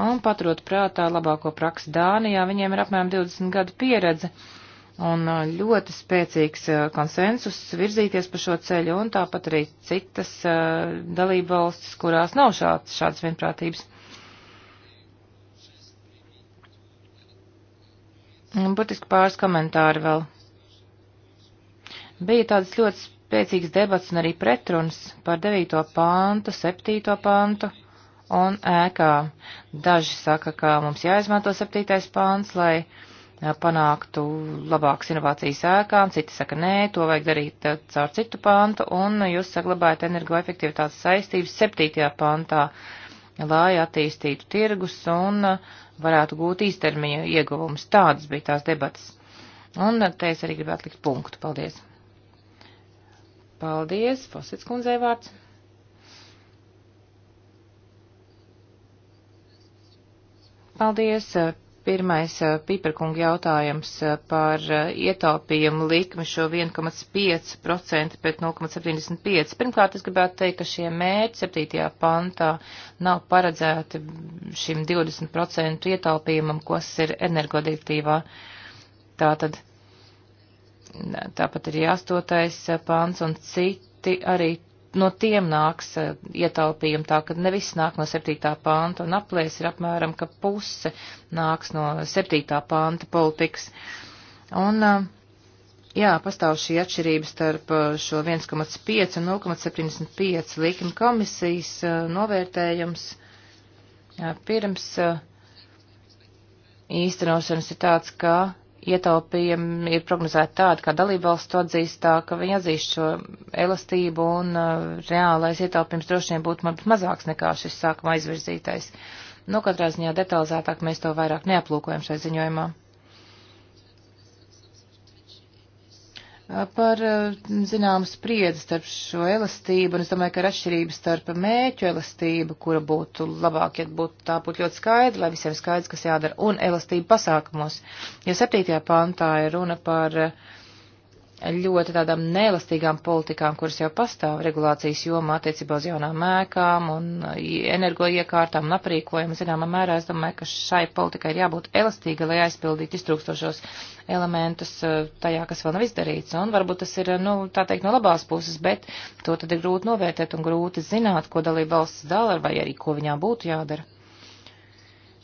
Un paturot prātā labāko praksi Dānijā, viņiem ir apmēram 20 gadu pieredze un uh, ļoti spēcīgs uh, konsensus virzīties pa šo ceļu, un tāpat arī citas uh, dalība valstis, kurās nav šāds, šāds vienprātības. Būtiski pāris komentāri vēl. Bija tādas ļoti spēcīgs debats un arī pretruns par 9. pāntu, 7. pāntu un ēkā. Daži saka, ka mums jāizmanto 7. pāns, lai panāktu labākas inovācijas ēkām, citi saka, nē, to vajag darīt caur citu pantu, un jūs saglabājat energoefektivitātes saistības 7. pantā, lai attīstītu tirgus un varētu gūt īstermiņa ieguvumus. Tādas bija tās debatas. Un te es arī gribētu likt punktu. Paldies! Paldies, Fosits kundzei vārds. Paldies. Eh, pirmais eh, Pīperkunga jautājums eh, par ietaupījumu likmi šo 1,5% pret 0,75. Pirmkārt, es gribētu teikt, ka šie mērķi 7. pantā nav paredzēti šim 20% ietaupījumam, kas ir energodirektīvā. Tātad tāpat arī 8. Eh, pāns un citi arī no tiem nāks eh, ietaupījumi, tā ka nevis nāk no 7. pānta un aplēs ir apmēram, ka puse nāks no 7. pānta politikas. Un, eh, jā, pastāv šī atšķirība starp šo 1,5 un 0,75 likuma komisijas novērtējums pirms īstenošanas ir tāds, ka ietaupījumi ir prognozēti tādi, ka dalībvalsts to atzīst tā, ka viņi atzīst šo elastību un uh, reālais ietaupījums droši vien būtu mazāks nekā šis sākuma aizvirzītais. Nu, katrā ziņā detalizētāk mēs to vairāk neaplūkojam šai ziņojumā. par eh, zināmu spriedzi starp šo elastību, un es domāju, ka ir atšķirības starp mēķu elastību, kura būtu labāk, ja būtu tā būtu ļoti skaidra, lai visiem skaidrs, kas jādara, un elastību pasākumos. Ja septītajā pantā ir runa par uh, ļoti tādām neelastīgām politikām, kuras jau pastāv regulācijas jomā attiecībā uz jaunām ēkām un e, energoiekārtām un aprīkojumu. Zināmā mērā es domāju, ka šai politikai ir jābūt elastīga, lai aizpildītu iztrūkstošos elementus e, tajā, kas vēl nav izdarīts. Un varbūt tas ir, e, nu, tā teikt, no labās puses, bet to tad ir grūti novērtēt un grūti zināt, ko dalība valsts dala vai arī ko viņām būtu jādara.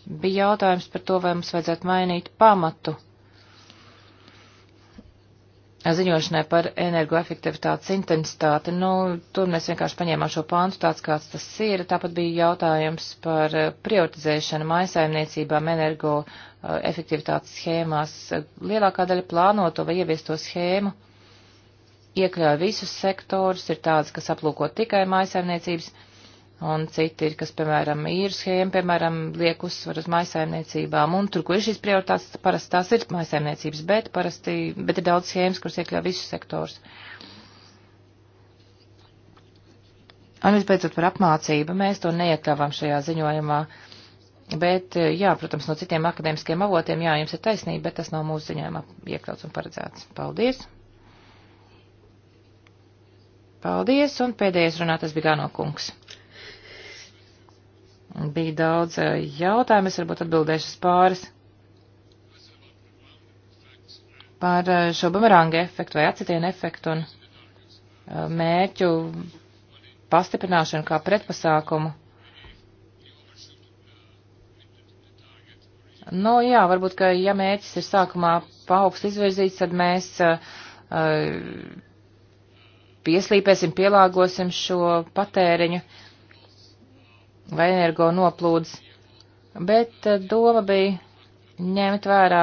Bija jautājums par to, vai mums vajadzētu mainīt pamatu ziņošanai par energoefektivitātes intensitāti. Nu, tur mēs vienkārši paņēmām šo pāntu tāds, kāds tas ir. Tāpat bija jautājums par eh, prioritizēšanu mājasaimniecībām energo eh, efektivitātes schēmās. Lielākā daļa plānoto vai ieviesto schēmu iekļauj visus sektorus, ir tādas, kas aplūko tikai mājasaimniecības un citi ir, kas, piemēram, īru schēma, piemēram, liek uzsvaru uz maisaimniecībām, un tur, kur ir šīs prioritātes, parasti tās ir maisaimniecības, bet parasti, bet ir daudz schēmas, kuras iekļauj visus sektors. Un visbeidzot par apmācību, mēs to neiekļāvām šajā ziņojumā, bet, jā, protams, no citiem akadēmiskiem avotiem, jā, jums ir taisnība, bet tas nav mūsu ziņojumā iekļauts un paredzēts. Paldies! Paldies, un pēdējais runātājs bija Gano kungs. Bija daudz eh, jautājumu, es varbūt atbildēšu uz pāris. Par eh, šo bumeranga efektu vai acitienu efektu un eh, mērķu pastiprināšanu kā pretpasākumu. Nu, jā, varbūt, ka ja mērķis ir sākumā paaugst izvirzīts, tad mēs uh, pieslīpēsim, pielāgosim šo patēriņu. Uh, vai energo noplūdes, bet eh, doma bija ņemt vērā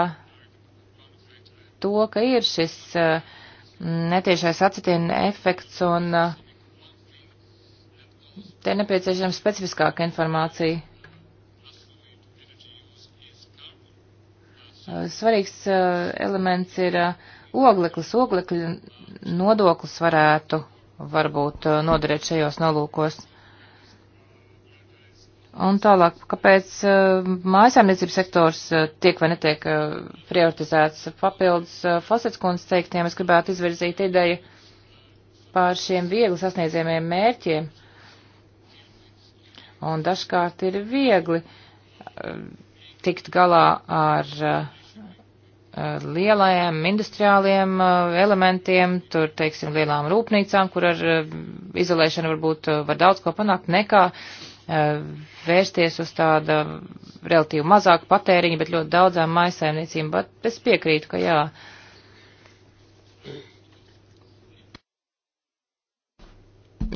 to, ka ir šis eh, netiešais acetīna efekts un eh, te nepieciešama specifiskāka informācija. Svarīgs elements ir ogleklis. Oglekļa nodoklis varētu varbūt noderēt šajos nolūkos. Un tālāk, kāpēc uh, mājasēmniecības sektors uh, tiek vai netiek uh, prioritizēts papildus Fosets kundzes teiktiem, es gribētu izvirzīt ideju pār šiem viegli sasniedzamiem mērķiem. Un dažkārt ir viegli tikt galā ar lielajiem industriāliem elementiem, tur, teiksim, lielām rūpnīcām, kur ar izolēšanu varbūt var daudz ko panākt, nekā uh, Eh, vērsties uz tāda relatīvi mazāku patēriņu, bet ļoti daudzām maisaimniecībām, bet es piekrītu, ka jā.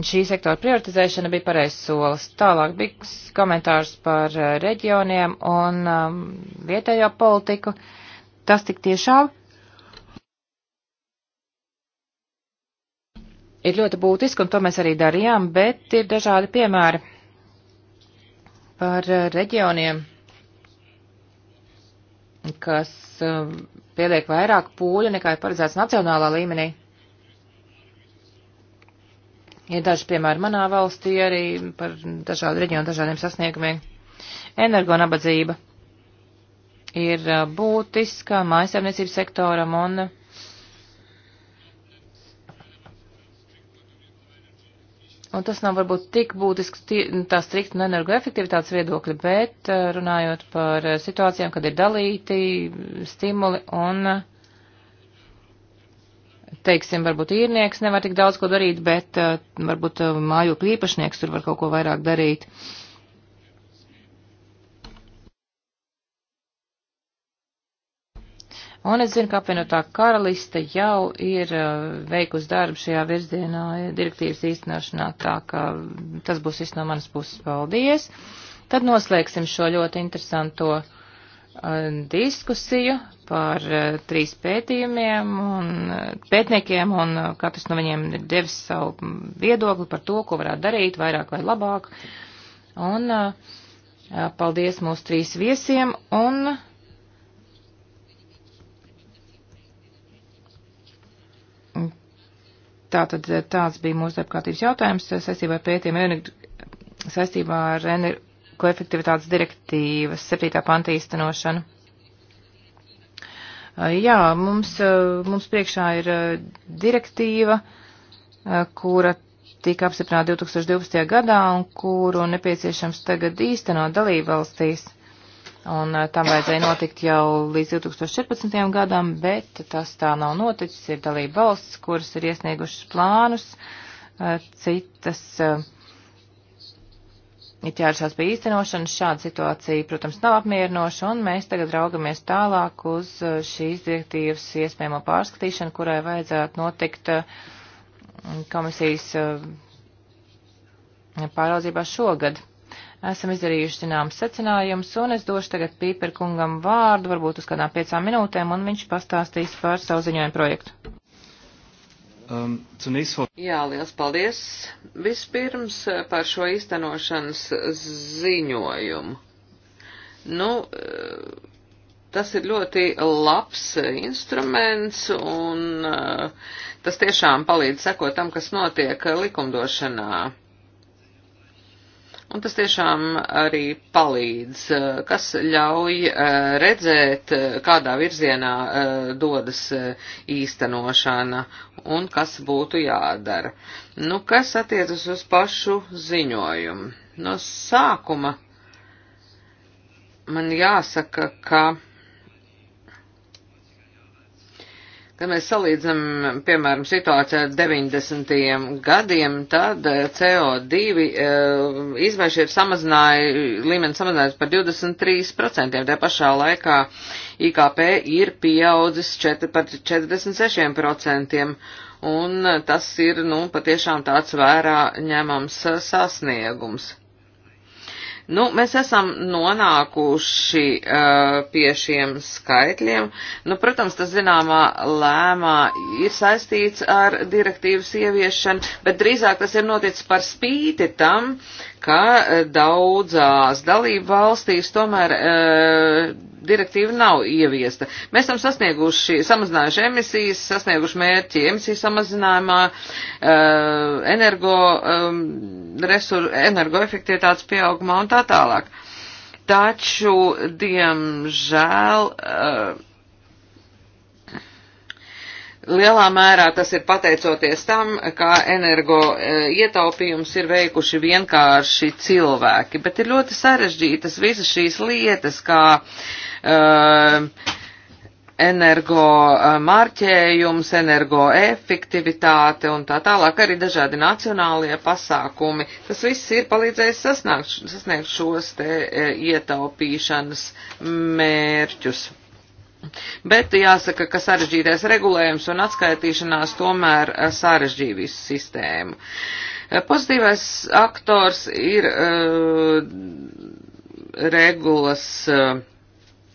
Šī sektora prioritizēšana bija pareizs solis. Tālāk bija komentārs par eh, reģioniem un um, vietējo politiku. Tas tik tiešām ir ļoti būtiski, un to mēs arī darījām, bet ir dažādi piemēri par eh, reģioniem, kas eh, pieliek vairāk pūļu nekā ir paredzēts nacionālā līmenī. Ir daži piemēri manā valstī arī par dažādu reģionu dažādiem sasniegumiem. Energo nabadzība ir eh, būtiska mājasēmniecības sektoram un Un tas nav varbūt tik būtisks tā strikta no energoefektivitātes viedokļa, bet eh, runājot par eh, situācijām, kad ir dalīti stimuli un, teiksim, varbūt īrnieks nevar tik daudz ko darīt, bet eh, varbūt mājokļu īpašnieks tur var kaut ko vairāk darīt. Uh, Un es zinu, ka apvienotā karaliste jau ir uh, veikus darbu šajā virzienā direktīvas īstenošanā, tā ka tas būs viss no manas puses. Paldies! Tad noslēgsim šo ļoti interesanto uh, diskusiju par uh, trīs pētījumiem un uh, pētniekiem, un uh, katrs no viņiem ir devis savu mm, viedokli par to, ko varētu darīt vairāk vai labāk. Un uh, paldies mūsu trīs viesiem, un Tātad eh, tāds bija mūsu darbkārtības jautājums eh, saistībā ar pētījumu saistībā ar energoefektivitātes direktīvas 7. panta īstenošanu. Eh, jā, mums, mums priekšā ir direktīva, kura tika apstiprināta 2012. gadā un kuru nepieciešams tagad īstenot dalībvalstīs. valstīs. Un eh, tam vajadzēja notikt jau līdz 2014. gadam, bet tas tā nav noticis. Ir dalība valsts, kuras ir iesniegušas plānus, eh, citas eh, ir ķēršās pie īstenošanas. Šāda situācija, protams, nav apmierinoša, un mēs tagad raugamies tālāk uz šīs direktīvas iespējamo pārskatīšanu, kurai vajadzētu notikt komisijas pāraudzībā šogad esam izdarījuši zināmas secinājumus, un es došu tagad Pīperkungam vārdu, varbūt uz kādām piecām minūtēm, un viņš pastāstīs par savu ziņojumu projektu. Um, Jā, liels paldies. Vispirms eh, par šo īstenošanas ziņojumu. Nu, eh, tas ir ļoti labs instruments, un eh, tas tiešām palīdz sekot tam, kas notiek likumdošanā. Un tas tiešām arī palīdz, eh, kas ļauj eh, redzēt, eh, kādā virzienā dodas īstenošana un kas būtu jādara. Nu, kas attiecas uz pašu ziņojumu? No sākuma man jāsaka, ka Kad mēs salīdzinām, piemēram, situāciju ar 90. gadiem, tad CO2 izmeši ir samazināja, līmenis samazinājis par 23%, tā pašā laikā IKP ir pieaudzis 4, par 46%, un tas ir, nu, patiešām tāds vērā ņemams sasniegums. Nu, mēs esam nonākuši uh, pie šiem skaitļiem. Nu, protams, tas zināmā lēmā ir saistīts ar direktīvas ieviešanu, bet drīzāk tas ir noticis par spīti tam, uh, ka e, daudzās dalību valstīs tomēr e, direktīva nav ieviesta. Mēs esam sasnieguši, samazinājuši emisijas, sasnieguši mērķi emisiju samazinājumā, e, energo, e, resur, energoefektivitātes pieaugumā un tā tālāk. Taču, diemžēl, e, Lielā mērā tas ir pateicoties tam, kā energo e, ietaupījums ir veikuši vienkārši cilvēki, bet ir ļoti sarežģītas visas šīs lietas, kā uh, energo e, marķējums, energoefektivitāte un tā tālāk arī dažādi nacionālie pasākumi. Tas viss ir palīdzējis sasniegt, sasniegt šos te ietaupīšanas mērķus. Bet jāsaka, ka sarežģītais regulējums un atskaitīšanās tomēr eh, sarežģīja visu sistēmu. Eh, pozitīvais aktors ir uh, regulas. Uh,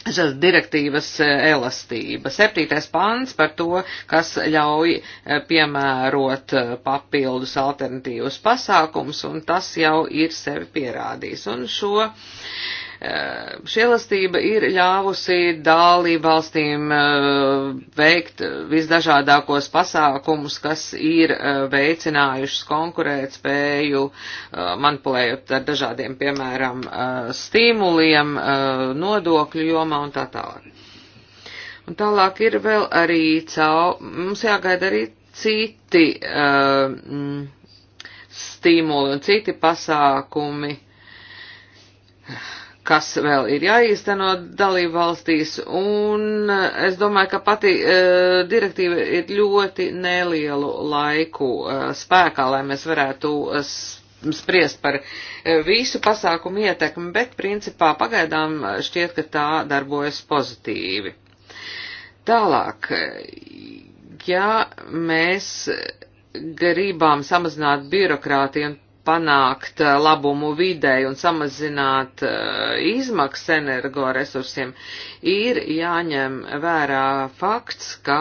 šas direktīvas elastība. Septītais pants par to, kas ļauj piemērot papildus alternatīvus pasākums, un tas jau ir sevi pierādījis. Un šo Eh, šī elastība ir ļāvusi dalību valstīm eh, veikt visdažādākos pasākumus, kas ir eh, veicinājušas konkurēt spēju, manipulējot ar dažādiem, piemēram, stimuliem, nodokļu jomā un tā tālāk. Un tālāk ir vēl arī cau, mums jāgaida arī citi mm, stimuli un citi pasākumi kas vēl ir jāīsteno dalību valstīs, un eh, es domāju, ka pati e, direktīva ir ļoti nelielu laiku e, spēkā, lai mēs varētu e, spriest par e, visu pasākumu ietekmi, bet principā pagaidām šķiet, ka tā darbojas pozitīvi. Tālāk, ja mēs gribām samazināt birokrātiju un panākt eh, labumu videi un samazināt uh, izmaksas energoresursiem, ir jāņem vērā fakts, ka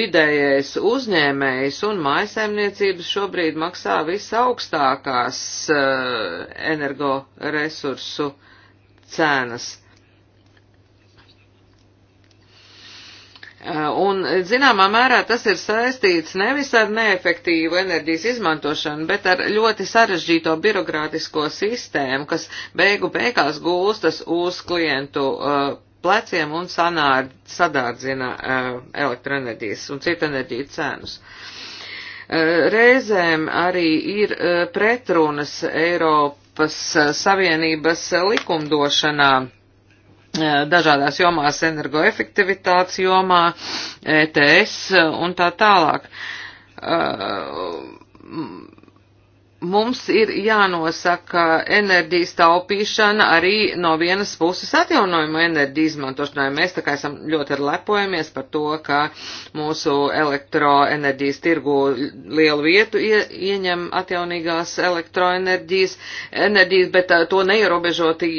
vidējais uzņēmējs un mājasaimniecības šobrīd maksā visaugstākās uh, energoresursu cenas. Uh, un, zināmā mērā, tas ir saistīts nevis ar neefektīvu enerģijas izmantošanu, bet ar ļoti sarežģīto birokrātisko sistēmu, kas beigu beigās gulstas uz klientu uh, pleciem un sanārd, sadārdzina uh, elektroenerģijas un citu enerģiju cenus. Uh, reizēm arī ir uh, pretrunas Eiropas uh, Savienības likumdošanā Eh, dažādās jomās, energoefektivitātes jomā, ETS un tā tālāk. Uh, mums ir jānosaka enerģijas taupīšana arī no vienas puses atjaunojumu enerģiju izmantošanai. Mēs tā kā esam ļoti lepojamies par to, ka mūsu elektroenerģijas tirgu lielu vietu ie, ieņem atjaunīgās elektroenerģijas, enerģijas, bet uh, to neierobežoti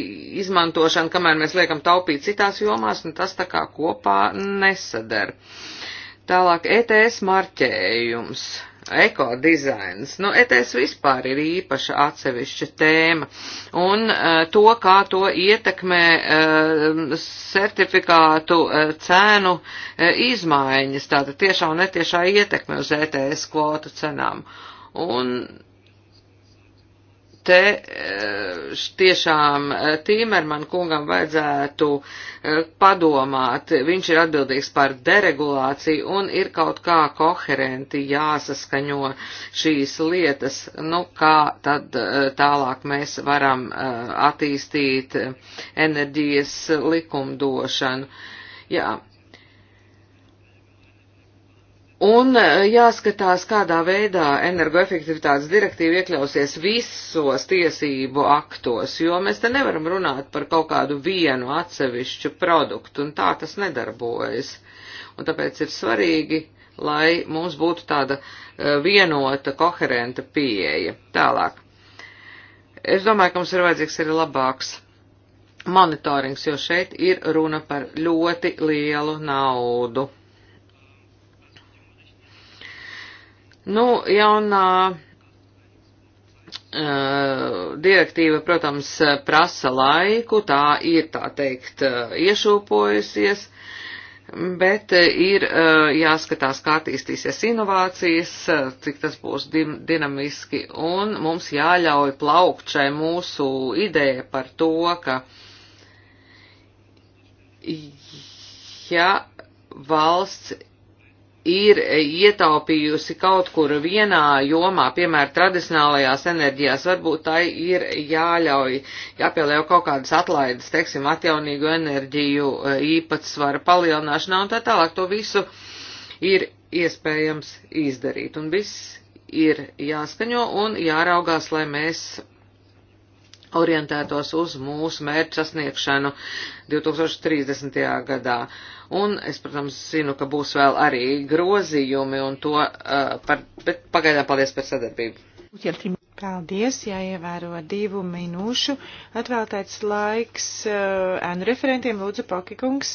izmantošana, kamēr mēs liekam taupīt citās jomās, un tas tā kā kopā nesadara. Tālāk ETS marķējums ekodizains. Nu, ETS vispār ir īpaša atsevišķa tēma, un uh, to, kā to ietekmē uh, certifikātu uh, cēnu uh, izmaiņas, tātad tiešā un netiešā ietekme uz ETS kvotu cenām. Un te eh, tiešām eh, Tīmerman kungam vajadzētu eh, padomāt, viņš ir atbildīgs par deregulāciju un ir kaut kā koherenti jāsaskaņo šīs lietas, nu kā tad tālāk mēs varam attīstīt enerģijas likumdošanu. Jā, Un e, jāskatās, kādā veidā energoefektivitātes direktīva iekļausies visos tiesību aktos, jo mēs te nevaram runāt par kaut kādu vienu atsevišķu produktu, un tā tas nedarbojas. Un tāpēc ir svarīgi, lai mums būtu tāda e, vienota, koherenta pieeja. Tālāk. Es domāju, ka mums ir vajadzīgs arī labāks monitorings, jo šeit ir runa par ļoti lielu naudu Nu, jaunā uh, direktīva, protams, prasa laiku, tā ir, tā teikt, eh, iešūpojusies, bet eh, ir uh, jāskatās, kā attīstīsies inovācijas, cik tas būs dinamiski, un mums jāļauj plaukt šai mūsu ideja par to, ka, ja valsts ir e, ietaupījusi kaut kur vienā jomā, piemēram, tradicionālajās enerģijās, varbūt tai ir jāļauj, jāpieliek kaut kādas atlaides, teiksim, atjaunīgu enerģiju e, īpatsvara palielināšanā un tā tālāk. To visu ir iespējams izdarīt un viss ir jāskaņo un jāraugās, lai mēs orientētos uz mūsu mērķu sasniegšanu 2030. gadā. Un es, protams, zinu, ka būs vēl arī grozījumi un to, uh, par, bet pagaidām paldies par sadarbību. Paldies, jāievēro divu minūšu atvēlētais laiks uh, ēnu uh, referentiem, lūdzu, Pokikungs.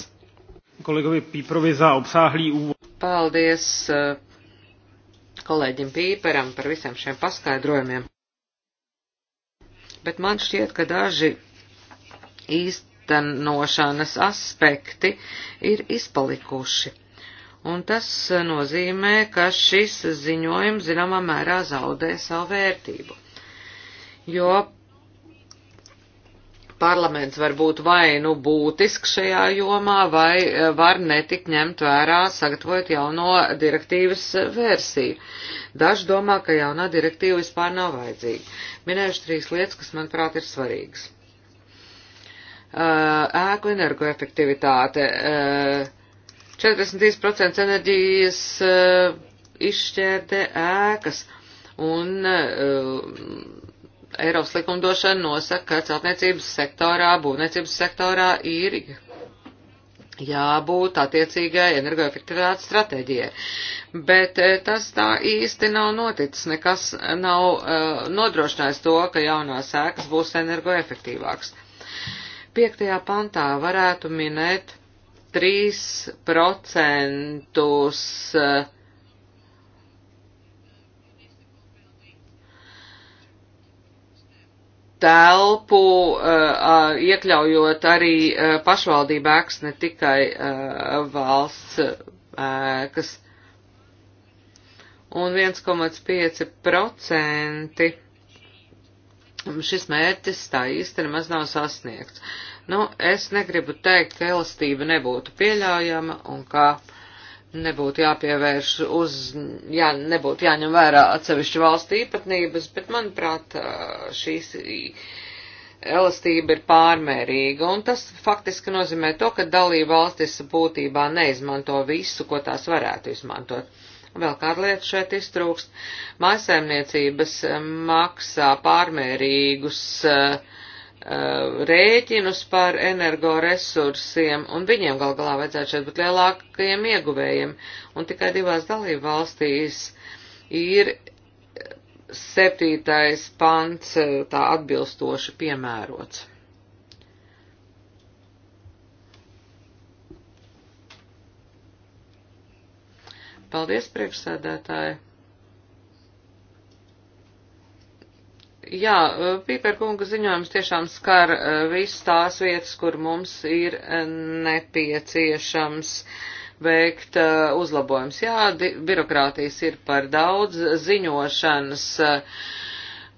Kolegovi Pīprovi za obsāhlī ūvu. Paldies uh, kolēģim Pīperam par visiem šiem paskaidrojumiem. Bet man šķiet, ka daži īsti īstenošanas aspekti ir izpalikuši. Un tas nozīmē, ka šis ziņojums zināmā mērā zaudē savu vērtību. Jo parlaments var būt vai nu būtisks šajā jomā, vai eh, var netikt ņemt vērā, sagatavojot jauno direktīvas versiju. Daži domā, ka jaunā direktīva vispār nav vajadzīga. Minējuši trīs lietas, kas, manuprāt, ir svarīgas ēku energoefektivitāte, 43% enerģijas izšķērdē ēkas, un Eiropas likumdošana nosaka, ka celtniecības sektorā, būvniecības sektorā ir jābūt attiecīgai energoefektivitātes stratēģijai. Bet tas tā īsti nav noticis, nekas nav uh, nodrošinājis to, ka jaunās ēkas būs energoefektīvākas. 5. pantā varētu minēt 3% eh, telpu, eh, iekļaujot arī eh, pašvaldību ēkas, ne tikai valsts ēkas. Un 1,5% šis mērķis tā īsti nemaz nav sasniegts. Nu, es negribu teikt, ka elastība nebūtu pieļaujama un ka nebūtu jāpievērš uz, jā, nebūtu jāņem vērā atsevišķu valstu īpatnības, bet manuprāt, šīs elastība ir pārmērīga, un tas faktiski nozīmē to, ka dalība valstis būtībā neizmanto visu, ko tās varētu izmantot. Vēl kāda lieta šeit iztrūkst. Mājasēmniecības eh, maksā pārmērīgus uh, uh, rēķinus par energoresursiem, un viņiem gal galā vajadzētu šeit būt lielākajiem ieguvējiem. Un tikai divās dalību valstīs ir septītais pants tā atbilstoši piemērots. Paldies, priekšsēdētāji. Jā, Pīperkunga ziņojums tiešām skar eh, visas tās vietas, kur mums ir eh, nepieciešams veikt eh, uzlabojums. Jā, birokrātijas ir par daudz ziņošanas. Uh,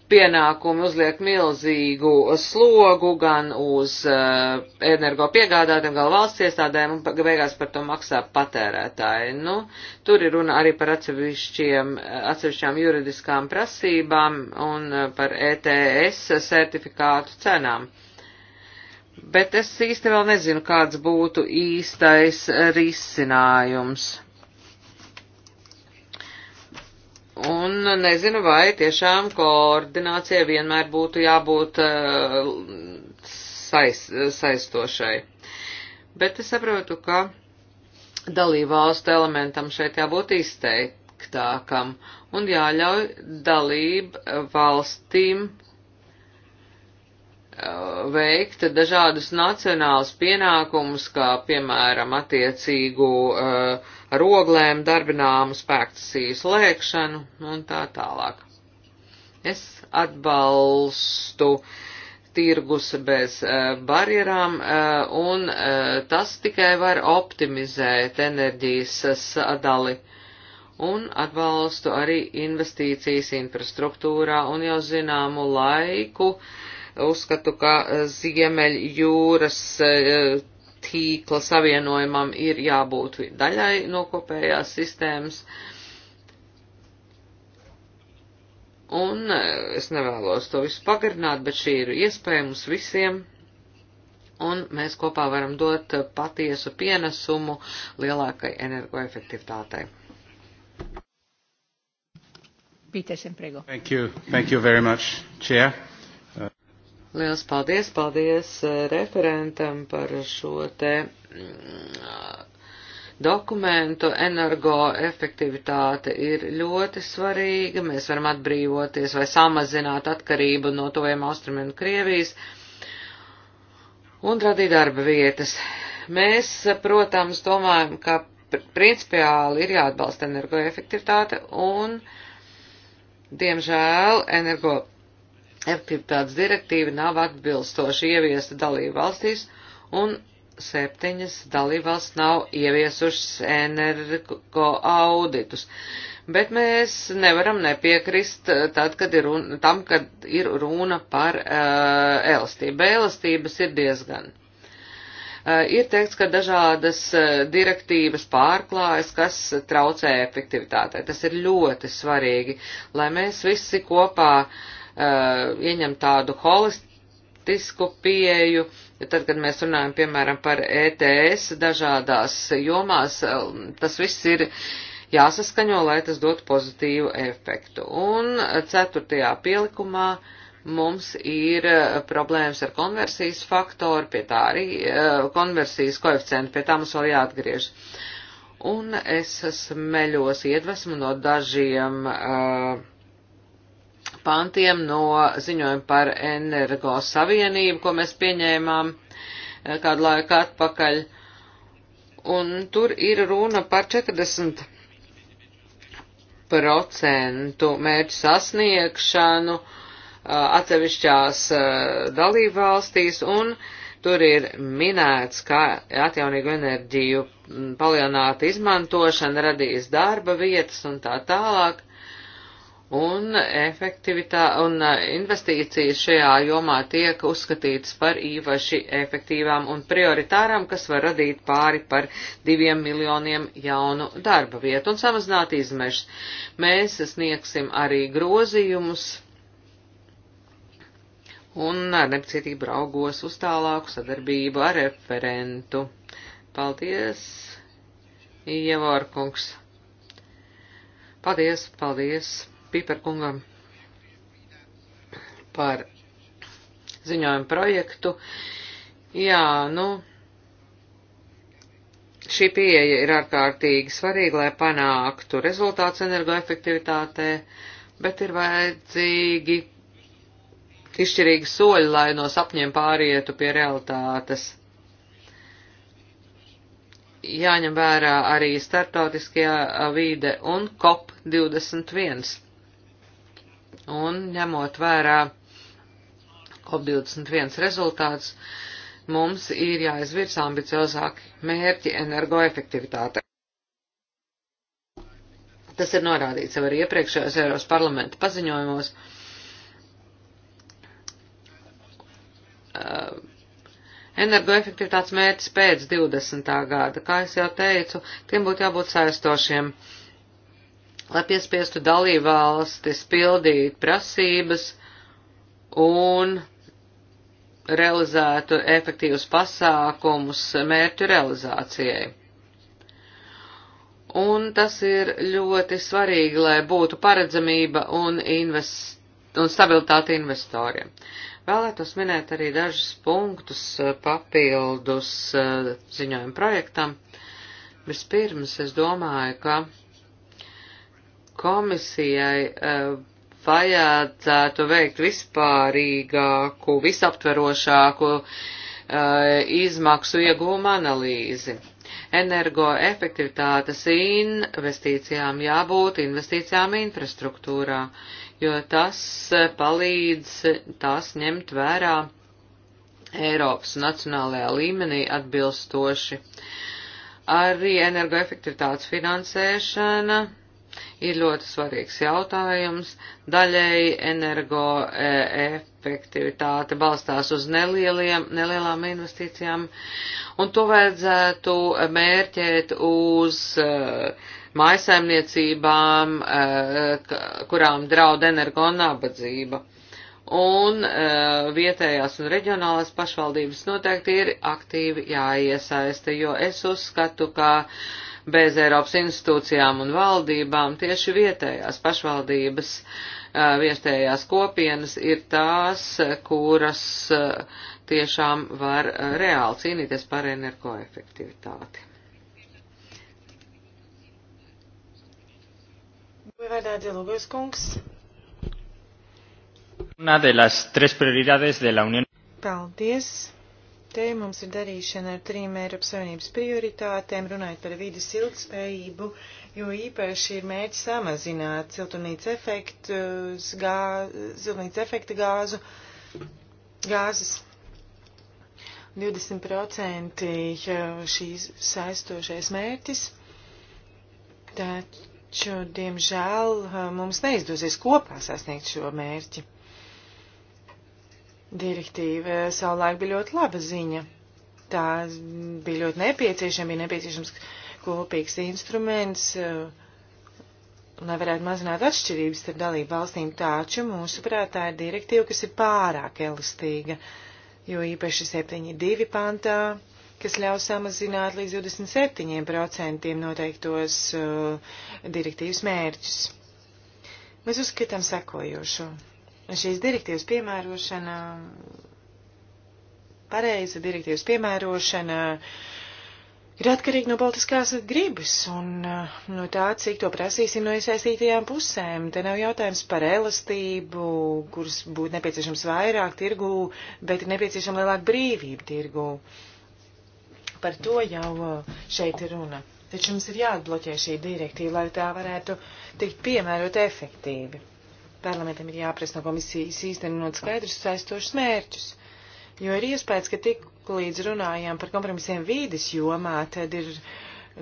pienākumi uzliek milzīgu slogu gan uz uh, eh, energo piegādātiem, gan valsts iestādēm, un beigās par to maksā patērētāji. Nu, tur ir runa arī par eh, atsevišķām juridiskām prasībām un uh, par ETS certifikātu cenām. Bet es īsti vēl nezinu, kāds būtu īstais risinājums. Un nezinu, vai tiešām koordinācija vienmēr būtu jābūt uh, eh, saist, saistošai. Bet es saprotu, ka dalībvalstu elementam šeit jābūt izteiktākam un jāļauj dalību valstīm eh, veikt dažādus nacionālus pienākumus, kā piemēram attiecīgu uh, ar oglēm darbināmu spēktasīju slēgšanu un tā tālāk. Es atbalstu tirgus bez eh, barjerām, eh, un eh, tas tikai var optimizēt enerģijas sadali un atbalstu arī investīcijas infrastruktūrā un jau zināmu laiku uzskatu, ka Ziemeļ jūras tīkla savienojumam ir jābūt daļai no kopējās sistēmas. Un e, es nevēlos to visu pagarināt, bet šī ir iespēja mums visiem un mēs kopā varam dot patiesu pienesumu lielākai energoefektivitātei. Pīters Emprego. Thank you. Thank you very much, Chair. Liels paldies, paldies eh, referentam par šo te mm, dokumentu. Energoefektivitāte ir ļoti svarīga. Mēs varam atbrīvoties vai samazināt atkarību no tuviem austrumiem un Krievijas un radīt darba vietas. Mēs, protams, domājam, ka principiāli ir jāatbalsta energoefektivitāte un, diemžēl, energoefektivitāte efektivitātes direktīva nav atbilstoši ieviesta dalību valstīs, un septiņas dalībvalsts nav ieviesušas energo auditus. Bet mēs nevaram nepiekrist eh, tad, kad ir runa, tam, kad ir runa par uh, elastību. Elastības ir diezgan. Uh, ir teikts, ka dažādas uh, direktīvas pārklājas, kas traucē efektivitātei. Tas ir ļoti svarīgi, lai mēs visi kopā uh, Uh, ieņemt tādu holistisku pieju, jo tad, kad mēs runājam, piemēram, par ETS dažādās jomās, um, tas viss ir jāsaskaņo, lai tas dotu pozitīvu efektu. Un ceturtajā pielikumā mums ir uh, problēmas ar konversijas faktoru, pie tā arī uh, konversijas koeficientu, pie tā mums vēl jāatgriež. Un es smeļos iedvesmu no dažiem uh, pantiem no ziņojuma par energo savienību, ko mēs pieņēmām eh, kādu laiku atpakaļ. Un tur ir runa par 40 procentu mērķu sasniegšanu eh, atsevišķās eh, dalībvalstīs un tur ir minēts, kā atjaunīgu enerģiju palielināta izmantošana radīs darba vietas un tā tālāk un efektivitā un uh, investīcijas šajā jomā tiek uzskatītas par īpaši efektīvām un prioritārām, kas var radīt pāri par diviem miljoniem jaunu darba vietu un samazināt izmešas. Mēs sniegsim arī grozījumus un ar nepacietību raugos uz tālāku sadarbību ar referentu. Paldies, Ievārkungs! Paldies, paldies! Piperkungam par ziņojumu projektu. Jā, nu, šī pieeja ir ārkārtīgi svarīga, lai panāktu rezultāts energoefektivitātē, bet ir vajadzīgi izšķirīgi soļi, lai no sapņiem pārietu pie realitātes. Jāņem vērā arī starptautiskajā vīde un COP21 un ņemot vērā COP21 rezultāts, mums ir jāizvirs ambiciozāki mērķi energoefektivitāte. Tas ir norādīts jau arī iepriekšējos Eiropas parlamenta paziņojumos. Uh, energoefektivitātes mērķis pēc 20. gada, kā es jau teicu, tiem būtu jābūt saistošiem. Uh, lai piespiestu dalībvalstis pildīt prasības un realizētu efektīvus pasākumus mērķu realizācijai. Un tas ir ļoti svarīgi, lai būtu paredzamība un, invest, un stabilitāte investoriem. Vēlētos minēt arī dažus punktus eh, papildus eh, ziņojumu projektam. Vispirms es domāju, ka komisijai eh, vajadzētu veikt vispārīgāku, visaptverošāku eh, izmaksu iegūmu analīzi. Energoefektivitātes investīcijām jābūt investīcijām infrastruktūrā, jo tas eh, palīdz tās ņemt vērā Eiropas nacionālajā līmenī atbilstoši. Arī energoefektivitātes finansēšana ir ļoti svarīgs jautājums. Daļēji energoefektivitāte balstās uz nelieliem, nelielām investīcijām, un to vajadzētu mērķēt uz uh, eh, mājasaimniecībām, uh, eh, kurām draud energo nabadzība un uh, vietējās un reģionālās pašvaldības noteikti ir aktīvi jāiesaista, jo es uzskatu, ka bez Eiropas institūcijām un valdībām, tieši vietējās pašvaldības, vietējās kopienas ir tās, kuras tiešām var reāli cīnīties par energoefektivitāti. Una de las tres prioridades de la Unión. Paldies. Te mums ir darīšana ar trim Eiropas Savienības prioritātēm, runājot par vidas ilgspējību, jo īpaši ir mērķis samazināt siltumnīca efektu, gā, siltumnīca efekta gāzu, gāzes. 20% šīs saistošais mērķis. Taču, diemžēl, mums neizdosies kopā sasniegt šo mērķi. Direktīva savulaik bija ļoti laba ziņa. Tā bija ļoti nepieciešama, bija nepieciešams kopīgs instruments, uh, lai varētu mazināt atšķirības starp dalību valstīm, taču mūsuprāt tā ir direktīva, kas ir pārāk elastīga, jo īpaši 7.2 pantā, kas ļaus samazināt līdz 27% noteiktos uh, direktīvas mērķus. Mēs uzskatām sekojošo šīs direktīvas piemērošana, pareiza direktīvas piemērošana ir atkarīga no politiskās gribas un uh, no tā, cik to prasīsim no iesaistītajām pusēm. Te nav jautājums par elastību, kuras būtu nepieciešams vairāk tirgū, bet ir nepieciešama lielāka brīvība tirgū. Par to jau uh, šeit ir runa. Taču mums ir jāatbloķē šī direktīva, lai tā varētu tikt piemērot efektīvi. Parlamentam ir jāprasa no komisijas īstenot skaidrus saistošus mērķus, jo ir iespējas, ka tik līdz runājām par kompromisiem vīdes jomā, tad ir,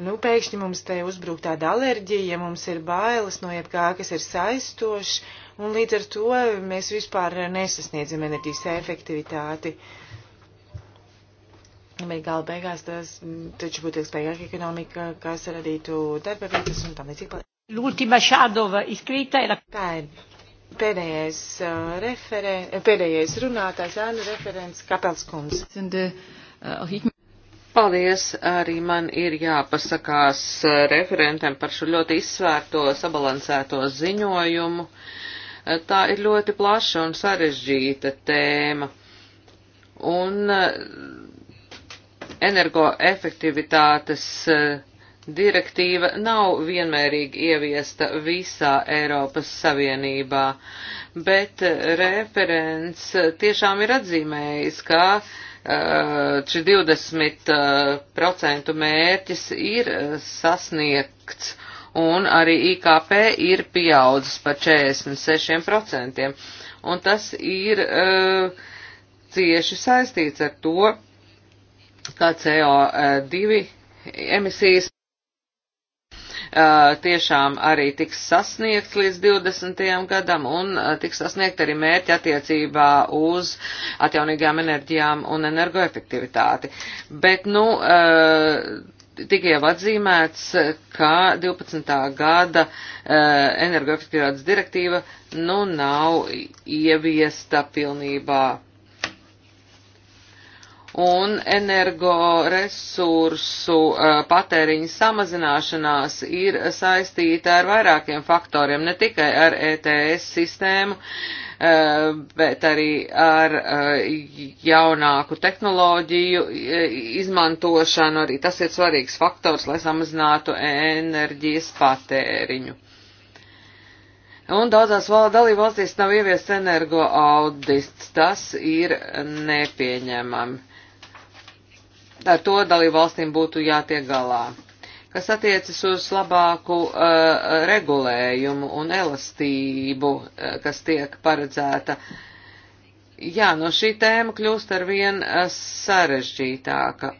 nu, pēkšņi mums te uzbrūk tāda alerģija, mums ir bailes no jebkā, kas ir saistošs, un līdz ar to mēs vispār nesasniedzam enerģijas efektivitāti. Bet gala beigās tas taču būtu spējīga ekonomika, kas radītu darba vietas un tam līdzīgi. L'ultima shadow iscritta era... Tā ir Pēdējais, uh, referē, pēdējais runātājs Ānu referents Kapelskundze. Uh, Paldies, arī man ir jāpasakās uh, referentam par šo ļoti izsvērto, sabalansēto ziņojumu. Uh, tā ir ļoti plaša un sarežģīta tēma. Un energoefektivitātes uh, Direktīva nav vienmērīgi ieviesta visā Eiropas Savienībā, bet referents tiešām ir atzīmējis, ka eh, šis uh, eh, 20% mērķis ir eh, sasniegts un arī IKP ir pieaudzis par 46%. Un tas ir uh, cieši saistīts ar to, kā CO2 emisijas tiešām arī tiks sasniegts līdz 20. gadam un tiks sasniegt arī mērķi attiecībā uz atjaunīgām enerģijām un energoefektivitāti. Bet, nu, tika jau atzīmēts, ka 12. gada energoefektivitātes direktīva nu nav ieviesta pilnībā un energoresursu patēriņa samazināšanās ir saistīta ar vairākiem faktoriem, ne tikai ar ETS sistēmu, bet arī ar jaunāku tehnoloģiju izmantošanu. Arī tas ir svarīgs faktors, lai samazinātu enerģijas patēriņu. Un daudzās dalībvalstīs nav ieviests energo audits. Tas ir nepieņemami ar to dalību valstīm būtu jātiek galā. Kas attiecas uz labāku uh, regulējumu un elastību, uh, kas tiek paredzēta, jā, no šī tēma kļūst arvien uh, sarežģītāka.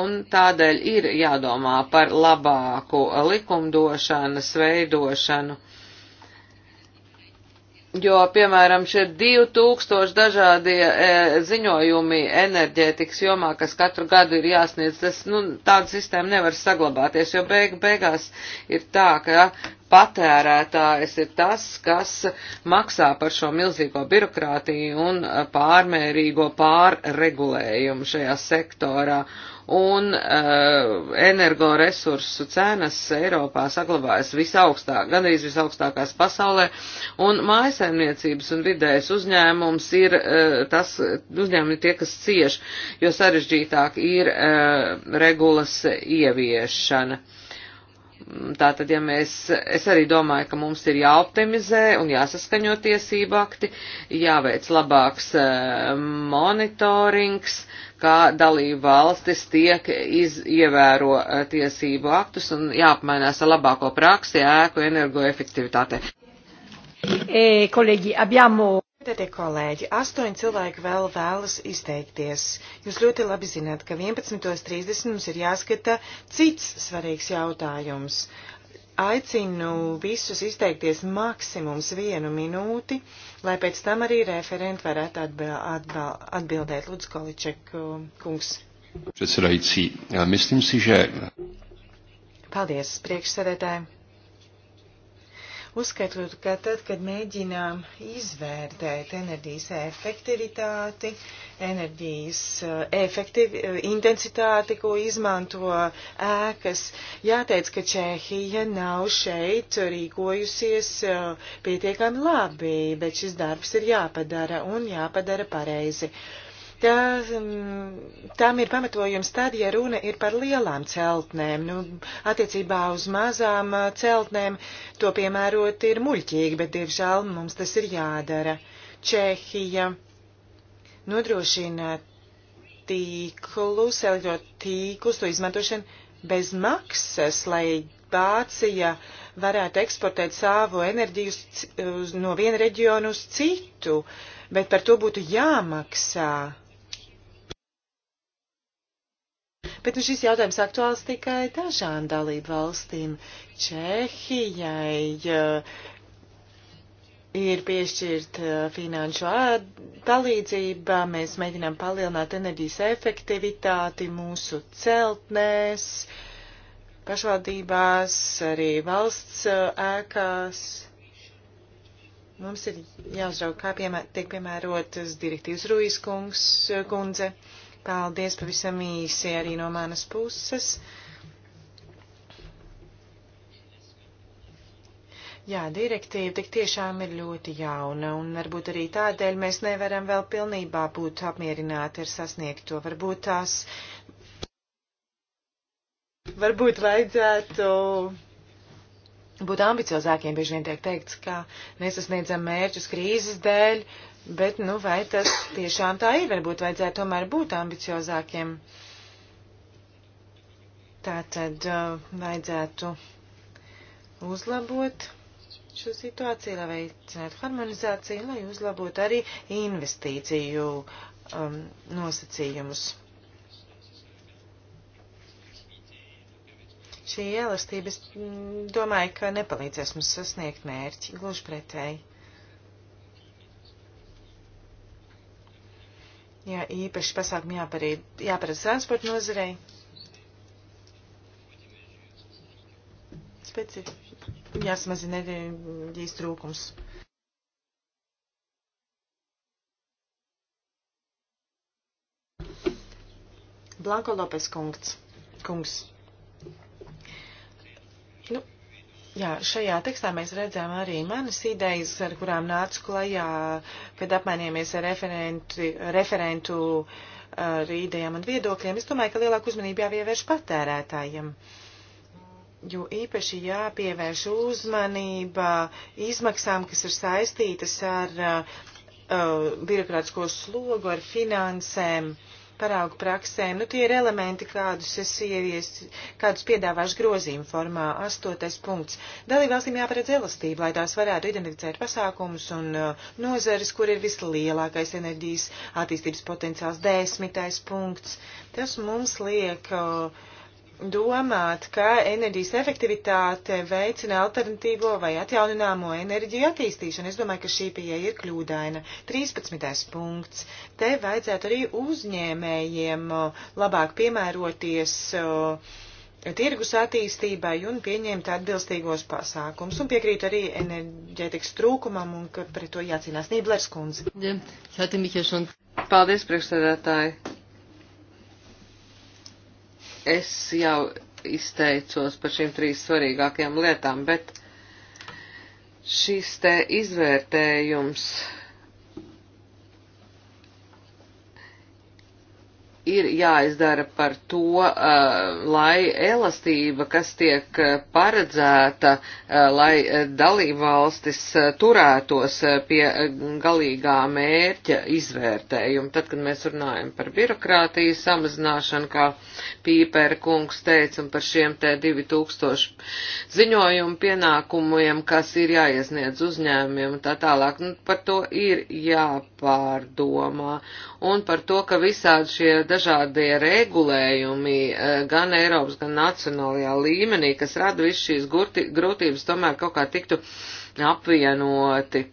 Un tādēļ ir jādomā par labāku uh, likumdošanas veidošanu. Uh, jo, piemēram, šie 2000 dažādie e, ziņojumi enerģētikas jomā, kas katru gadu ir jāsniedz, tas, nu, tāda sistēma nevar saglabāties, jo beig, beigās ir tā, ka patērētājs ir tas, kas maksā par šo milzīgo birokrātiju un e, pārmērīgo pārregulējumu šajā sektorā un uh, energoresursu cenas Eiropā saglabājas visaugstāk, gandrīz visaugstākās pasaulē, un mājasaimniecības un vidējais uzņēmums ir uh, tas uzņēmumi tie, kas cieš, jo sarežģītāk ir uh, regulas ieviešana. Uh, Tātad, ja mēs, es arī domāju, ka mums ir jāoptimizē un jāsaskaņo tiesību akti, jāveic labāks e, monitorings, kā dalību valstis tiek iz, ievēro e, tiesību aktus un jāapmainās ar labāko praksi ēku energoefektivitātei. E, kolēģi, abbiamo... Tātie kolēģi, astoņi cilvēki vēl vēlas izteikties. Jūs ļoti labi zināt, ka 11.30 mums ir jāskata cits svarīgs jautājums. Aicinu visus izteikties maksimums vienu minūti, lai pēc tam arī referenti varētu atbil atbil atbildēt. Lūdzu, Količek, uh, kungs. Předsedající, myslím si, že... Paldies, priekšsēdētāji. Uzskatot, ka tad, kad mēģinām izvērtēt enerģijas efektivitāti, enerģijas eh, efektiv, eh, intensitāti, ko izmanto ēkas, jāteic, ka Čehija nav šeit rīkojusies eh, pietiekami labi, bet šis darbs ir jāpadara un jāpadara pareizi. Uh, Tā, tām um, ir pamatojums tad, ja runa ir par lielām celtnēm. Nu, attiecībā uz mazām uh, celtnēm to piemērot ir muļķīgi, bet, diemžēl, mums tas ir jādara. Čehija nodrošina tīklus, elektrotīklus, to izmantošanu bez maksas, lai Vācija varētu eksportēt savu enerģiju uz, uz, no viena reģiona uz citu, bet par to būtu jāmaksā. bet nu, šis jautājums aktuāls tikai dažām dalību valstīm. Čehijai eh, ir piešķirta eh, finanšu palīdzība, mēs mēģinām palielināt enerģijas efektivitāti mūsu celtnēs, pašvaldībās, arī valsts eh, ēkās. Mums ir jāuzrauk, kā piemēr, tiek piemērotas direktīvas Ruijas kungs, kundze. Uh, Paldies pavisam īsi arī no manas puses. Jā, direktīva tik tiešām ir ļoti jauna, un varbūt arī tādēļ mēs nevaram vēl pilnībā būt apmierināti ar sasniegto. Varbūt tās, varbūt vajadzētu būt ambiciozākiem, bieži vien tiek teikts, ka nesasniedzam mērķus krīzes dēļ, uh, Bet, nu, vai tas tiešām tā ir? Varbūt vajadzētu tomēr būt ambiciozākiem. Tā tad uh, vajadzētu uzlabot šo situāciju, lai veicinātu harmonizāciju, lai uzlabotu arī investīciju um, nosacījumus. Šī elastības, mm, domāju, ka nepalīdzēs mums sasniegt mērķi, gluži pretēji. Jā, īpaši pasākumi jāparedz transporta nozarei. Specifiski jāsamazina enerģijas trūkums. Blanko Lopes kungs. kungs. Nu, Jā, šajā tekstā mēs redzam arī manas idejas, ar kurām nācu klajā, kad apmainījāmies ar referentu, referentu ar idejām un viedokļiem. Es domāju, ka lielāku uzmanību jāpievērš patērētājiem, jo īpaši jāpievērš uzmanība izmaksām, kas ir saistītas ar uh, birokrātisko slogu, ar finansēm. Uh, paraugu praksēm. Nu, tie ir elementi, kādus es ievies, kādus piedāvāšu grozījumu formā. Astotais punkts. Dalībvalstīm jāparedz elastība, lai tās varētu identificēt pasākumus un uh, nozares, kur ir vislielākais enerģijas attīstības potenciāls. Desmitais punkts. Tas mums liek. Uh, domāt, ka enerģijas efektivitāte veicina alternatīvo vai atjaunināmo enerģiju attīstīšanu. Es domāju, ka šī pieeja ir kļūdaina. 13. punkts. Te vajadzētu arī uzņēmējiem labāk piemēroties tirgus attīstībai un pieņemt atbilstīgos pasākums. Un piekrītu arī enerģētikas trūkumam un ka pret to jācīnās Nīblers kundze. Paldies, priekšsēdētāji! es jau izteicos par šīm trīs svarīgākajām lietām, bet šis te izvērtējums ir jāizdara par to, uh, lai elastība, kas tiek uh, paredzēta, uh, lai dalībvalstis turētos pie galīgā mērķa izvērtējuma. Tad, kad mēs runājam par birokrātiju samazināšanu, kā Pīpēra kungs teica, un par šiem te 2000 ziņojumu pienākumiem, kas ir jāiesniedz uzņēmumiem un tā tālāk, nu, par to ir jāpārāk jāpārdomā, un par to, ka visādi šie dažādie regulējumi eh, gan Eiropas, gan nacionālajā līmenī, kas rada visu šīs grūtības, tomēr kaut kā tiktu apvienoti.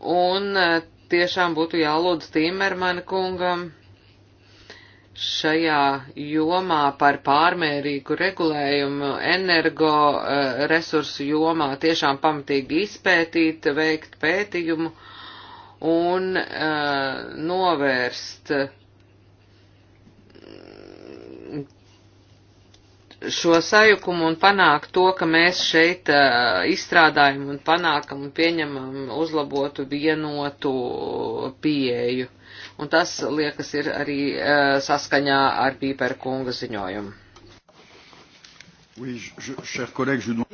Un eh, tiešām būtu jālūdz Timermana kungam šajā jomā par pārmērīgu regulējumu energo eh, resursu jomā tiešām pamatīgi izpētīt, veikt pētījumu un uh, novērst mm, šo sajukumu un panākt to, ka mēs šeit uh, izstrādājam un panākam un pieņemam uzlabotu vienotu pieeju. Un tas, liekas, ir arī uh, saskaņā ar Pīpera kunga ziņojumu.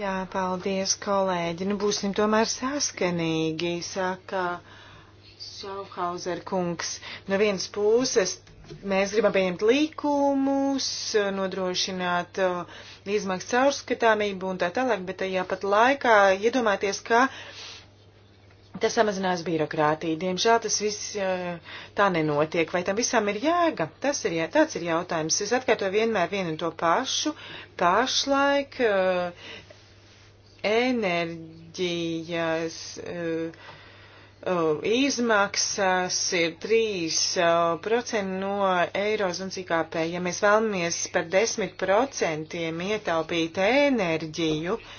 Jā, paldies, kolēģi. Nu, būsim tomēr saskanīgi, saka. Uh, Šauhauser kungs, no vienas puses mēs gribam pieņemt likumus, nodrošināt uh, izmaksu caurskatāmību un tā tālāk, bet tajā pat laikā iedomāties, ka tas samazinās birokrātiju. Diemžēl tas viss uh, tā nenotiek. Vai tam visam ir jēga? Tas ir, jā, tāds ir jautājums. Es atkārtoju vienmēr vienu un to pašu. Pašlaik uh, enerģijas. Uh, Uh, izmaksas ir 3% uh, no eirozonas IKP. Ja mēs vēlamies par 10% ietaupīt enerģiju, uh,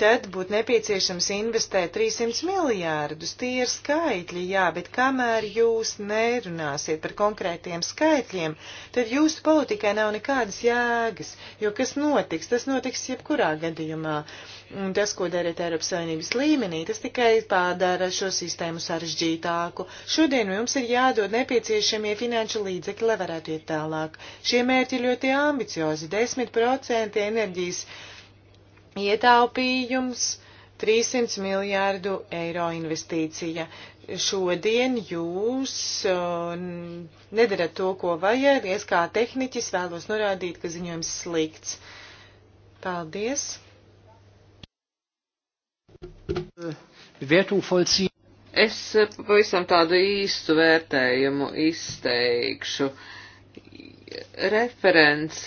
tad būtu nepieciešams investēt 300 miljārdus. Tie ir skaitļi, jā, bet kamēr jūs nerunāsiet par konkrētiem skaitļiem, tad jūsu politikai nav nekādas jēgas, jo kas notiks, tas notiks jebkurā gadījumā. Un tas, ko dariet Eiropas Savienības līmenī, tas tikai pādara šo sistēmu sarežģītāku. Šodien mums ir jādod nepieciešamie finanšu līdzekļi, lai varētu iet tālāk. Šie mērķi ļoti ambiciozi - 10% enerģijas ietaupījums 300 miljārdu eiro investīcija. Šodien jūs uh, nedarat to, ko vajag. Es kā tehniķis vēlos norādīt, ka ziņojums slikts. Paldies! Bewertung vollziehen. Es uh, pavisam tādu īstu vērtējumu izteikšu. Uh, referents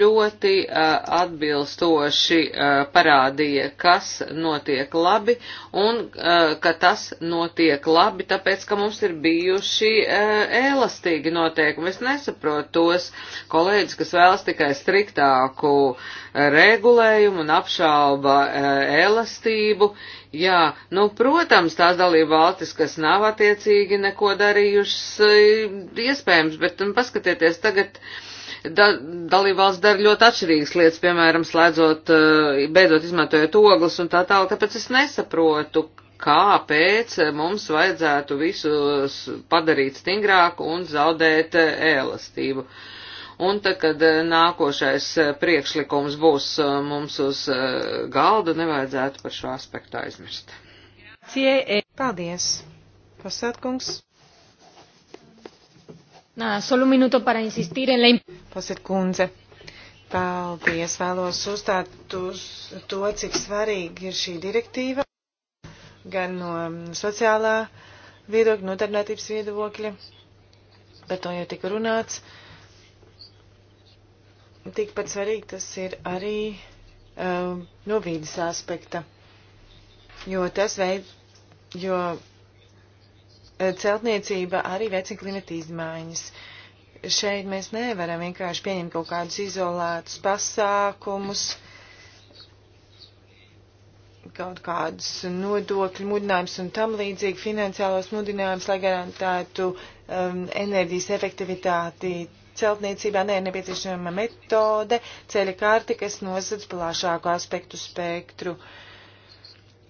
ļoti uh, atbilstoši uh, parādīja, kas notiek labi un uh, ka tas notiek labi, tāpēc, ka mums ir bijuši uh, elastīgi noteikumi. Es nesaprotu tos kolēģis, kas vēlas tikai striktāku uh, regulējumu un apšauba e, elastību. Jā, nu, protams, tās dalība valstis, kas nav attiecīgi neko darījušas, e, iespējams, bet nu, paskatieties tagad. Da, dalībvalsts dara ļoti atšķirīgas lietas, piemēram, slēdzot, e, beidzot izmantojot ogles un tā tālāk, tāpēc es nesaprotu, kāpēc mums vajadzētu visus padarīt stingrāku un zaudēt elastību. Uh, Un tad, kad eh, nākošais eh, priekšlikums būs eh, mums uz galda, nevajadzētu par šo aspektu aizmirst. Paldies. Pasētkungs. Nā, solo un minūto para insistir en la... Pasētkundze. Paldies. Vēlos uzstāt uz to, cik svarīgi ir šī direktīva. Gan no mm, sociālā viedokļa, nodarbinātības viedokļa. Par to jau tika runāts. Uh, tikpat svarīgi tas ir arī um, no vīdes aspekta, jo tas veid, jo e, celtniecība arī veicina klimata izmaiņas. Šeit mēs nevaram vienkārši pieņemt kaut kādus izolētus pasākumus, kaut kādus nodokļu mudinājumus un tam līdzīgi finansiālos mudinājumus, lai garantētu um, enerģijas efektivitāti celtniecībā ne ir nepieciešama metode, ceļa kārti, kas nosedz plašāku aspektu spektru.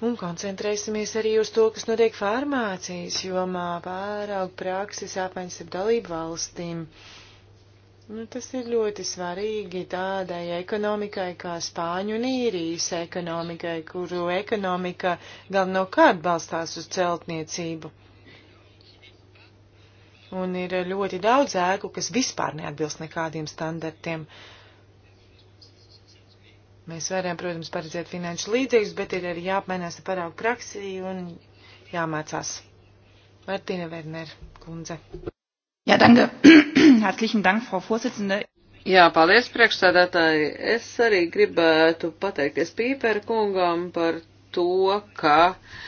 Un koncentrēsimies arī uz to, kas notiek farmācijas jomā, pāraug prakses apmaiņas ar dalību valstīm. Nu, tas ir ļoti svarīgi tādai ekonomikai kā Spāņu un īrijas ekonomikai, kuru ekonomika galvenokārt balstās uz celtniecību un ir ļoti daudz ēku, kas vispār neatbilst nekādiem standartiem. Mēs varam, protams, paredzēt finanšu līdzekļus, bet ir arī jāapmainās ar paraugu praksi un jāmācās. Martina Werner, kundze. Jā, danke. [clears throat] Herzlichen Dank, Frau Vorsitzende. Jā, paldies, priekšsēdētāji. Es arī gribētu pateikties Pīpera kungam par to, ka uh,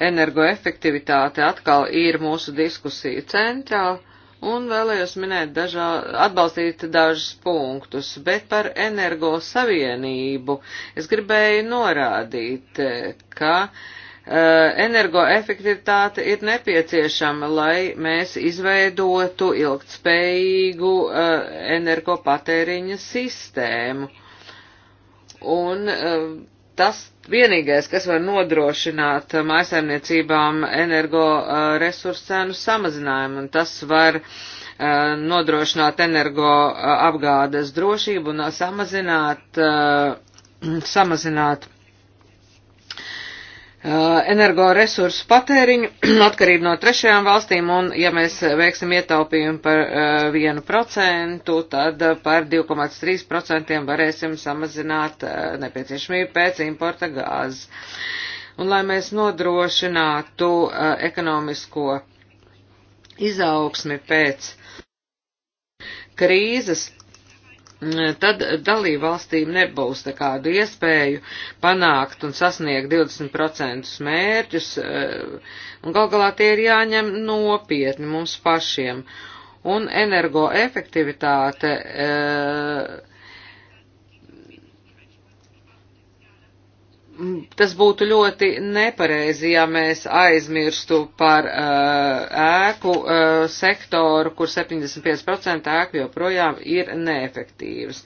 energoefektivitāte atkal ir mūsu diskusiju centrā un vēlējos minēt dažā, atbalstīt dažus punktus, bet par energo savienību es gribēju norādīt, ka uh, energoefektivitāte ir nepieciešama, lai mēs izveidotu ilgtspējīgu uh, energopatēriņa sistēmu. Un uh, tas vienīgais, kas var nodrošināt mājasēmniecībām energo resursu cenu samazinājumu, un tas var eh, nodrošināt energo eh, apgādes drošību un eh, samazināt, samazināt Eh, energoresursu patēriņu [clears throat] atkarību no trešajām valstīm, un ja mēs veiksim ietaupījumu par eh, vienu procentu, tad eh, par 2,3% varēsim samazināt nepieciešamību pēc importa gāzes. Un lai mēs nodrošinātu ekonomisko izaugsmi pēc krīzes, tad dalību valstīm nebūs nekādu iespēju panākt un sasniegt 20% mērķus, eh, un gal galā tie ir jāņem nopietni mums pašiem. Un energoefektivitāte. E, tas būtu ļoti nepareizi, ja mēs aizmirstu par uh, ēku uh, sektoru, kur 75% ēku joprojām ir neefektīvas.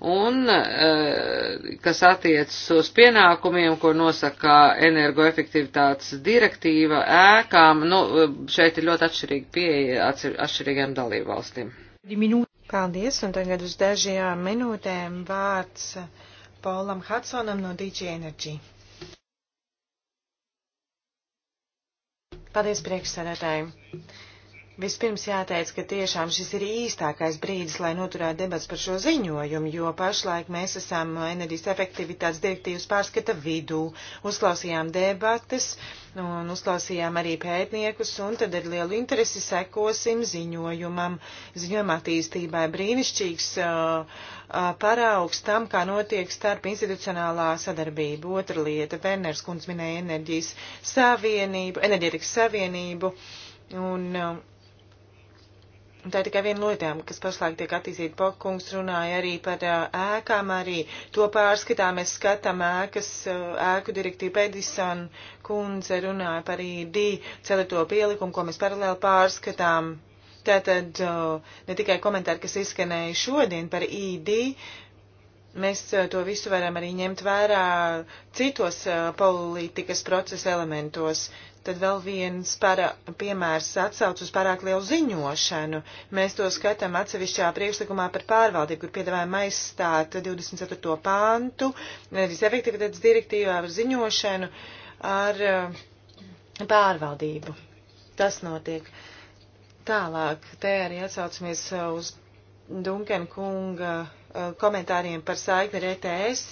Un, uh, kas attiecas uz pienākumiem, ko nosaka energoefektivitātes direktīva ēkām, nu, šeit ir ļoti atšķirīga pieeja atšķirīgām dalībvalstīm. Paldies, un tagad uz dažajām minūtēm vārds. Uh, Paulam Hudsonam no DJ Energy. Paldies priekšsēdētājiem. Vispirms jāteic, ka tiešām šis ir īstākais brīdis, lai noturētu debats par šo ziņojumu, jo pašlaik mēs esam enerģijas efektivitātes direktīvas pārskata vidū. Uzklausījām debatas un uzklausījām arī pētniekus, un tad ar lielu interesi sekosim ziņojumam, ziņojuma attīstībai. Brīnišķīgs uh, uh, paraugs tam, kā notiek starp institucionālā sadarbība. Otra lieta, Verners kundz minēja enerģijas savienību, enerģētikas savienību. Un, uh, Un tā ir tikai viena no lietām, kas pašlaik tiek attīstīta. Pokungs runāja arī par ēkām, arī to pārskatām. Mēs skatām ēkas, ēku direktīvu Edison kundze runāja par ID celeto pielikumu, ko mēs paralēli pārskatām. Tātad ne tikai komentāri, kas izskanēja šodien par ID, Mēs eh, to visu varam arī ņemt vērā citos eh, politikas procesa elementos. Tad vēl viens para, piemērs atsauc uz pārāk lielu ziņošanu. Mēs to skatām atsevišķā priekšlikumā par pārvaldību, kur piedāvājam aizstāt 24. pāntu, nevis efektivitātes direktīvā par ziņošanu ar eh, pārvaldību. Tas notiek. Tālāk, te arī atsaucamies uz Dunkenkunga kunga Eh, komentāriem par saikni ar ETS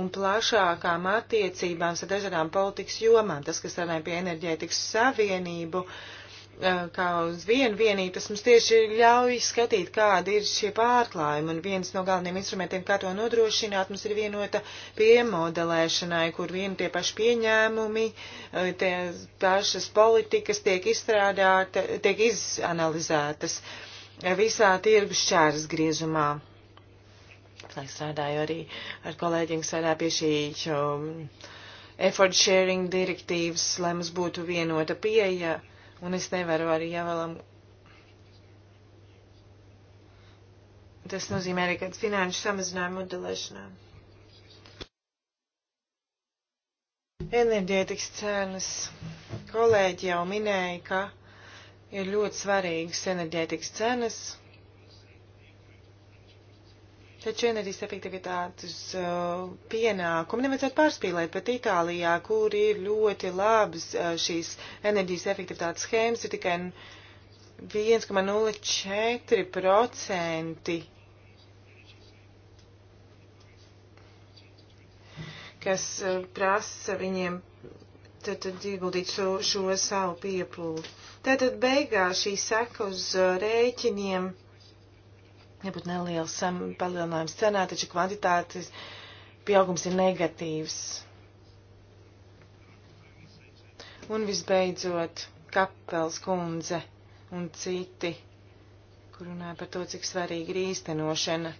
un plašākām attiecībām ar dažādām politikas jomām. Tas, kas runāja pie enerģētikas savienību, eh, kā uz vienu vienību, tas mums tieši ļauj skatīt, kādi ir šie pārklājumi. Un viens no galvenajiem instrumentiem, kā to nodrošināt, mums ir vienota piemodelēšanai, kur vieni tie paši pieņēmumi, eh, tie pašas politikas tiek izstrādāta, tiek izanalizētas visā tirgus čērs griezumā lai strādāju arī ar kolēģiem, kas strādā pie šī um, effort sharing direktīvas, lai mums būtu vienota pieeja, un es nevaru arī jāvēlam. Tas nozīmē arī kāds finanšu samazinājumu modelēšanā. Enerģētikas cenas. Kolēģi jau minēja, ka ir ļoti svarīgas enerģētikas cenas. Taču enerģijas efektivitātes uh, pienākumu nevajadzētu pārspīlēt, bet Itālijā, kur ir ļoti labas uh, šīs enerģijas efektivitātes schēmas, ir tikai 1,04%, kas uh, prasa viņiem tad, tad ieguldīt šo, šo savu pieplūdu. Tātad beigās šī seka uz uh, rēķiniem nebūtu neliels um, palielinājums cenā, taču kvantitātes pieaugums ir negatīvs. Un visbeidzot, Kapels kundze un citi, kur runāja par to, cik svarīgi ir īstenošana.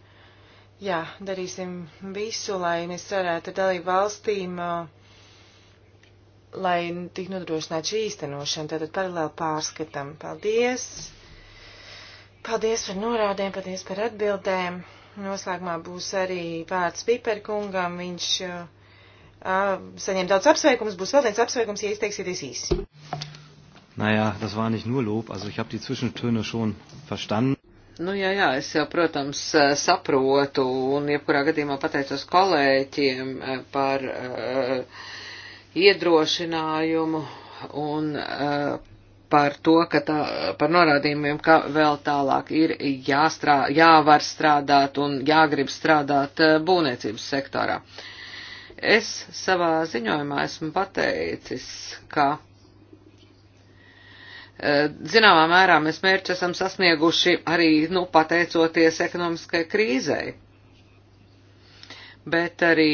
Jā, darīsim visu, lai mēs varētu ar dalību valstīm, uh, lai tik nodrošinātu šī īstenošana. Tātad paralēli pārskatam. Paldies! Paldies par norādēm, paldies par atbildēm. Noslēgumā būs arī vārds Piperkungam. Viņš uh, saņem daudz apsveikums, būs vēl viens apsveikums, ja izteiksieties īsi. Naja, das war nicht nur Lob, also ich habe die Zwischentöne schon verstanden. Nu, jā, jā, es jau, protams, saprotu un jebkurā gadījumā pateicos kolēķiem par uh, iedrošinājumu un uh, par to, ka tā, par norādījumiem, ka vēl tālāk ir jāstrā, jāvar strādāt un jāgrib strādāt eh, būvniecības sektorā. Es savā ziņojumā esmu pateicis, ka eh, zināmā mērā mēs mērķi esam sasnieguši arī, nu, pateicoties ekonomiskai krīzei, bet arī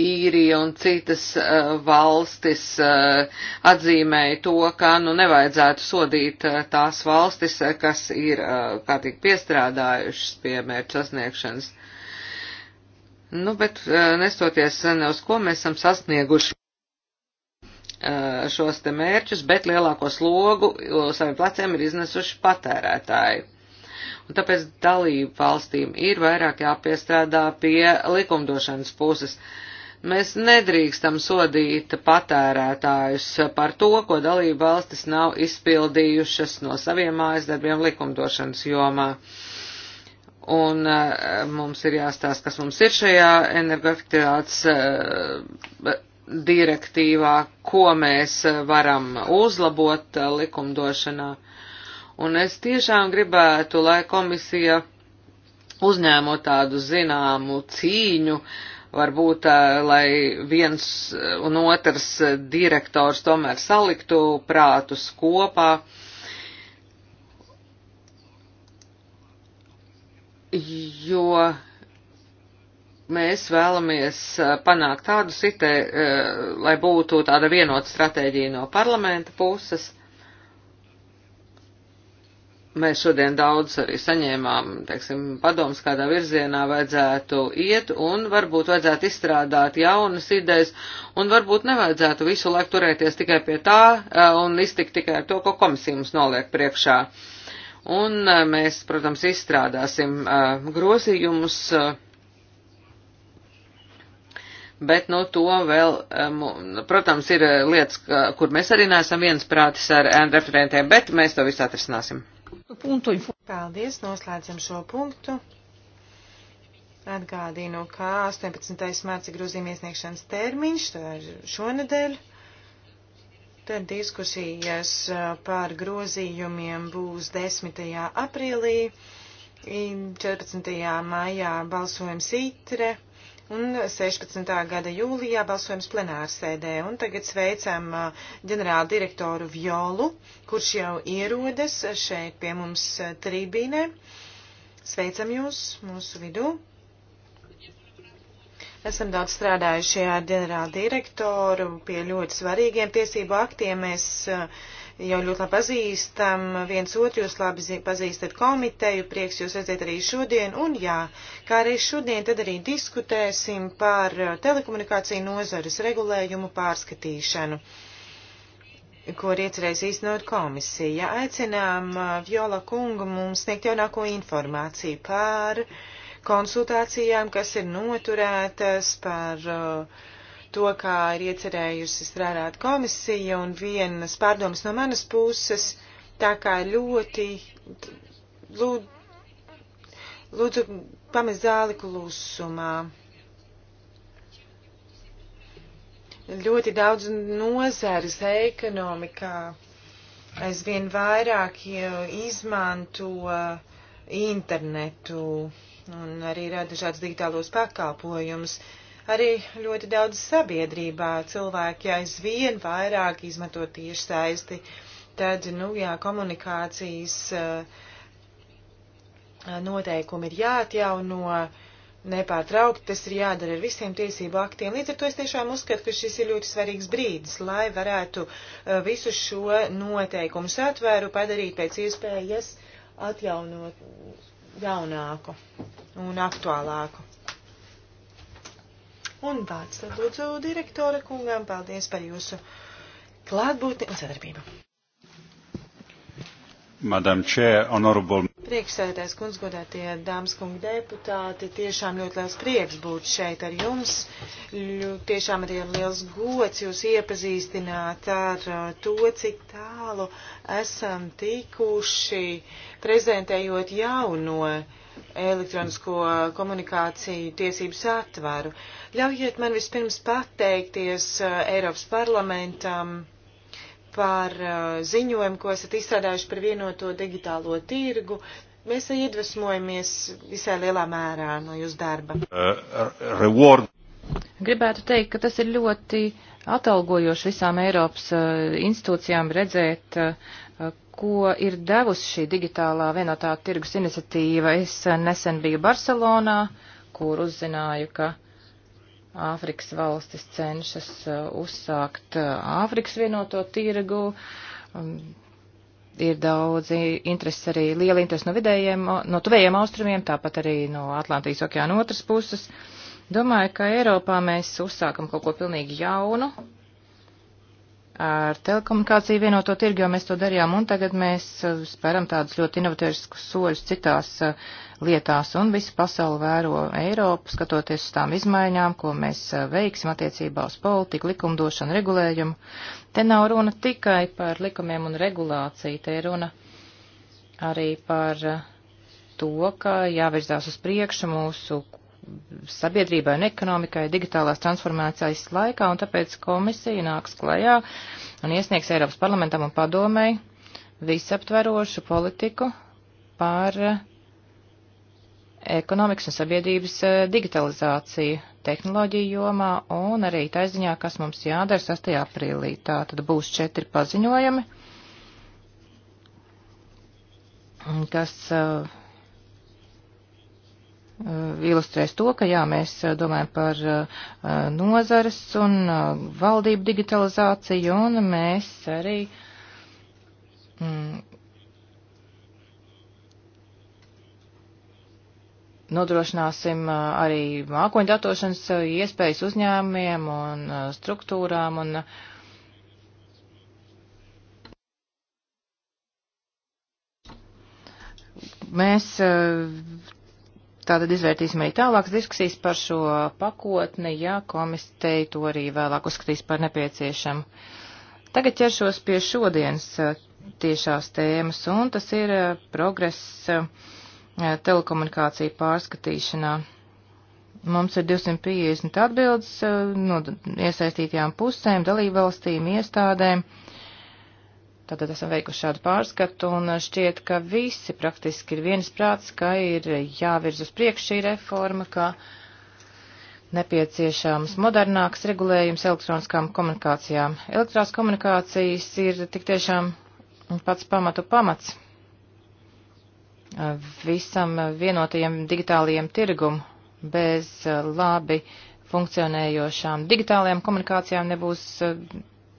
īrija un citas uh, valstis uh, atzīmēja to, ka nu nevajadzētu sodīt uh, tās valstis, kas ir kā tik piestrādājušas pie mērķa sasniegšanas. Nu, bet nestoties ne uz ko mēs esam sasnieguši šos te mērķus, bet lielāko slogu saviem pleciem ir iznesuši patērētāji un tāpēc dalību valstīm ir vairāk jāpiestrādā pie likumdošanas puses. Uh, Mēs nedrīkstam sodīt patērētājus par to, ko dalība valstis nav izpildījušas no saviem mājas darbiem likumdošanas jomā. Un uh, mums ir jāstāsta, kas mums ir šajā energoefektivitātes uh, direktīvā, ko mēs varam uzlabot uh, likumdošanā. Un es tiešām gribētu, lai komisija uzņēmot tādu zināmu cīņu uh, varbūt, lai viens un otrs direktors tomēr saliktu prātus kopā. Jo mēs vēlamies panākt tādu sitē, lai būtu tāda vienota stratēģija no parlamenta puses Mēs šodien daudz arī saņēmām, teiksim, padomus, kādā virzienā vajadzētu iet, un varbūt vajadzētu izstrādāt jaunas idejas, un varbūt nevajadzētu visu laiku turēties tikai pie tā eh, un iztikt tikai ar to, ko komisija mums noliek priekšā. Un eh, mēs, protams, izstrādāsim eh, grozījumus bet, nu, to vēl, protams, ir lietas, kur mēs arī neesam viensprātis ar referentiem, bet mēs to visu atrisināsim punktu. Paldies, noslēdzam šo punktu. Atgādīju, ka 18. mārciņa grozījuma iesniegšanas termiņš, tā ir šonadēļ. Tad diskusijas par grozījumiem būs 10. aprīlī, 14. maijā balsojums itre un 16. gada jūlijā balsojums plenārsēdē. Un tagad sveicam uh, ģenerāla direktoru Violu, kurš jau ierodas šeit pie mums uh, trībīnē. Sveicam jūs mūsu vidū. Esam daudz strādājuši ar ģenerāla direktoru pie ļoti svarīgiem tiesību aktiem. Mēs uh, jau ļoti labi pazīstam, viens otru jūs labi pazīstat komiteju, prieks jūs redzēt arī šodien, un jā, kā arī šodien, tad arī diskutēsim par telekomunikāciju nozares regulējumu pārskatīšanu ko ir iecerējis īstenot komisija. Aicinām uh, Viola kungu mums sniegt jaunāko informāciju par konsultācijām, kas ir noturētas, par uh, to, kā ir iecerējusi strādāt komisija, un vienas pārdomas no manas puses, tā kā ļoti lūdzu, lūdzu pamest zāli klusumā. Ļoti daudz nozares ekonomikā aizvien vairāk izmanto uh, internetu un arī rada dažādas digitālos pakalpojumus. Uh, arī ļoti daudz sabiedrībā cilvēki aizvien vairāk izmanto tieši saisti, tad, nu, jā, komunikācijas eh, noteikumi ir jāatjauno nepārtraukti, tas ir jādara ar visiem tiesību aktiem. Līdz ar to es tiešām uzskatu, ka šis ir ļoti svarīgs brīdis, lai varētu eh, visu šo noteikumu satvēru padarīt pēc iespējas atjaunot jaunāku un aktuālāku. Un vārds tad lūdzu direktora kungām. Paldies par jūsu klātbūtni un sadarbību. Madam Chair, Honorable. Priekšsēdētājs kundz, godētie dāmas kungi deputāti, tiešām ļoti liels prieks būt šeit ar jums. Ļu, tiešām arī ir liels gods jūs iepazīstināt ar uh, to, cik tālu esam tikuši prezentējot jauno. Uh, elektronisko komunikāciju tiesību satvaru. Ļaujiet man vispirms pateikties eh, Eiropas parlamentam par eh, ziņojumu, ko esat izstrādājuši par vienoto digitālo tirgu. Mēs iedvesmojamies visai lielā mērā no jūsu darba. Uh, Gribētu teikt, ka tas ir ļoti atalgojoši visām Eiropas uh, institūcijām redzēt uh, ko ir devusi šī digitālā vienotā tirgus iniciatīva. Es eh, nesen biju Barcelonā, kur uzzināju, ka Āfrikas valstis cenšas eh, uzsākt eh, Āfrikas vienoto tirgu. Um, ir daudz interesi arī, liela interesi no vidējiem, no tuvējiem austrumiem, tāpat arī no Atlantijas okeāna otras puses. Domāju, ka Eiropā mēs uzsākam kaut ko pilnīgi jaunu, ar telekomunikāciju vienoto tirgu, jo mēs to darījām, un tagad mēs uh, spēram tādus ļoti inovatīvus soļus citās uh, lietās, un visa pasaule vēro Eiropu, skatoties uz tām izmaiņām, ko mēs uh, veiksim attiecībā uz politiku, likumdošanu, regulējumu. Te nav runa tikai par likumiem un regulāciju, te ir runa arī par to, ka jāvirzās uz priekšu mūsu sabiedrībai un ekonomikai digitālās transformācijas laikā, un tāpēc komisija nāks klajā un iesniegs Eiropas parlamentam un padomēji visaptverošu politiku par eh, ekonomikas un sabiedrības eh, digitalizāciju tehnoloģiju jomā un arī taiziņā, kas mums jādara 6. aprīlī. Tā tad būs četri paziņojumi, kas uh, Eh, ilustrēs to, ka jā, mēs eh, domājam par eh, nozares un valdību digitalizāciju, un mēs arī mm, nodrošināsim arī mākoņu datošanas iespējas uzņēmumiem un struktūrām un uh, mēs Tātad izvērtīsim arī tālākas diskusijas par šo pakotni, ja komisteja to arī vēlāk uzskatīs par nepieciešamu. Tagad ķeršos pie šodienas eh, tiešās tēmas, un tas ir eh, progress eh, telekomunikāciju pārskatīšanā. Mums ir 250 atbildes no iesaistītajām pusēm, dalībvalstīm, iestādēm. Uh, Tātad esam veikuši šādu pārskatu un šķiet, ka visi praktiski ir viensprāts, ka ir jāvirz uz priekšu šī reforma, ka nepieciešams modernāks regulējums elektroniskām komunikācijām. Elektrās komunikācijas ir tik tiešām pats pamatu pamats visam vienotajam digitālajiem tirgum. Bez eh, labi funkcionējošām digitālajām komunikācijām nebūs eh,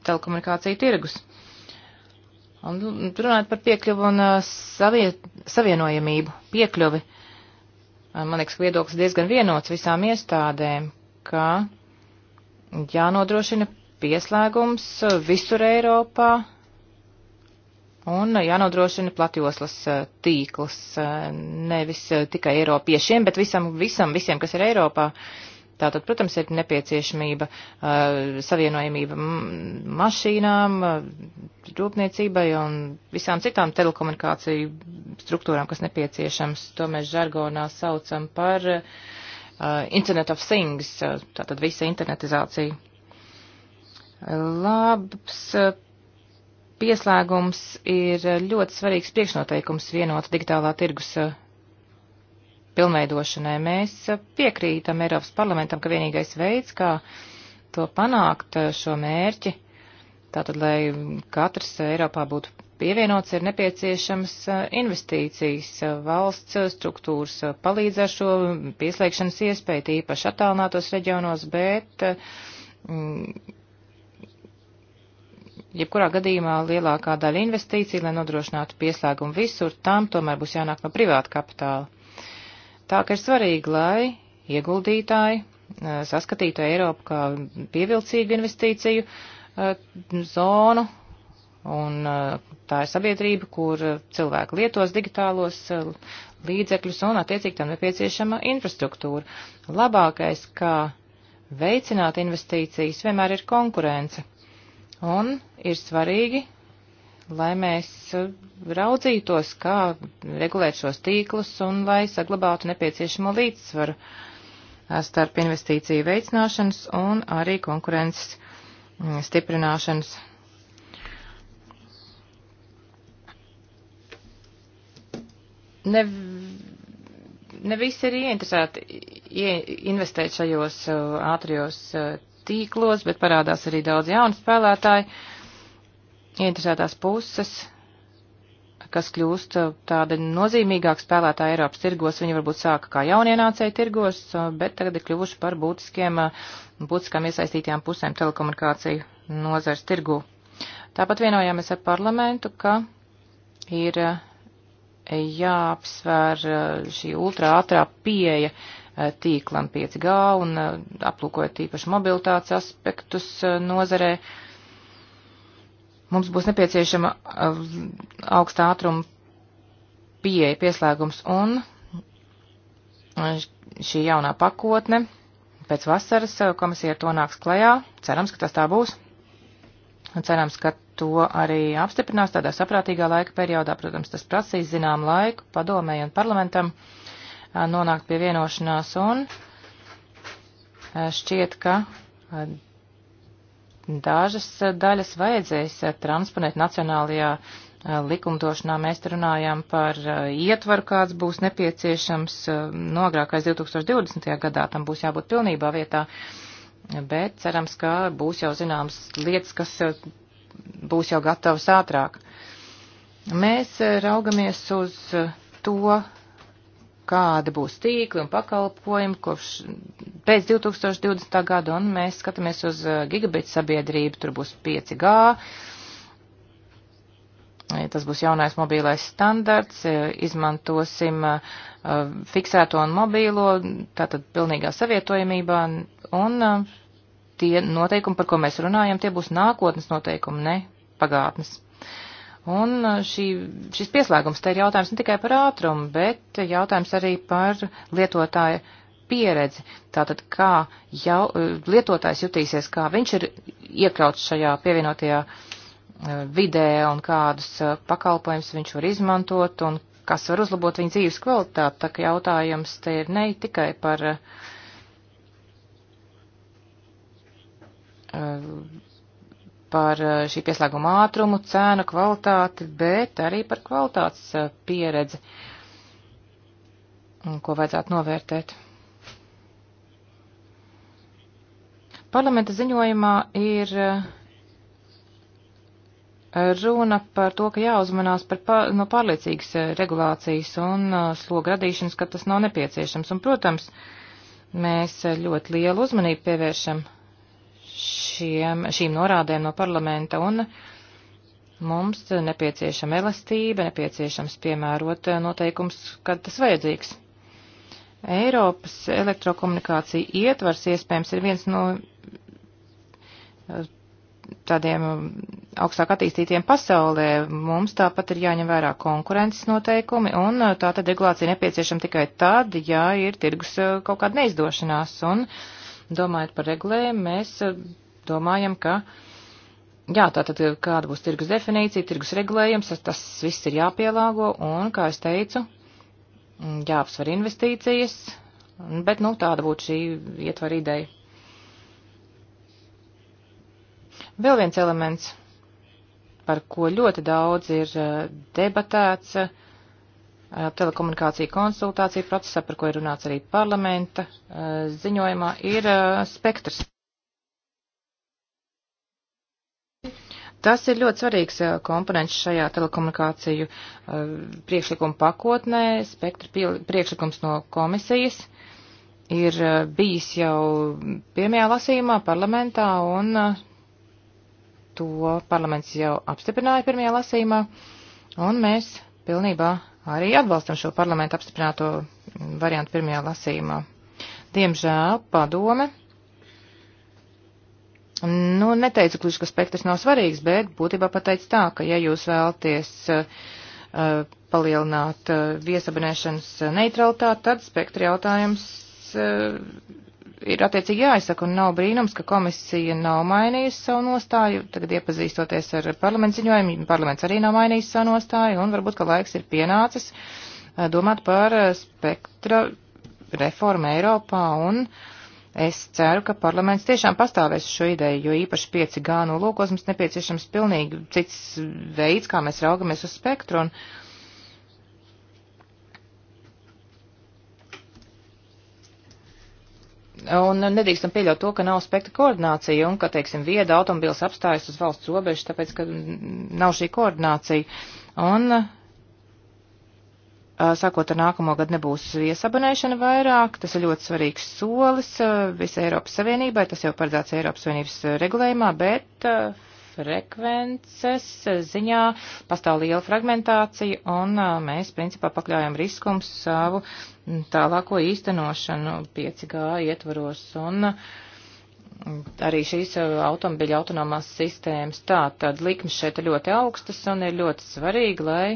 telekomunikācija tirgus. Un nu, runājot par piekļuvu un uh, savie, savienojamību, piekļuvi, uh, man liekas, viedoklis diezgan vienots visām iestādēm, ka jānodrošina pieslēgums uh, visur Eiropā un jānodrošina platjoslas tīkls nevis tikai Eiropiešiem, bet visam, visam, visiem, kas ir Eiropā. Uh, Tātad, protams, ir nepieciešamība eh, savienojamība mašīnām, eh, rūpniecībai un visām citām telekomunikāciju struktūrām, kas nepieciešams. To mēs žargonā saucam par eh, Internet of Things, tātad visa internetizācija. Labs pieslēgums ir ļoti svarīgs priekšnoteikums vienota digitālā tirgus pilnveidošanai. Mēs piekrītam Eiropas parlamentam, ka vienīgais veids, kā to panākt, šo mērķi, tātad, lai katrs Eiropā būtu pievienots, ir nepieciešams eh, investīcijas. Valsts struktūras palīdz ar šo pieslēgšanas iespēju, tīpaši attālinātos reģionos, bet mm, jebkurā gadījumā lielākā daļa investīcija, lai nodrošinātu pieslēgumu visur, tam tomēr būs jānāk no privāta kapitāla. Tā ka ir svarīgi, lai ieguldītāji saskatītu Eiropu kā pievilcīgu investīciju zonu, un tā ir sabiedrība, kur cilvēki lietos digitālos līdzekļus un attiecīgi tam nepieciešama infrastruktūra. Labākais, kā veicināt investīcijas, vienmēr ir konkurence. Un ir svarīgi, lai mēs e, raudzītos, kā regulēt šos tīklus un lai saglabātu nepieciešamo līdzsvaru e, starp investīciju veicināšanas un arī konkurences stiprināšanas. Ne, ne visi ir ieinteresēti investēt šajos e, ātrijos tīklos, bet parādās arī daudz jaunu spēlētāju interesētās puses, kas kļūst uh, tāda nozīmīgāka spēlētāja Eiropas tirgos. Viņi varbūt sāka kā jaunienācēji tirgos, uh, bet tagad ir kļuvuši par būtiskiem, uh, būtiskām iesaistītajām pusēm telekomunikāciju nozars tirgu. Tāpat vienojāmies ar parlamentu, ka ir jāapsver šī ultra ātrā pieeja tīklam 5G un aplūkojot īpaši mobilitātes aspektus nozarē. Mums būs nepieciešama uh, augsta ātruma pieeja pieslēgums un uh, šī jaunā pakotne pēc vasaras uh, komisija ar to nāks klajā. Cerams, ka tas tā būs. Un cerams, ka to arī apstiprinās tādā saprātīgā laika periodā. Protams, tas prasīs zinām laiku padomēji un parlamentam nonākt pie vienošanās un šķiet, ka Dažas eh, daļas vajadzēs eh, transponēt nacionālajā eh, likumdošanā. Mēs runājam par ietvaru, kāds būs nepieciešams nogrākais 2020. gadā. Tam būs jābūt pilnībā vietā. Bet cerams, ka būs jau zināmas lietas, kas būs jau gatavas ātrāk. Mēs raugamies uz to, kāda būs tīkli un pakalpojumi kopš pēc 2020. gada, un mēs skatāmies uz uh, gigabit sabiedrību, tur būs 5G, e, tas būs jaunais mobīlais standarts, e, izmantosim e, fiksēto un mobīlo, tātad pilnīgā savietojamībā, un tie noteikumi, par ko mēs runājam, tie būs nākotnes noteikumi, ne pagātnes. Un šī, šis pieslēgums te ir jautājums ne tikai par ātrumu, bet jautājums arī par lietotāju pieredzi. Tātad, kā jau, lietotājs jutīsies, kā viņš ir iekļauts šajā pievienotajā vidē un kādus pakalpojumus viņš var izmantot un kas var uzlabot viņa dzīves kvalitāti. Tā ka jautājums te ir ne tikai par. Uh, par eh, šī pieslēguma ātrumu, cēnu kvalitāti, bet arī par kvalitātes eh, pieredzi, ko vajadzētu novērtēt. Parlamenta ziņojumā ir eh, runa par to, ka jāuzmanās par, par, no pārliecīgas regulācijas un sloga radīšanas, ka tas nav nepieciešams. Un, protams, mēs ļoti lielu uzmanību pievēršam šiem, šīm norādēm no parlamenta un mums nepieciešama elastība, nepieciešams piemērot noteikums, kad tas vajadzīgs. Eiropas elektrokomunikācija ietvars iespējams ir viens no eh, tādiem augstāk attīstītiem pasaulē. Mums tāpat ir jāņem vērā konkurences noteikumi, un eh, tā tad regulācija nepieciešama tikai tad, ja ir tirgus eh, kaut kāda neizdošanās. Un, domājot par regulējumu, mēs domājam, ka, jā, tātad kāda būs tirgus definīcija, tirgus regulējums, tas, tas viss ir jāpielāgo un, kā es teicu, jāapsver investīcijas, bet, nu, tāda būtu šī ietvara ideja. Vēl viens elements, par ko ļoti daudz ir eh, debatēts eh, telekomunikācija konsultācija procesā, par ko ir runāts arī parlamenta eh, ziņojumā, ir spektrs. Tas ir ļoti svarīgs eh, komponents šajā telekomunikāciju eh, priekšlikuma pakotnē. Spektra priekšlikums no komisijas ir eh, bijis jau pirmajā lasījumā parlamentā un to parlaments jau apstiprināja pirmajā lasījumā. Un mēs pilnībā arī atbalstam šo parlamentu apstiprināto variantu pirmajā lasījumā. Diemžēl padome Nu, neteicu, kluži, ka spektrs nav svarīgs, bet būtībā pateicu tā, ka ja jūs vēlaties uh, uh, palielināt uh, viesabinēšanas neutralitāti, tad spektra jautājums uh, ir attiecīgi jāizsaka, un nav brīnums, ka komisija nav mainījusi savu nostāju. Tagad iepazīstoties ar parlamentu ziņojumu, parlaments arī nav mainījis savu nostāju, un varbūt, ka laiks ir pienācis uh, domāt par uh, spektra reformu Eiropā un uh, Es ceru, ka parlaments tiešām pastāvēs šo ideju, jo īpaši 5G nolūkos mums nepieciešams pilnīgi cits veids, kā mēs raugamies uz spektru. Un, un nedrīkstam pieļaut to, ka nav spektra koordinācija un ka, teiksim, vieda automobils apstājas uz valsts robežas, tāpēc, ka nav šī koordinācija. Un Uh, sākot ar nākamo gadu nebūs viesabonēšana vairāk, tas ir ļoti svarīgs solis uh, visai Eiropas Savienībai, tas jau paredzēts Eiropas Savienības uh, regulējumā, bet frekvences ziņā pastāv liela fragmentācija un mēs principā pakļaujam riskums savu mm, tālāko īstenošanu 5G ietvaros un mm, arī šīs automobiļa autonomās sistēmas. Tā tad likmes šeit ir ļoti augstas un ir ļoti svarīgi, lai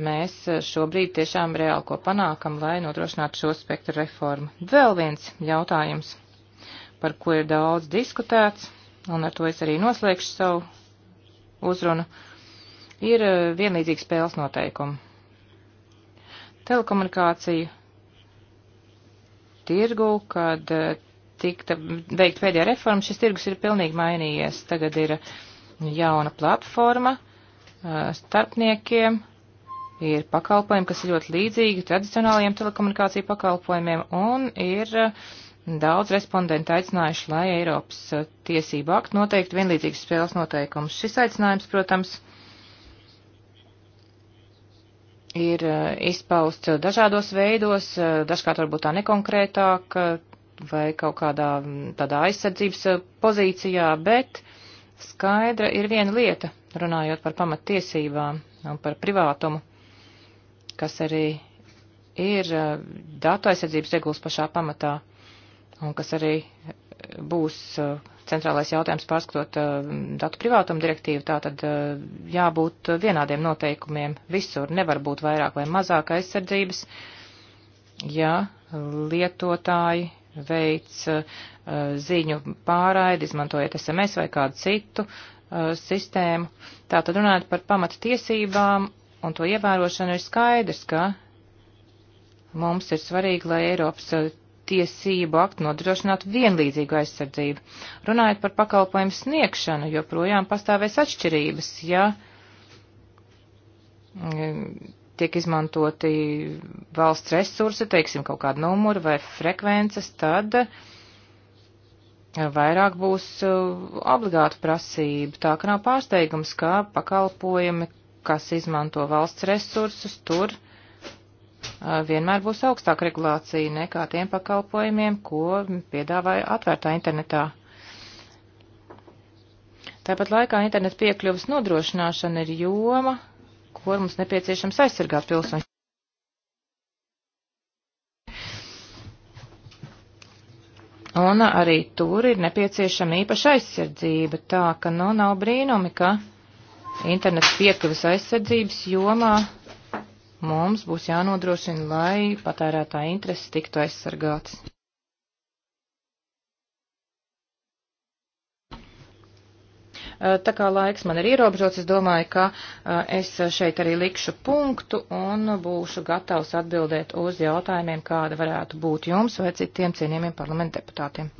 mēs eh, šobrīd tiešām reāli ko panākam, lai nodrošinātu šo spektru reformu. Vēl viens jautājums, par ko ir daudz diskutēts, un ar to es arī noslēgšu savu uzrunu, ir eh, vienlīdzīgi spēles noteikumi. Telekomunikāciju tirgu, kad eh, tikta veikt pēdējā reforma, šis tirgus ir pilnīgi mainījies. Tagad ir jauna platforma starpniekiem, ir pakalpojumi, kas ir ļoti līdzīgi tradicionālajiem telekomunikāciju pakalpojumiem, un ir eh, daudz respondentu aicinājuši, lai Eiropas eh, tiesība aktu noteikti vienlīdzīgas spēles noteikumus. Šis aicinājums, protams, ir eh, izpausts dažādos veidos, dažkārt varbūt tā nekonkrētāk vai kaut kādā mm, tādā aizsardzības pozīcijā, bet skaidra ir viena lieta, runājot par pamattiesībām un par privātumu kas arī ir eh, datu aizsardzības regulas pašā pamatā un kas arī eh, būs eh, centrālais jautājums pārskatot datu privātumu direktīvu, tā tad jābūt vienādiem noteikumiem visur. Nevar būt vairāk vai mazāk aizsardzības, ja lietotāji veids ziņu pārraidi, izmantojot SMS vai kādu citu sistēmu. Tātad runājot par pamata tiesībām un to ievērošanu ir skaidrs, ka mums ir svarīgi, lai Eiropas uh, tiesību aktu nodrošinātu vienlīdzīgu aizsardzību. Runājot par pakalpojumu sniegšanu, joprojām pastāvēs atšķirības, ja mm, tiek izmantoti valsts resursi, teiksim, kaut kādu numuru vai frekvences, tad uh, vairāk būs uh, obligātu prasību. Tā kā nav pārsteigums, ka pakalpojumi kas izmanto valsts resursus, tur vienmēr būs augstāka regulācija nekā tiem pakalpojumiem, ko piedāvāja atvērtā internetā. Tāpat laikā internetu piekļuvas nodrošināšana ir joma, kur mums nepieciešams aizsargāt pilsoņus. Un arī tur ir nepieciešama īpaša aizsardzība, tā ka, nu, nav brīnumi, ka internetu piekļuvas aizsardzības jomā mums būs jānodrošina, lai patērētāja intereses tiktu aizsargātas. Tā kā laiks man ir ierobežots, es domāju, ka es šeit arī likšu punktu un būšu gatavs atbildēt uz jautājumiem, kāda varētu būt jums vai citiem cienījumiem parlamentu deputātiem.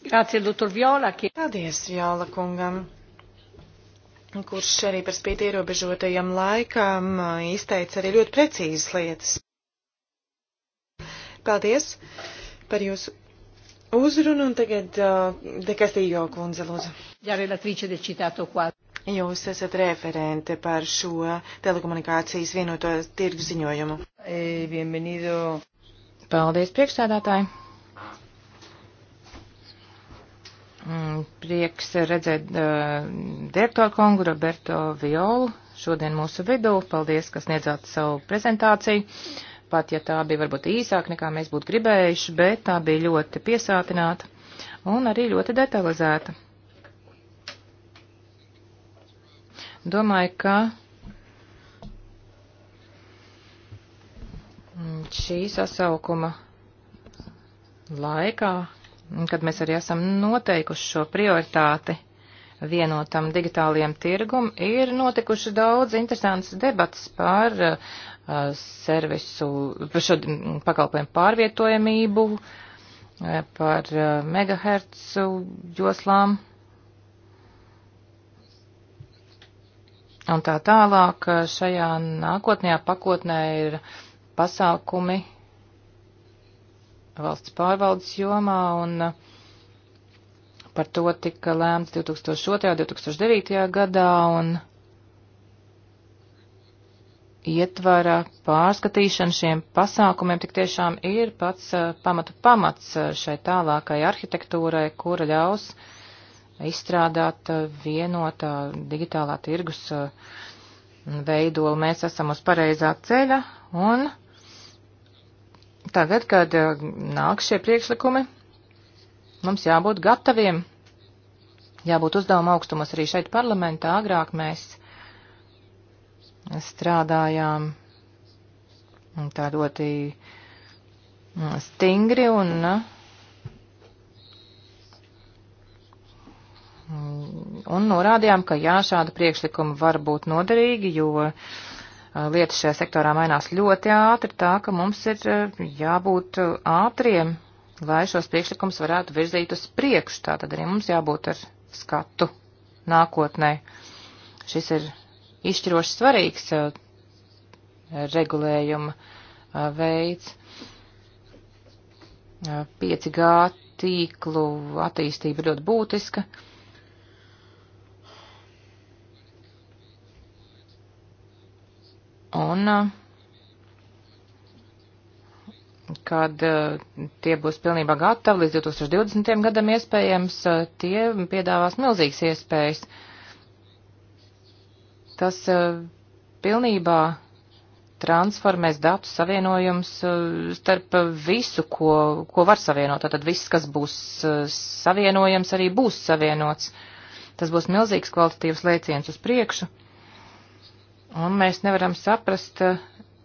Grācija, doktor Viola. Paldies, Viola kungam kurš arī par spīti ierobežotajam laikam izteica arī ļoti precīzas lietas. Paldies par jūsu uzrunu un tagad uh, dekastījo kundze lūdzu. Jūs esat referente par šo telekomunikācijas vienoto tirgu ziņojumu. E, Paldies priekšstādātāji. Mm, prieks redzēt uh, direktoru Kongu Roberto Violu šodien mūsu vidū. Paldies, kas niedzāt savu prezentāciju. Pat ja tā bija varbūt īsāk nekā mēs būtu gribējuši, bet tā bija ļoti piesātināta un arī ļoti detalizēta. Domāju, ka šī sasaukuma laikā kad mēs arī esam noteikuši šo prioritāti vienotam digitāliem tirgum, ir notikuši daudz interesants debats par uh, servisu, par šo pakalpojumu pārvietojamību, uh, par uh, megahercu joslām un tā tālāk. Šajā nākotnējā pakotnē ir pasākumi valsts pārvaldes jomā, un uh, par to tika lēmts 2002. un 2009. gadā, un ietvara pārskatīšana šiem pasākumiem tik tiešām ir pats uh, pamatu pamats uh, šai tālākai arhitektūrai, kura ļaus izstrādāt vienotā digitālā tirgus veidolu. Mēs esam uz pareizā ceļa un tagad, kad eh, nāk šie priekšlikumi, mums jābūt gataviem, jābūt uzdevuma augstumos arī šeit parlamentā. Agrāk mēs strādājām mm, tā ļoti mm, stingri un mm, un norādījām, ka jā, šāda priekšlikuma var būt noderīgi, jo lietas šajā sektorā mainās ļoti ātri, tā ka mums ir jābūt ātriem, lai šos priekšlikumus varētu virzīt uz priekšu. Tātad arī mums jābūt ar skatu nākotnē. Šis ir izšķiroši svarīgs regulējuma veids. 5G tīklu attīstība ļoti būtiska. Uh, Un uh, kad uh, tie būs pilnībā gatavi līdz 2020. gadam iespējams, uh, tie piedāvās milzīgas iespējas. Tas pilnībā transformēs datu savienojums starp visu, ko, ko var savienot. Tātad viss, kas būs savienojams, arī būs savienots. Tas būs milzīgs kvalitatīvs lēciens uz priekšu. Un mēs nevaram saprast, eh,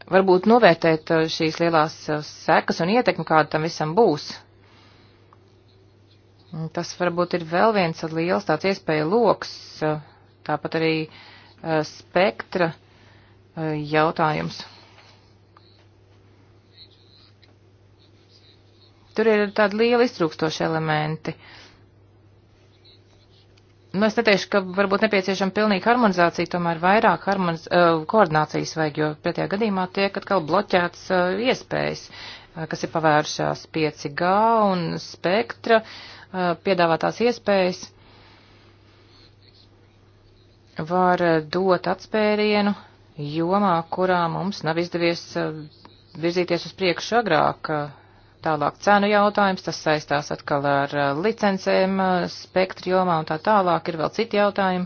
varbūt novērtēt eh, šīs lielās eh, sekas un ietekmi, kāda tam visam būs. Tas varbūt ir vēl viens liels tāds iespēja loks, tāpat arī spektra jautājums. Tur ir tādi lieli iztrūkstoši elementi. Uh, Nu, es neteikšu, ka varbūt nepieciešama pilnīga harmonizācija, tomēr vairāk harmoniz, uh, koordinācijas vajag, jo pretējā gadījumā tiek atkal bloķēts uh, iespējas, uh, kas ir pavērušās 5G un spektra uh, piedāvātās iespējas var uh, dot atspērienu jomā, kurā mums nav izdevies uh, virzīties uz priekšu agrāk. Uh, Tālāk cenu jautājums, tas saistās atkal ar uh, licencēm, uh, spektru jomā un tā tālāk ir vēl citi jautājumi.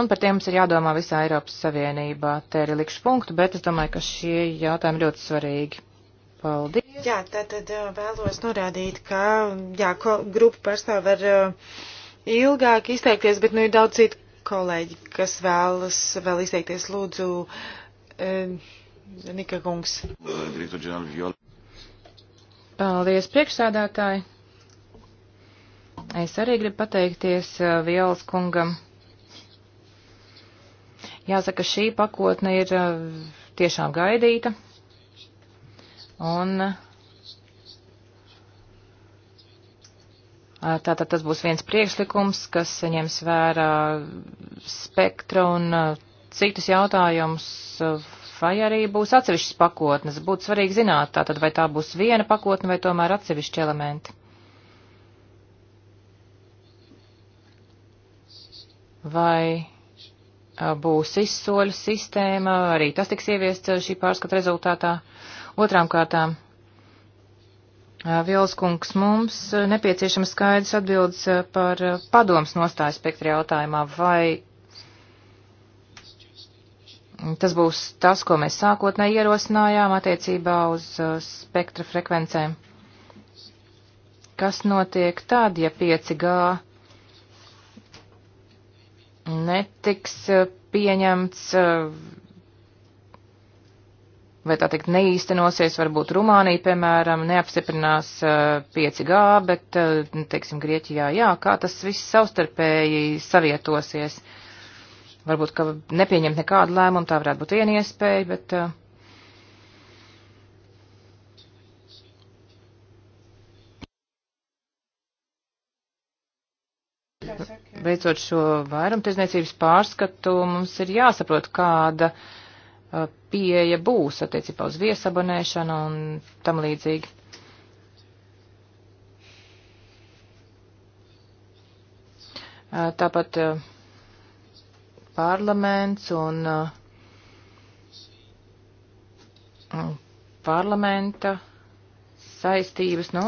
Un par tiem mums ir jādomā visā Eiropas Savienībā. Te ir likšu punktu, bet es domāju, ka šie jautājumi ļoti svarīgi. Paldies! Jā, tātad uh, vēlos norādīt, ka, jā, ko, grupa pārstāv var ilgāk izteikties, bet nu ir daudz citu kolēģi, kas vēlas vēl izteikties, lūdzu, Eh, Nika kungs. Paldies, priekšsādātāji. Es arī gribu pateikties eh, Violas kungam. Jāsaka, šī pakotne ir eh, tiešām gaidīta. Un tātad tas būs viens priekšlikums, kas ņems vērā spektra un citus jautājumus, vai arī būs atsevišķas pakotnes. Būtu svarīgi zināt, tātad vai tā būs viena pakotne vai tomēr atsevišķi elementi. Vai būs izsoļu sistēma, arī tas tiks ieviests šī pārskata rezultātā. Otrām kārtām, Vilskungs, mums nepieciešams skaidrs atbildes par padoms nostāju spektra jautājumā, vai Tas būs tas, ko mēs sākotnēji ierosinājām attiecībā uz uh, spektra frekvencēm. Kas notiek tad, ja 5G netiks uh, pieņemts uh, vai tā teikt neīstenosies, varbūt Rumānija, piemēram, neapstiprinās 5G, bet, teiksim, Grieķijā, jā, kā tas viss savstarpēji savietosies. Uh, Varbūt, ka nepieņemt nekādu lēmumu, tā varētu būt viena iespēja, bet. Veicot uh, šo vairumtirdzniecības pārskatu, mums ir jāsaprot, kāda uh, pieeja būs attiecībā uz viesabonēšanu un tam līdzīgi. Uh, tāpat uh, parlaments uh, un parlamenta saistības, nu,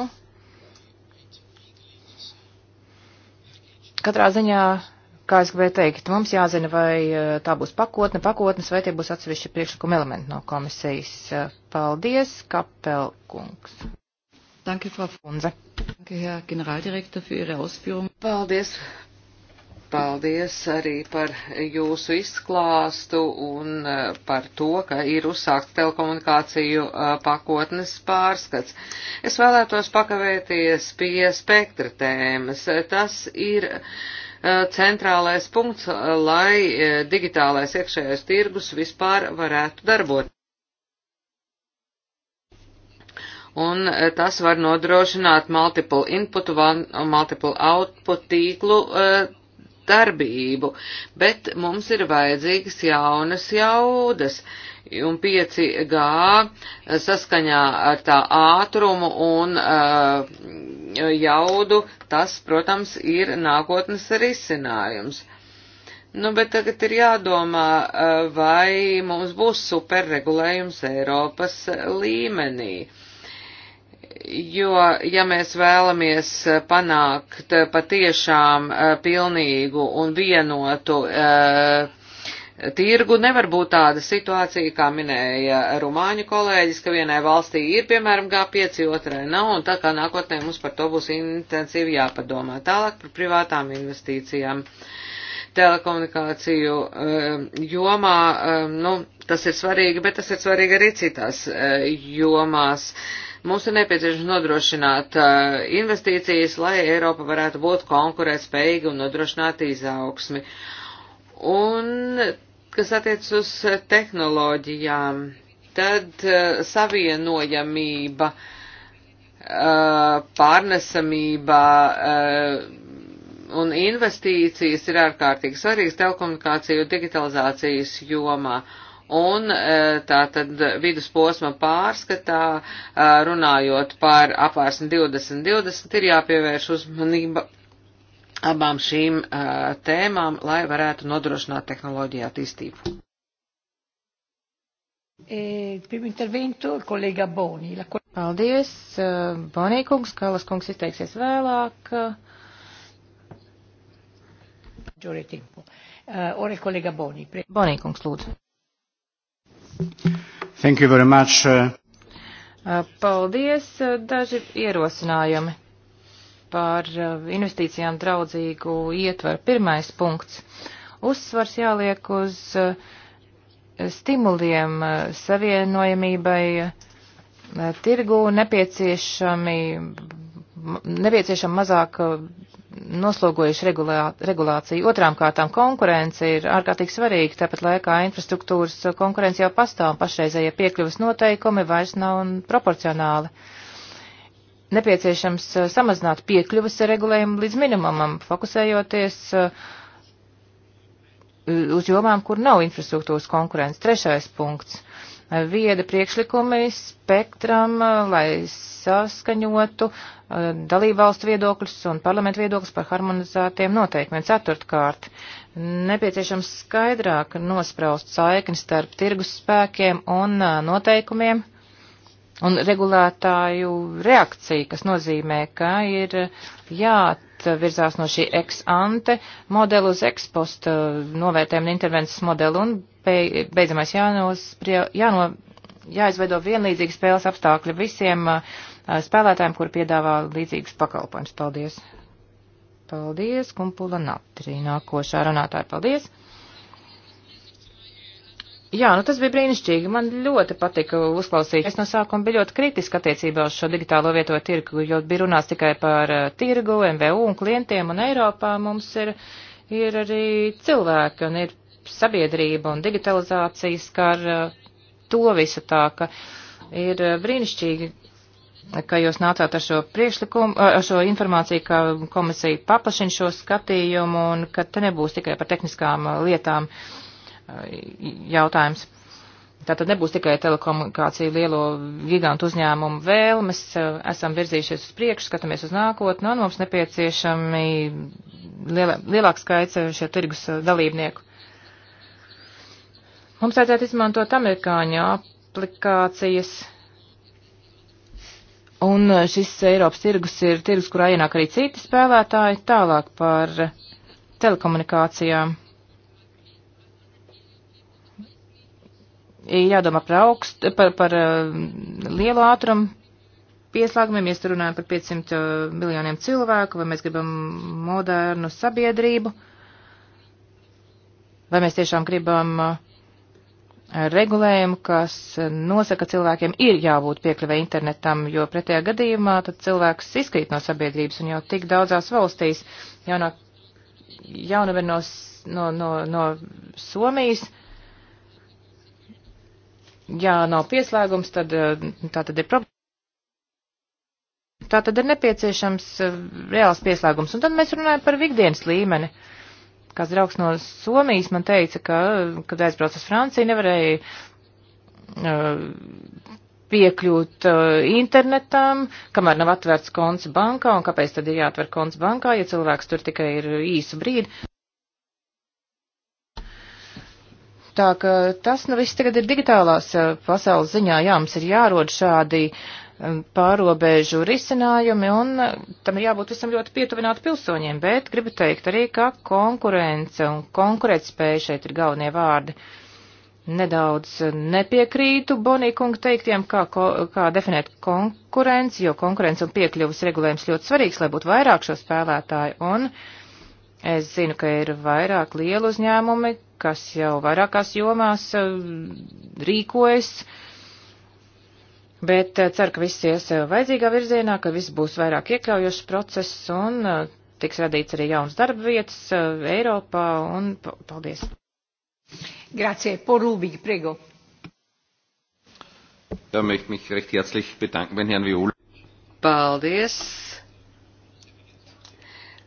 katrā ziņā, kā es gribēju teikt, mums jāzina, vai uh, tā būs pakotne, pakotnes, vai tie būs atsevišķi priekšlikuma elementi no komisijas. Uh, paldies, Kapelkungs. Danke, Frau Funze. Danke, Herr Generaldirektor, für Ihre Ausführung. Paldies, Paldies arī par jūsu izklāstu un eh, par to, ka ir uzsākts telekomunikāciju eh, pakotnes pārskats. Es vēlētos pakavēties pie spektra tēmas. Tas ir eh, centrālais punkts, lai digitālais iekšējais tirgus vispār varētu darbot. un tas var nodrošināt multiple input, one, multiple output tīklu darbību, bet mums ir vajadzīgas jaunas jaudas, un 5G saskaņā ar tā ātrumu un uh, jaudu, tas, protams, ir nākotnes risinājums. Nu, bet tagad ir jādomā, uh, vai mums būs superregulējums Eiropas līmenī. Uh, Jo, ja mēs vēlamies eh, panākt eh, patiešām eh, pilnīgu un vienotu tirgu, nevar būt tāda situācija, kā minēja Rumāņu kolēģis, ka vienai valstī ir, piemēram, G5, otrai nav, un tā kā nākotnē mums par to būs intensīvi jāpadomā. Tālāk par privātām investīcijām telekomunikāciju jomā, nu, tas ir svarīgi, bet tas ir svarīgi arī citās jomās. Mums ir nepieciešams nodrošināt eh, investīcijas, lai Eiropa varētu būt konkurētspējīga un nodrošināt izaugsmi. Un, kas attiec uz tehnoloģijām, tad eh, savienojamība, eh, pārnesamība un investīcijas ir ārkārtīgi svarīgas telekomunikāciju un digitalizācijas jomā. Un e, tā tad vidusposma pārskatā, e, runājot par apvērsni 2020, ir jāpievērš uzmanība abām šīm e, tēmām, lai varētu nodrošināt tehnoloģiju attīstību. Paldies, Bonī kungs, Kalas kungs izteiksies vēlāk. Bonī kungs, lūdzu. Thank you very much. Uh, uh, paldies. Uh, daži ierosinājumi par investīcijām draudzīgu ietvaru. Pirmais punkts. Uzsvars jāliek uz stimuliem savienojamībai tirgu nepieciešami nepieciešama mazāk noslogojuši regulā, regulāciju. Otrām kārtām konkurence ir ārkārtīgi svarīga, tāpat laikā infrastruktūras konkurence jau pastāv un pašreizējie piekļuvas noteikumi vairs nav proporcionāli. Nepieciešams eh, samazināt piekļuvas regulējumu līdz minimumam, fokusējoties eh, uz jomām, kur nav infrastruktūras konkurence. Trešais punkts vieda priekšlikumi spektram, eh, lai saskaņotu eh, dalībvalstu viedokļus un parlamentu viedokļus par harmonizētiem noteikumiem. Ceturtkārt, nepieciešams skaidrāk nospraust saikni starp tirgus spēkiem un eh, noteikumiem un regulētāju reakciju, kas nozīmē, ka ir jā Eh, virzās no šī ex-ante modela uz ex-post eh, novērtējuma un intervences modelu un beidzamais jānosprie, jāno, jāizveido vienlīdzīgi spēles apstākļi visiem eh, spēlētājiem, kur piedāvā līdzīgas pakalpojums. Paldies! Paldies, Kumpula Natri, nākošā runātāja, paldies! Jā, nu tas bija brīnišķīgi. Man ļoti patika uzklausīt. Es no sākuma biju ļoti kritiski attiecībā uz šo digitālo vieto tirgu, jo bija runās tikai par eh, tirgu, MVU un klientiem, un Eiropā mums ir, ir arī cilvēki un ir sabiedrība un digitalizācijas, kā ar eh, to visu tā, ka ir eh, brīnišķīgi ka jūs nācāt ar šo priekšlikumu, ar šo informāciju, ka komisija paplašina šo skatījumu un ka te nebūs tikai par tehniskām lietām Eh, jautājums. Tā tad nebūs tikai telekomunikācija lielo gigantu uzņēmumu vēlmes, eh, esam virzījušies uz priekšu, skatāmies uz nākotni, un mums nepieciešami lielā, lielāks skaits šie tirgus eh, dalībnieku. Mums vajadzētu izmantot amerikāņu aplikācijas, un šis Eiropas tirgus ir tirgus, kurā ienāk arī citi spēlētāji, tālāk par telekomunikācijām. jādomā par augst, par, par eh, lielu ātrumu pieslēgumiem, ja runājam par 500 eh, miljoniem cilvēku, vai mēs gribam modernu sabiedrību, vai mēs tiešām gribam eh, regulējumu, kas nosaka cilvēkiem ir jābūt piekļuvē internetam, jo pretējā gadījumā tad cilvēks izkrīt no sabiedrības un jau tik daudzās valstīs jaunā, jaunavir no, nu no, no, no Somijas. Uh, ja nav pieslēgums, tad eh, tā tad ir problēma. Tā tad ir nepieciešams eh, reāls pieslēgums. Un tad mēs runājam par ikdienas līmeni. Kāds draugs no Somijas man teica, ka, kad aizbraucu uz Franciju, nevarēja uh, piekļūt uh, internetam, kamēr nav atvērts konts bankā, un kāpēc tad ir jāatver konts bankā, ja cilvēks tur tikai ir īsu brīdi. Tā ka tas nu viss tagad ir digitālās eh, pasaules ziņā, jā, mums ir jārod šādi eh, pārobežu risinājumi un eh, tam ir jābūt visam ļoti pietuvināti pilsoņiem, bet gribu teikt arī, ka konkurence un konkurētspēja šeit ir galvenie vārdi. Nedaudz nepiekrītu Bonīkunga teiktiem, kā, ko, kā definēt konkurenci, jo konkurence un piekļuvas regulējums ļoti svarīgs, lai būtu vairāk šo spēlētāju. Un, uh, Es zinu, ka ir vairāk lielu uzņēmumi, kas jau vairākās jomās eh, rīkojas, bet eh, ceru, ka viss ies eh, vajadzīgā virzienā, ka viss būs vairāk iekļaujošs process un tiks radīts arī jauns darba vietas Eiropā un paldies. Grazie, porūbīgi, priego. Ja, möchte mich recht herzlich bedanken bei Herrn Viola. Paldies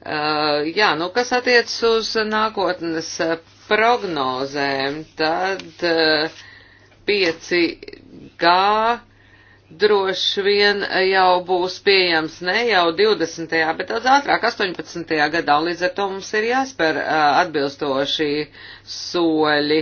Uh, jā, nu, kas attiec uz nākotnes prognozēm, tad uh, eh, 5G droši vien jau būs pieejams ne jau 20. bet daudz ātrāk 18. gadā, un līdz ar to mums ir jāspēr uh, atbilstoši soļi,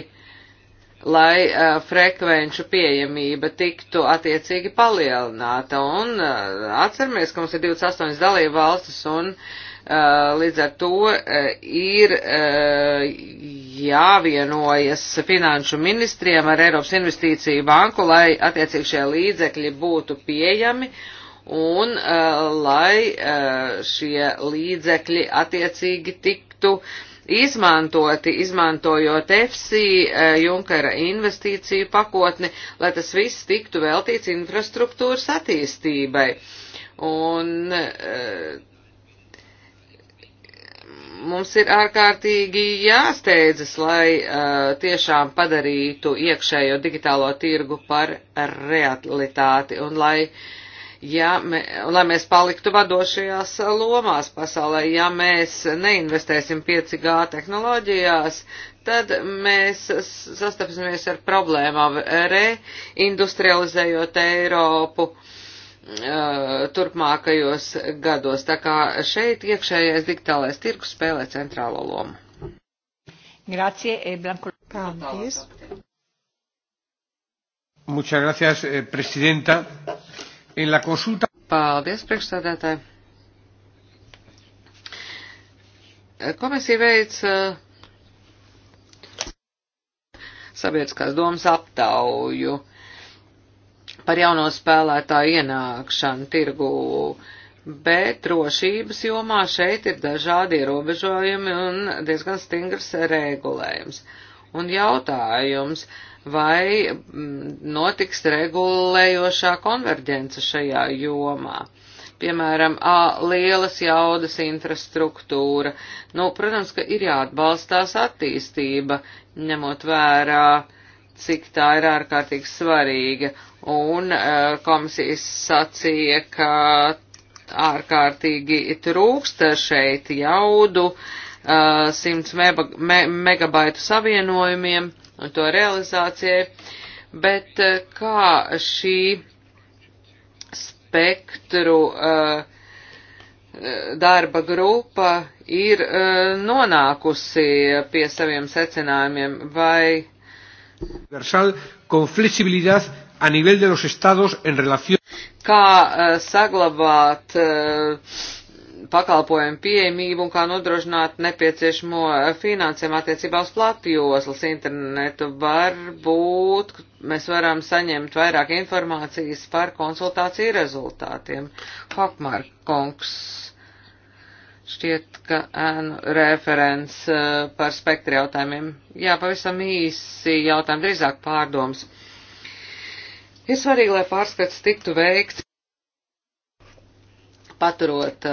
lai uh, frekvenču pieejamība tiktu attiecīgi palielināta. Un uh, atceramies, ka mums ir 28 dalība valstis un uh, Uh, līdz ar to uh, ir uh, jāvienojas finanšu ministriem ar Eiropas investīciju banku, lai attiecīgšie līdzekļi būtu pieejami un lai šie līdzekļi attiecīgi tiktu izmantoti, izmantojot EFSI, Junkara investīciju pakotni, lai tas viss tiktu veltīts infrastruktūras attīstībai. Un mums ir ārkārtīgi jāsteidzas, lai uh, tiešām padarītu iekšējo digitālo tirgu par realitāti un lai, ja, me, lai mēs paliktu vadošajās lomās pasaulē. Ja mēs neinvestēsim 5G tehnoloģijās, tad mēs sastapsimies ar problēmām reindustrializējot Eiropu. Uh, Uh, turpmākajos gados. Tā kā šeit iekšējais digitālais tirgus spēlē centrālo lomu. Grazie, e Blanco. Paldies. Muchas gracias, eh, presidenta. En la consulta. Paldies, priekšstādātāji. Komisija veic eh, sabiedriskās domas aptauju par jauno spēlētāju ienākšanu tirgū, bet drošības jomā šeit ir dažādi ierobežojumi un diezgan stingrs regulējums. Un jautājums, vai mm, notiks regulējošā konverģence šajā jomā? piemēram, a, lielas jaudas infrastruktūra. Nu, protams, ka ir jāatbalstās attīstība, ņemot vērā uh, cik tā ir ārkārtīgi svarīga. Un eh, komisijas sacīja, ka ārkārtīgi trūksta šeit jaudu 100 eh, megabaitu savienojumiem un to realizācijai, bet eh, kā šī spektru uh, darba grupa ir nonākusi pie saviem secinājumiem, vai Universal con flexibilidad a nivel de los estados en relación. Kā uh, saglabāt uh, pakalpojumu pieejamību un kā nodrošināt nepieciešamo finansēm attiecībā uz platjoslas internetu. Varbūt mēs varam saņemt vairāk informācijas par konsultāciju rezultātiem. Hokmar kungs Šķiet, ka ēnu referents par spektra jautājumiem. Jā, pavisam īsi jautājumi, drīzāk pārdoms. Ir svarīgi, lai pārskats tiktu veikts paturot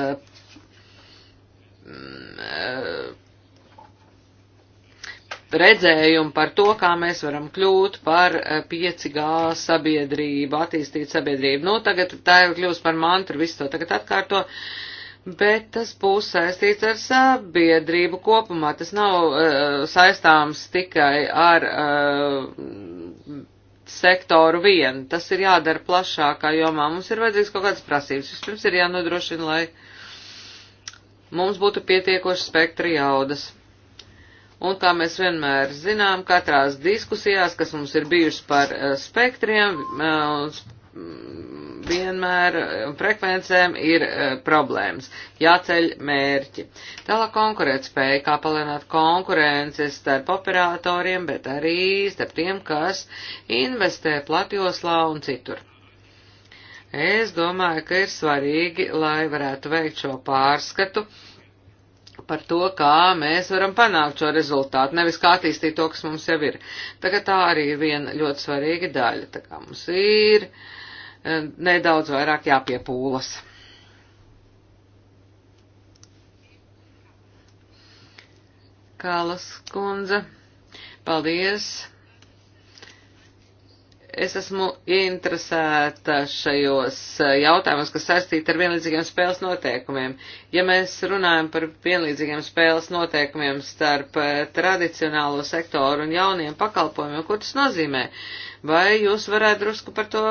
redzējumu par to, kā mēs varam kļūt par 5G sabiedrību, attīstīt sabiedrību. Nu, tagad tā jau kļūst par mantru, visu to tagad atkārto. Uh, bet tas būs saistīts ar sabiedrību kopumā. Tas nav uh, saistāms tikai ar uh, sektoru vienu. Tas ir jādara plašākā jomā. Mums ir vajadzīgs kaut kādas prasības. Vispirms ir jānodrošina, lai mums būtu pietiekoši spektri jaudas. Un kā mēs vienmēr zinām, katrās diskusijās, kas mums ir bijušas par uh, spektriem, uh, vienmēr eh, frekvencēm ir eh, problēmas. Jāceļ mērķi. Tālāk konkurētspēja, kā palielināt konkurences starp operatoriem, bet arī starp tiem, kas investē platjoslā un citur. Es domāju, ka ir svarīgi, lai varētu veikt šo pārskatu par to, kā mēs varam panākt šo rezultātu, nevis kā attīstīt to, kas mums jau ir. Tagad tā arī ir viena ļoti svarīga daļa. Tā kā mums ir uh, Eh, nedaudz vairāk jāpiepūlas. Kālas kundze, paldies! Es esmu interesēta šajos eh, jautājumos, kas saistīti ar vienlīdzīgiem spēles noteikumiem. Ja mēs runājam par vienlīdzīgiem spēles noteikumiem starp eh, tradicionālo sektoru un jauniem pakalpojumiem, ko tas nozīmē? Vai jūs varētu drusku par to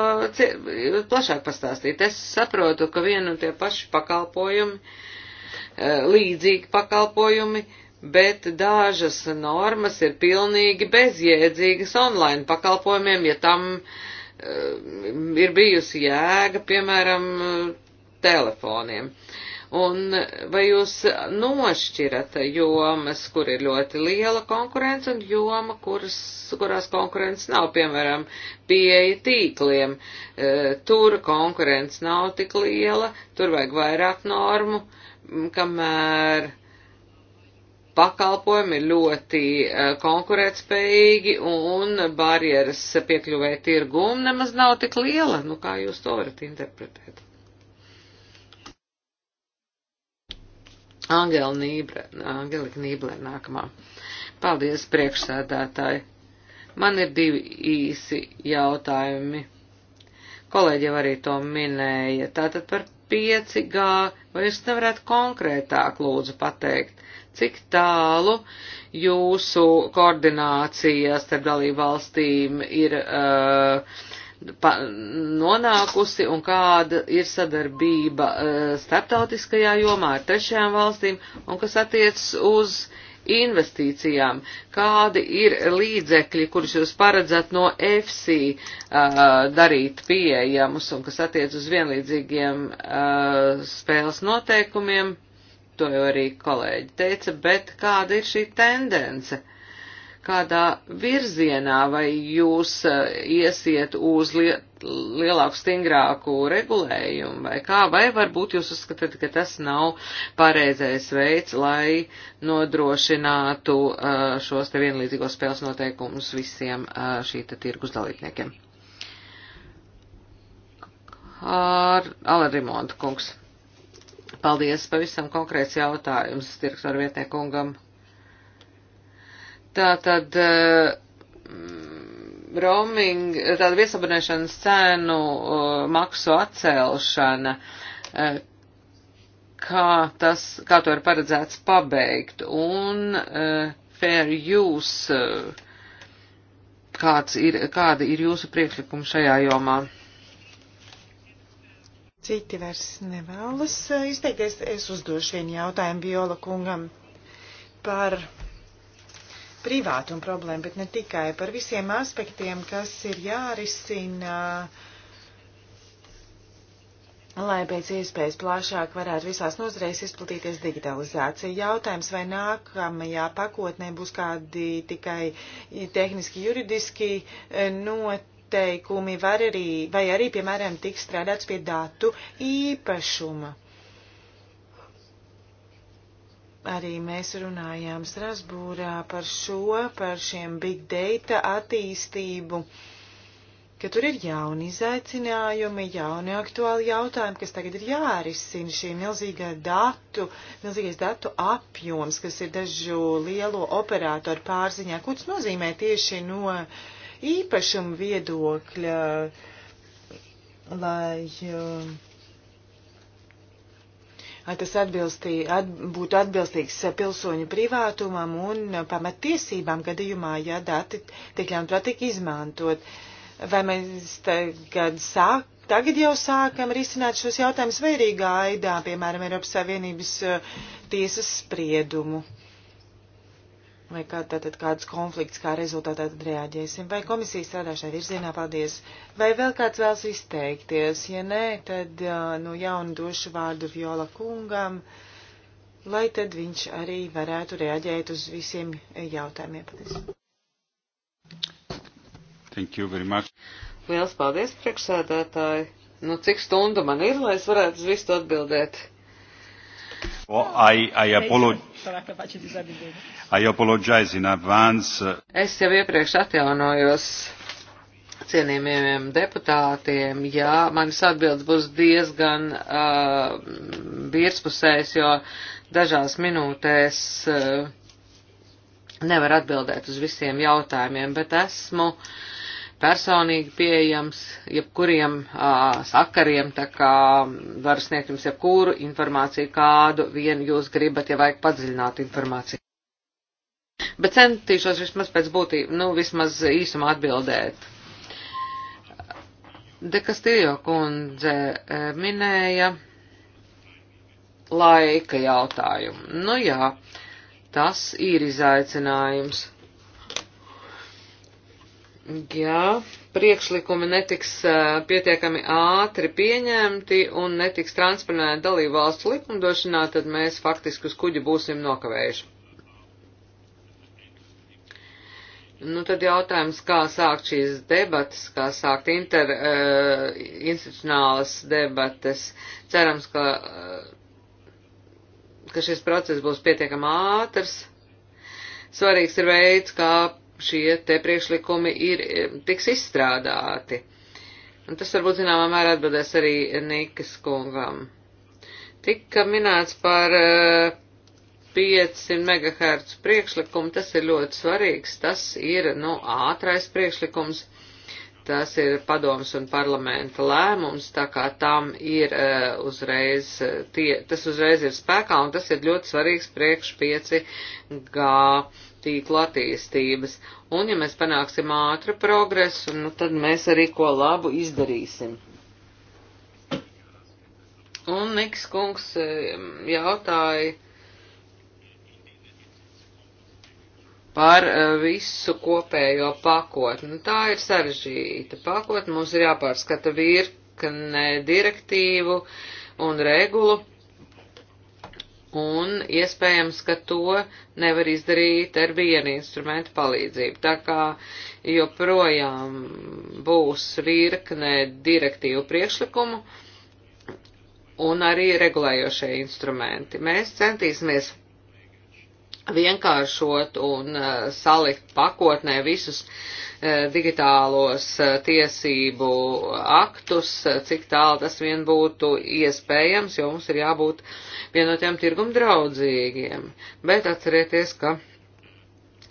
plašāk pastāstīt? Es saprotu, ka vienu un tie paši pakalpojumi, eh, līdzīgi pakalpojumi, bet dažas normas ir pilnīgi bezjēdzīgas online pakalpojumiem, ja tam uh, ir bijusi jēga, piemēram, telefoniem. Un vai jūs nošķirat jomas, kur ir ļoti liela konkurence un joma, kuras, kurās konkurence nav, piemēram, pieeja tīkliem? Uh, tur konkurence nav tik liela, tur vajag vairāk normu, kamēr pakalpojumi ir ļoti eh, konkurētspējīgi un barjeras piekļuvē tirgum nemaz nav tik liela. Nu, kā jūs to varat interpretēt? Angela Nīble, Angelika Nīble nākamā. Paldies, priekšsēdētāji. Man ir divi īsi jautājumi. Kolēģi jau arī to minēja. Tātad par 5G, vai jūs nevarētu konkrētāk lūdzu pateikt? cik tālu jūsu koordinācija starp dalību valstīm ir uh, pa, nonākusi un kāda ir sadarbība uh, starptautiskajā jomā ar trešajām valstīm un kas attiecas uz investīcijām, kādi ir līdzekļi, kurus jūs paredzat no EFSI uh, darīt pieejamus un kas attiec uz vienlīdzīgiem uh, spēles noteikumiem to jau arī kolēģi teica, bet kāda ir šī tendence? Kādā virzienā vai jūs eh, iesiet uz lielāku, stingrāku regulējumu vai kā, vai varbūt jūs uzskatāt, ka tas nav pareizais veids, lai nodrošinātu eh, šos te vienlīdzīgos spēles noteikumus visiem eh, šī te tirgus dalībniekiem? Ar Alarimontu kungs. Paldies, pavisam konkrēts jautājums direktoru vietniekungam. Tātad, mm, roaming, tāda viesabunēšanas cēnu eh, maksu atcelšana, eh, kā, tas, kā to ir paredzēts pabeigt, un eh, fair use, kāds ir, kāda ir jūsu priekšlikuma šajā jomā? Citi vairs nevēlas e, izteikties. Es uzdošu vienu jautājumu Viola kungam par privātumu problēmu, bet ne tikai par visiem aspektiem, kas ir jārisina, lai pēc iespējas plašāk varētu visās nozarēs izplatīties digitalizācija. Jautājums, vai nākamajā pakotnē būs kādi tikai tehniski, juridiski e, not noteikumi var arī, vai arī, piemēram, tiks strādāts pie datu īpašuma. Arī mēs runājām Strasbūrā par šo, par šiem big data attīstību, ka tur ir jauni izaicinājumi, jauni aktuāli jautājumi, kas tagad ir jārisina šī milzīgā datu, milzīgais datu apjoms, kas ir dažu lielo operātoru pārziņā. Ko tas nozīmē tieši no uh, īpašuma viedokļa, lai uh, tas atbilstī, at, būtu atbilstīgs pilsoņu privātumam un pamatiesībām gadījumā, ja dati tik ļaunprātīgi izmantot. Vai mēs tagad sākam? tagad jau sākam risināt šos jautājumus vērīgā aidā, piemēram, Eiropas Savienības uh, tiesas spriedumu vai kā, tātad kāds konflikts, kā rezultātā tad reaģēsim, vai komisija strādā šai virzienā, paldies, vai vēl kāds vēlas izteikties, ja nē, tad nu jaunu došu vārdu Viola kungam, lai tad viņš arī varētu reaģēt uz visiem jautājumiem. Paldies. Thank you very much. Liels paldies, priekšsēdētāji. Nu, cik stundu man ir, lai es varētu uz visu atbildēt? Oh, I, I apologize. I apologize in advance. Es jau iepriekš atjaunojos cienījumiem deputātiem, jā, manas atbildes būs diezgan uh, virspusējas, jo dažās minūtēs uh, nevar atbildēt uz visiem jautājumiem, bet esmu uh, personīgi pieejams, jebkuriem uh, sakariem, tā kā var sniegt jums jebkuru informāciju, kādu vien jūs gribat, ja vajag padziļināt informāciju. Bet centīšos vismaz pēc būtības, nu, vismaz īsumā atbildēt. Dekastījo kundze minēja laika jautājumu. Nu jā, tas ir izaicinājums. Jā, priekšlikumi netiks pietiekami ātri pieņemti un netiks transponēti dalību valstu likumdošanā, tad mēs faktiski uz kuģi būsim nokavējuši. Nu, tad jautājums, kā sākt šīs debatas, kā sākt interinstitucionālas uh, debatas. Cerams, ka, uh, ka šis process būs pietiekami ātrs. Svarīgs ir veids, kā šie te priekšlikumi ir, e, tiks izstrādāti. Un tas varbūt zināmā mērā atbildēs arī Nikas kungam. Tika minēts par 500 e, MHz priekšlikumu, tas ir ļoti svarīgs, tas ir, nu, ātrais priekšlikums, tas ir padoms un parlamenta lēmums, tā kā tam ir e, uzreiz, tie, tas uzreiz ir spēkā un tas ir ļoti svarīgs priekš 5G tīkla attīstības. Un ja mēs panāksim ātru progresu, nu, tad mēs arī ko labu izdarīsim. Un Niks kungs jautāja par eh, visu kopējo pakotni. Nu, tā ir sarežģīta pakotne, mums ir jāpārskata virkne direktīvu un regulu un iespējams, ka to nevar izdarīt ar vienu instrumentu palīdzību. Tā kā joprojām būs virkne direktīvu priekšlikumu un arī regulējošie instrumenti. Mēs centīsimies vienkāršot un eh, salikt pakotnē visus eh, digitālos eh, tiesību aktus, cik tālu tas vien būtu iespējams, jo mums ir jābūt vienotiem tirgum draudzīgiem. Bet atcerieties, ka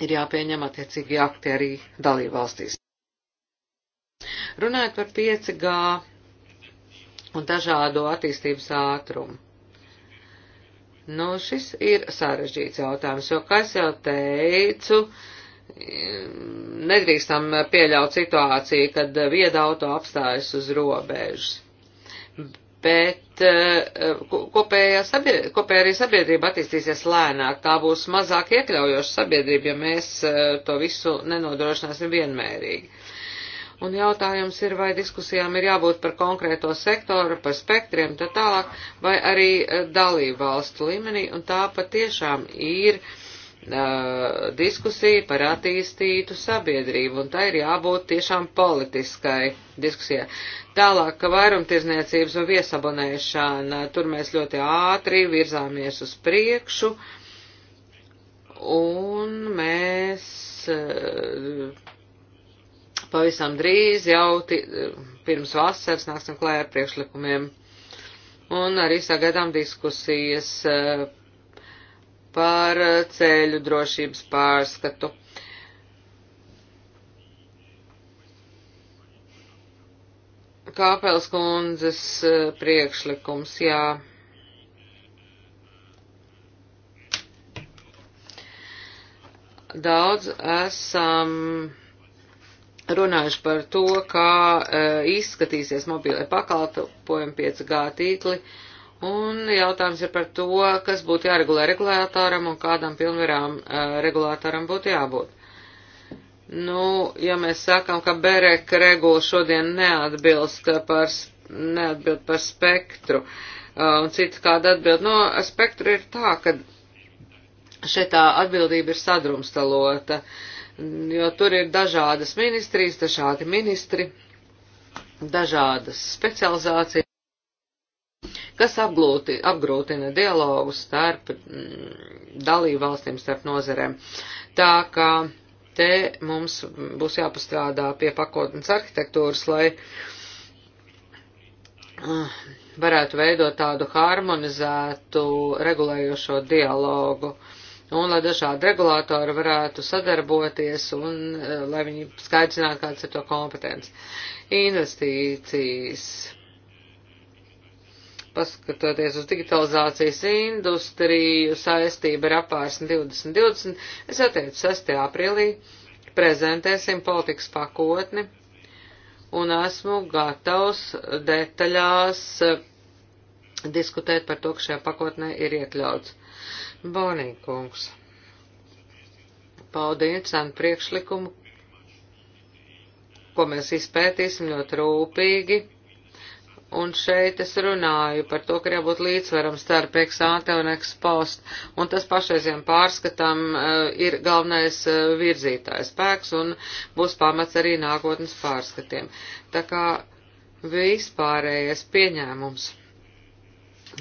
ir jāpieņem attiecīgi akti arī dalībvalstīs. Runājot par 5G un dažādo attīstības ātrumu. Nu, šis ir sarežģīts jautājums, jo, kā es jau teicu, nedrīkstam pieļaut situāciju, kad vieda auto apstājas uz robežas. Bet eh, kopējā, sabiedrība, kopējā arī sabiedrība attīstīsies lēnāk, tā būs mazāk iekļaujoša sabiedrība, ja mēs eh, to visu nenodrošināsim vienmērīgi. Un jautājums ir, vai diskusijām ir jābūt par konkrēto sektoru, par spektriem, tā tālāk, vai arī eh, dalību valstu līmenī, un tā patiešām ir uh, diskusija par attīstītu sabiedrību, un tā ir jābūt tiešām politiskai diskusijai. Tālāk, ka vairumtirdzniecības un viesabonēšana, tur mēs ļoti ātri virzāmies uz priekšu, un mēs uh, pavisam drīz jau pirms vasaras nāksim klājā ar priekšlikumiem. Un arī sagaidām diskusijas eh, par ceļu drošības pārskatu. Kāpels kundzes eh, priekšlikums, jā. Daudz esam. Um, runājuši par to, kā uh, izskatīsies mobīlai pakalpojumi 5G tīkli, un jautājums ir par to, kas būtu jāregulē regulātoram un kādam pilnvarām uh, regulātoram būtu jābūt. Nu, ja mēs sakam, ka Berek regula šodien neatbilst par, neatbild par spektru, uh, un cita kāda atbild, no spektru ir tā, ka šeit tā atbildība ir sadrumstalota. Uh, jo tur ir dažādas ministrijas, dažādi ministri, dažādas specializācijas, kas apglūti, apgrūtina dialogu starp mm, dalībvalstīm, starp nozerēm. Tā kā te mums būs jāpastrādā pie pakotnes arhitektūras, lai uh, varētu veidot tādu harmonizētu regulējošo dialogu. Uh, un lai dažādi regulātori varētu sadarboties un e, lai viņi skaidrinātu, kādas ir to kompetences. Investīcijas. Paskatoties uz digitalizācijas industriju saistību ar apārsni 2020, es atteicu 6. aprīlī prezentēsim politikas pakotni un esmu gatavs detaļās e, diskutēt par to, ka šajā pakotnē ir iekļauts Bonīkungs. Paldies, Anu priekšlikumu, ko mēs izpētīsim ļoti rūpīgi. Un šeit es runāju par to, ka jābūt līdzsveram starp eksāte un ekspost, un tas pašreiziem pārskatām eh, ir galvenais eh, virzītājs spēks un būs pamats arī nākotnes pārskatiem. Tā kā vispārējais pieņēmums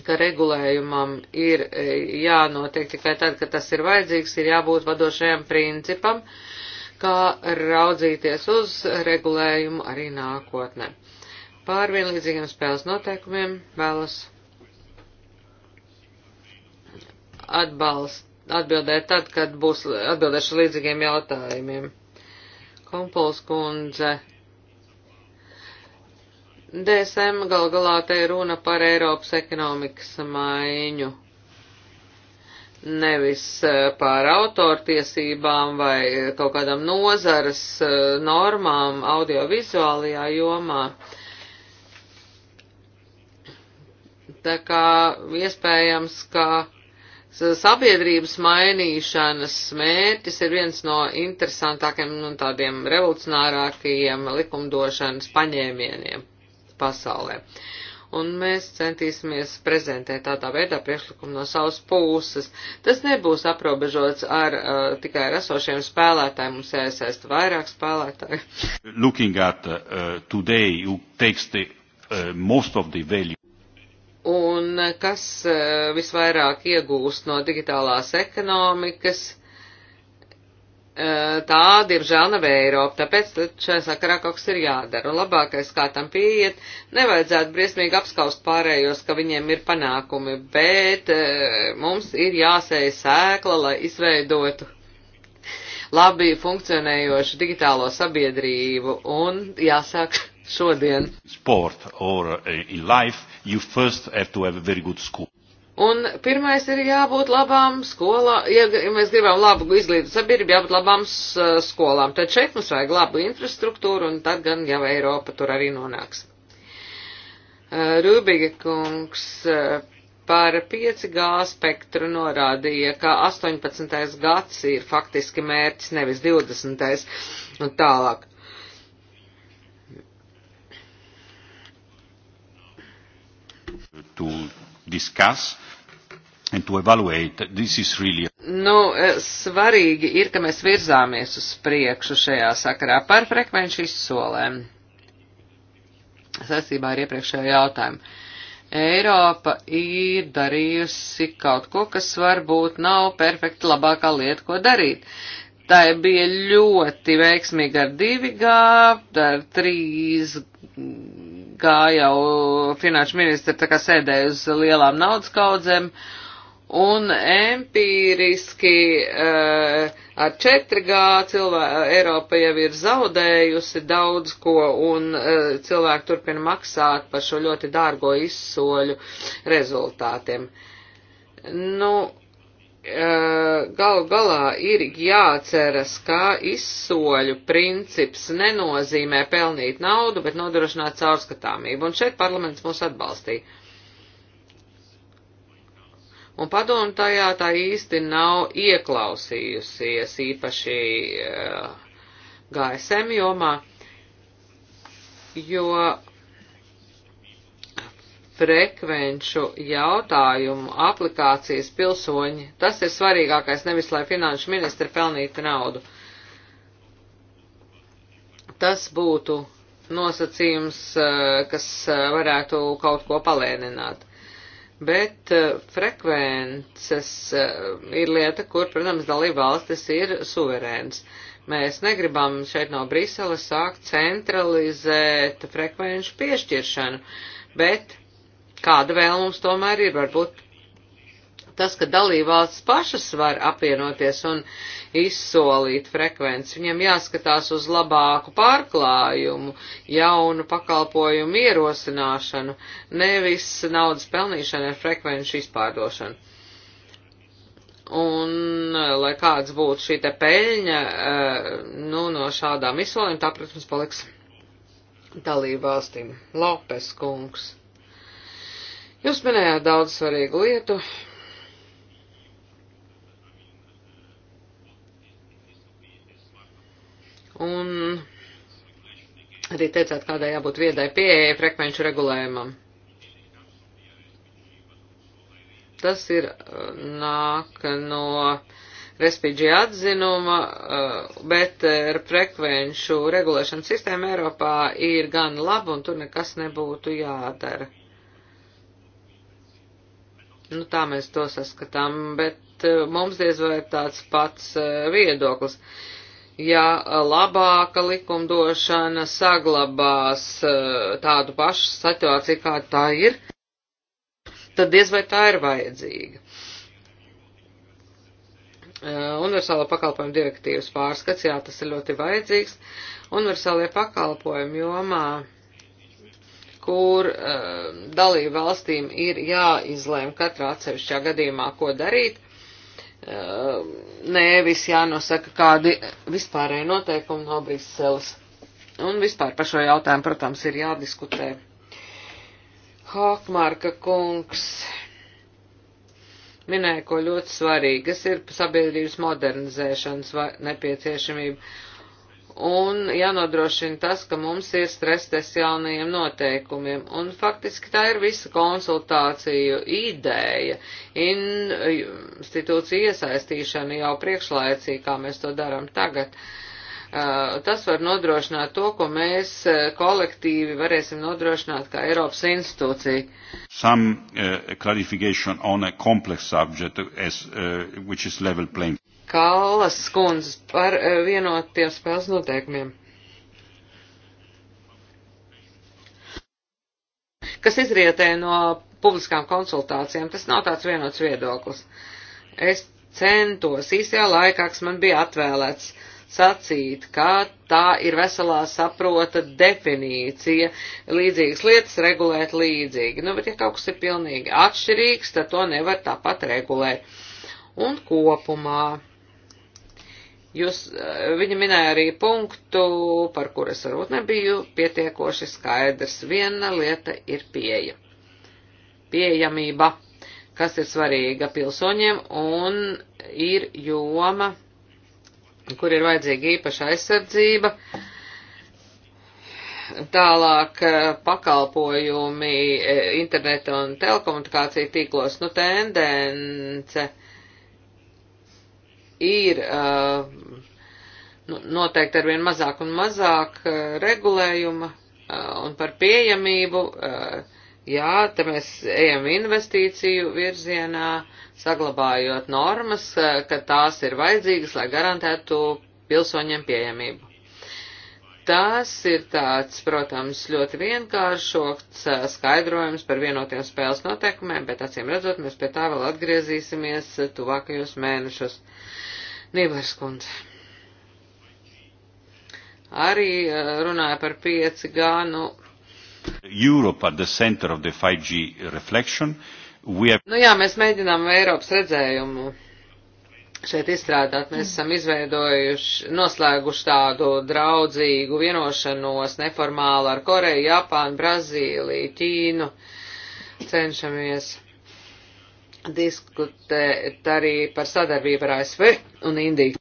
ka regulējumam ir e, jānotiek tikai tad, kad tas ir vajadzīgs, ir jābūt vadošajam principam, kā raudzīties uz regulējumu arī nākotnē. Pār vienlīdzīgiem spēles noteikumiem vēlas atbalst, atbildēt tad, kad būs atbildēšu līdzīgiem jautājumiem. Kompols kundze DSM gal galā te runa par Eiropas ekonomikas maiņu, nevis e, par autortiesībām vai e, kaut kādam nozaras e, normām audiovizuālajā jomā. Tā kā iespējams, ka sabiedrības mainīšanas mērķis ir viens no interesantākiem un tādiem revolucionārākajiem likumdošanas paņēmieniem pasaulē. Un mēs centīsimies prezentēt tādā veidā priekšlikumu no savas puses. Tas nebūs aprobežots ar uh, tikai ar esošiem spēlētājiem, mums jāiesaista vairāk spēlētāju. Looking at uh, today, who takes the uh, most of the value? Un uh, kas uh, visvairāk iegūst no digitālās ekonomikas? Uh, Eh, tā, diemžēl, nav Eiropa, tāpēc šajā sakarā kaut kas ir jādara. Un labākais, kā tam pieiet, nevajadzētu briesmīgi apskaust pārējos, ka viņiem ir panākumi, bet eh, mums ir jāsēja sēkla, lai izveidotu labi funkcionējošu digitālo sabiedrību un jāsāk šodien. Sport or eh, in life, you first have to have a very good school. Un pirmais ir jābūt labām skolām, ja, ja mēs gribam labu izglītību sabiedrību, jābūt labām skolām. Tad šeit mums vajag labu infrastruktūru, un tad gan jau Eiropa tur arī nonāks. Rūbiga kungs par 5G spektru norādīja, ka 18. gads ir faktiski mērķis, nevis 20. un tālāk. To discuss Nu, e, svarīgi ir, ka mēs virzāmies uz priekšu šajā sakarā par frekvenču izsolēm. Sasībā ar iepriekšējo jautājumu. Eiropa ir darījusi kaut ko, kas varbūt nav perfekti labākā lieta, ko darīt. Tā bija ļoti veiksmīga ar 2G, ar 3G jau finanšu ministri tā kā sēdēja uz lielām naudas kaudzēm. Uh, un empīriski uh, eh, ar 4G cilvēku Eiropa jau ir zaudējusi daudz ko un uh, cilvēki turpina maksāt par šo ļoti dārgo izsoļu rezultātiem. Nu, uh, eh, galu galā ir jāceras, ka izsoļu princips nenozīmē pelnīt naudu, bet nodrošināt caurskatāmību, un šeit parlaments mūs atbalstīja un padomu tajā tā īsti nav ieklausījusies, īpaši uh, eh, GSM jomā, jo frekvenču jautājumu aplikācijas pilsoņi, tas ir svarīgākais, nevis lai finanšu ministri pelnītu naudu. Tas būtu nosacījums, eh, kas eh, varētu kaut ko palēnināt. Bet uh, frekvences uh, ir lieta, kur, protams, dalība valstis ir suverēns. Mēs negribam šeit no Briseles sākt centralizēt frekvenču piešķiršanu, bet kāda vēl mums tomēr ir, varbūt tas, ka dalībvalsts pašas var apvienoties un izsolīt frekvenci. Viņam jāskatās uz labāku pārklājumu, jaunu pakalpojumu ierosināšanu, nevis naudas pelnīšanu ar frekvenču izpārdošanu. Un, eh, lai kāds būtu šī te peļņa, eh, nu, no šādām izsolēm, tā, protams, paliks dalībvalstīm. Lopes kungs. Jūs minējāt daudz svarīgu lietu, Un arī teicāt, kādai jābūt viedai pieejai frekvenču regulējumam. Tas ir uh, nāk no respīģi atzinuma, uh, bet uh, frekvenču regulēšanas sistēma Eiropā ir gan laba un tur nekas nebūtu jādara. Nu, tā mēs to saskatām, bet mums diez vai ir tāds pats viedoklis. Uh, ja labāka likumdošana saglabās tādu pašu situāciju, kā tā ir, tad diez vai tā ir vajadzīga. Universālo pakalpojumu direktīvas pārskats, jā, tas ir ļoti vajadzīgs. Universālajie pakalpojumi jomā kur uh, dalību valstīm ir jāizlēma katrā atsevišķā gadījumā, ko darīt, nevis jānosaka kādi vispārēji noteikumi no Briseles. Un vispār par šo jautājumu, protams, ir jādiskutē. Hākmārka kungs minēja, ko ļoti svarīgi, kas ir sabiedrības modernizēšanas nepieciešamība un jānodrošina tas, ka mums ir strestes jaunajiem noteikumiem. Un faktiski tā ir visa konsultāciju ideja, institūcija iesaistīšana jau priekšlaicīgi, kā mēs to darām tagad. Uh, tas var nodrošināt to, ko mēs uh, kolektīvi varēsim nodrošināt kā Eiropas institūcija. Some uh, clarification on a complex subject as, uh, which is level playing. Kallas kundzes par eh, vienotiem spēles noteikumiem. Kas izrietē no publiskām konsultācijām, tas nav tāds vienots viedoklis. Es centos īsajā laikā, kas man bija atvēlēts, sacīt, ka tā ir veselā saprota definīcija, līdzīgas lietas regulēt līdzīgi. Nu, bet ja kaut kas ir pilnīgi atšķirīgs, tad to nevar tāpat regulēt. Un kopumā Jūs, eh, viņa minēja arī punktu, par kur es varbūt nebiju pietiekoši skaidrs. Viena lieta ir pieeja. Pieejamība, kas ir svarīga pilsoņiem un ir joma, kur ir vajadzīga īpaša aizsardzība. Tālāk eh, pakalpojumi eh, interneta un telekomunikācija tīklos, nu tendence. Uh, ir uh, nu, noteikti arvien mazāk un mazāk uh, regulējuma uh, un par pieejamību. Uh, jā, te mēs ejam investīciju virzienā, saglabājot normas, uh, ka tās ir vajadzīgas, lai garantētu pilsoņiem pieejamību. Tas ir tāds, protams, ļoti vienkāršots skaidrojums par vienotiem spēles noteikumiem, bet acīm redzot, mēs pie tā vēl atgriezīsimies tuvākajos mēnešos. Nībārs kundze. Arī runāja par 5G, nu. Europe at the center of the 5G reflection. Have... Nu jā, mēs mēģinām Eiropas redzējumu šeit izstrādāt. Mēs esam izveidojuši, noslēguši tādu draudzīgu vienošanos neformāli ar Koreju, Japānu, Brazīliju, Ķīnu. Cenšamies diskutēt arī par sadarbību ar ASV un Indiju.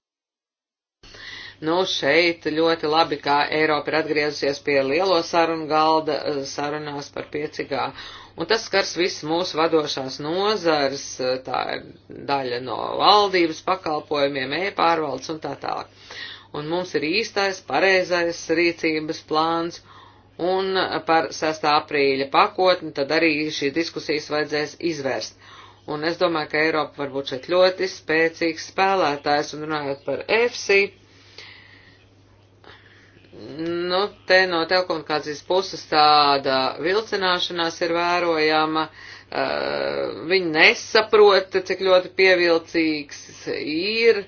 Nu, šeit ļoti labi, kā Eiropa ir atgriezusies pie lielo sarunu galda sarunās par 5G un tas skars visu mūsu vadošās nozars, tā ir daļa no valdības pakalpojumiem, e-pārvaldes un tā tālāk. Un mums ir īstais, pareizais rīcības plāns, un par 6. aprīļa pakotni tad arī šīs diskusijas vajadzēs izvērst. Un es domāju, ka Eiropa var būt šeit ļoti spēcīgs spēlētājs, un runājot par EFSI, Nu, te no telekomunikācijas puses tāda vilcināšanās ir vērojama. Uh, viņi nesaprot, cik ļoti pievilcīgs ir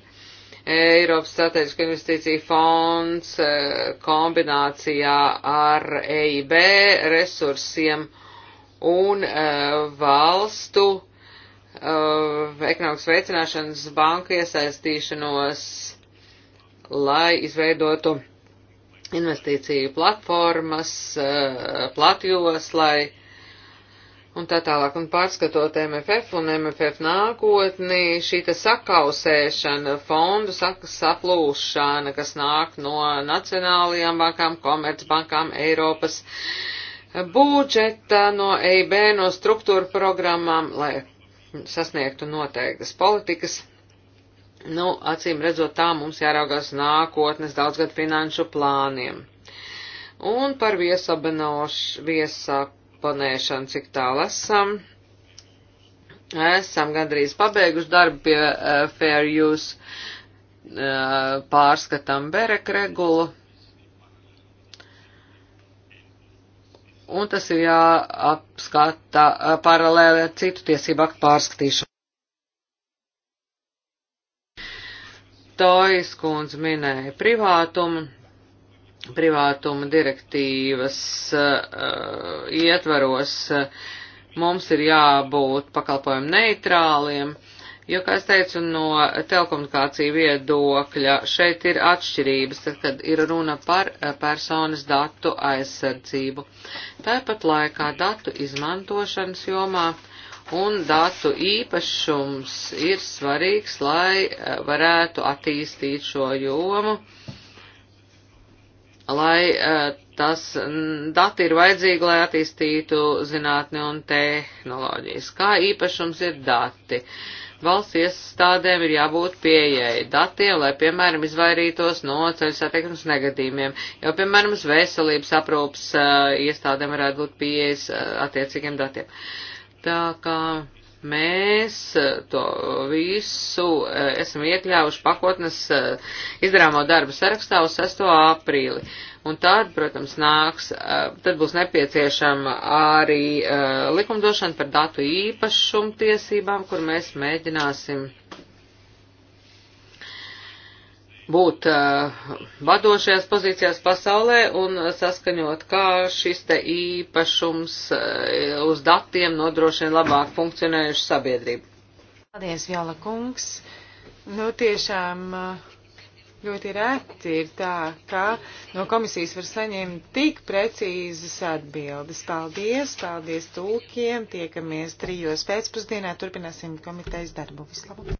Eiropas strateģisko investīciju fonds uh, kombinācijā ar EIB resursiem un uh, valstu ekonomikas veicināšanas banka iesaistīšanos, lai izveidotu investīciju platformas, eh, platjoslai un tā tālāk. Un pārskatot MFF un MFF nākotni, šī ta sakausēšana, fondu saplūšana, kas nāk no nacionālajām bankām, komercbankām, Eiropas budžeta, no EIB, no struktūra programmām, lai sasniegtu noteiktas politikas Nu, acīm redzot, tā mums jāraugās nākotnes daudzgad finanšu plāniem. Un par viesapanēšanu, cik tālu esam. Esam gandrīz pabeiguši darbu pie uh, Fair Use uh, eh, pārskatam Berek regulu. Un tas ir jāapskata uh, paralēli ar citu tiesību aktu pārskatīšanu. Tojas kundze minēja privātumu, privātuma direktīvas uh, ietvaros uh, mums ir jābūt pakalpojumu neitrāliem, jo, kā es teicu, no telekomunikāciju viedokļa šeit ir atšķirības, tad, kad ir runa par uh, personas datu aizsardzību. Tāpat laikā datu izmantošanas jomā. Uh, un datu īpašums ir svarīgs, lai eh, varētu attīstīt šo jomu, lai eh, tas dati ir vajadzīgi, lai attīstītu zinātni un tehnoloģijas. Kā īpašums ir dati? Valsts iestādēm ir jābūt pieejai datiem, lai, piemēram, izvairītos no ceļu satiekums negadījumiem, jo, piemēram, uz veselības aprūpas uh, eh, iestādēm varētu būt pieejas uh, attiecīgiem datiem. Uh, Tā kā mēs to visu e, esam iekļāvuši pakotnes e, izdarāmo darbu sarakstā uz 6. aprīli. Un tad, protams, nāks, e, tad būs nepieciešama arī likumdošana par datu īpašumu tiesībām, kur mēs mēģināsim būt uh, vadošajās pozīcijās pasaulē un saskaņot, kā šis te īpašums uh, uz datiem nodrošina labāk funkcionējušu sabiedrību. Paldies, Jāla kungs. Nu, tiešām eh, ļoti reti ir tā, ka no komisijas var saņemt tik precīzas atbildes. Paldies, paldies tulkiem, tiekamies trijos pēcpusdienā, turpināsim komitejas darbu. Vislabāk!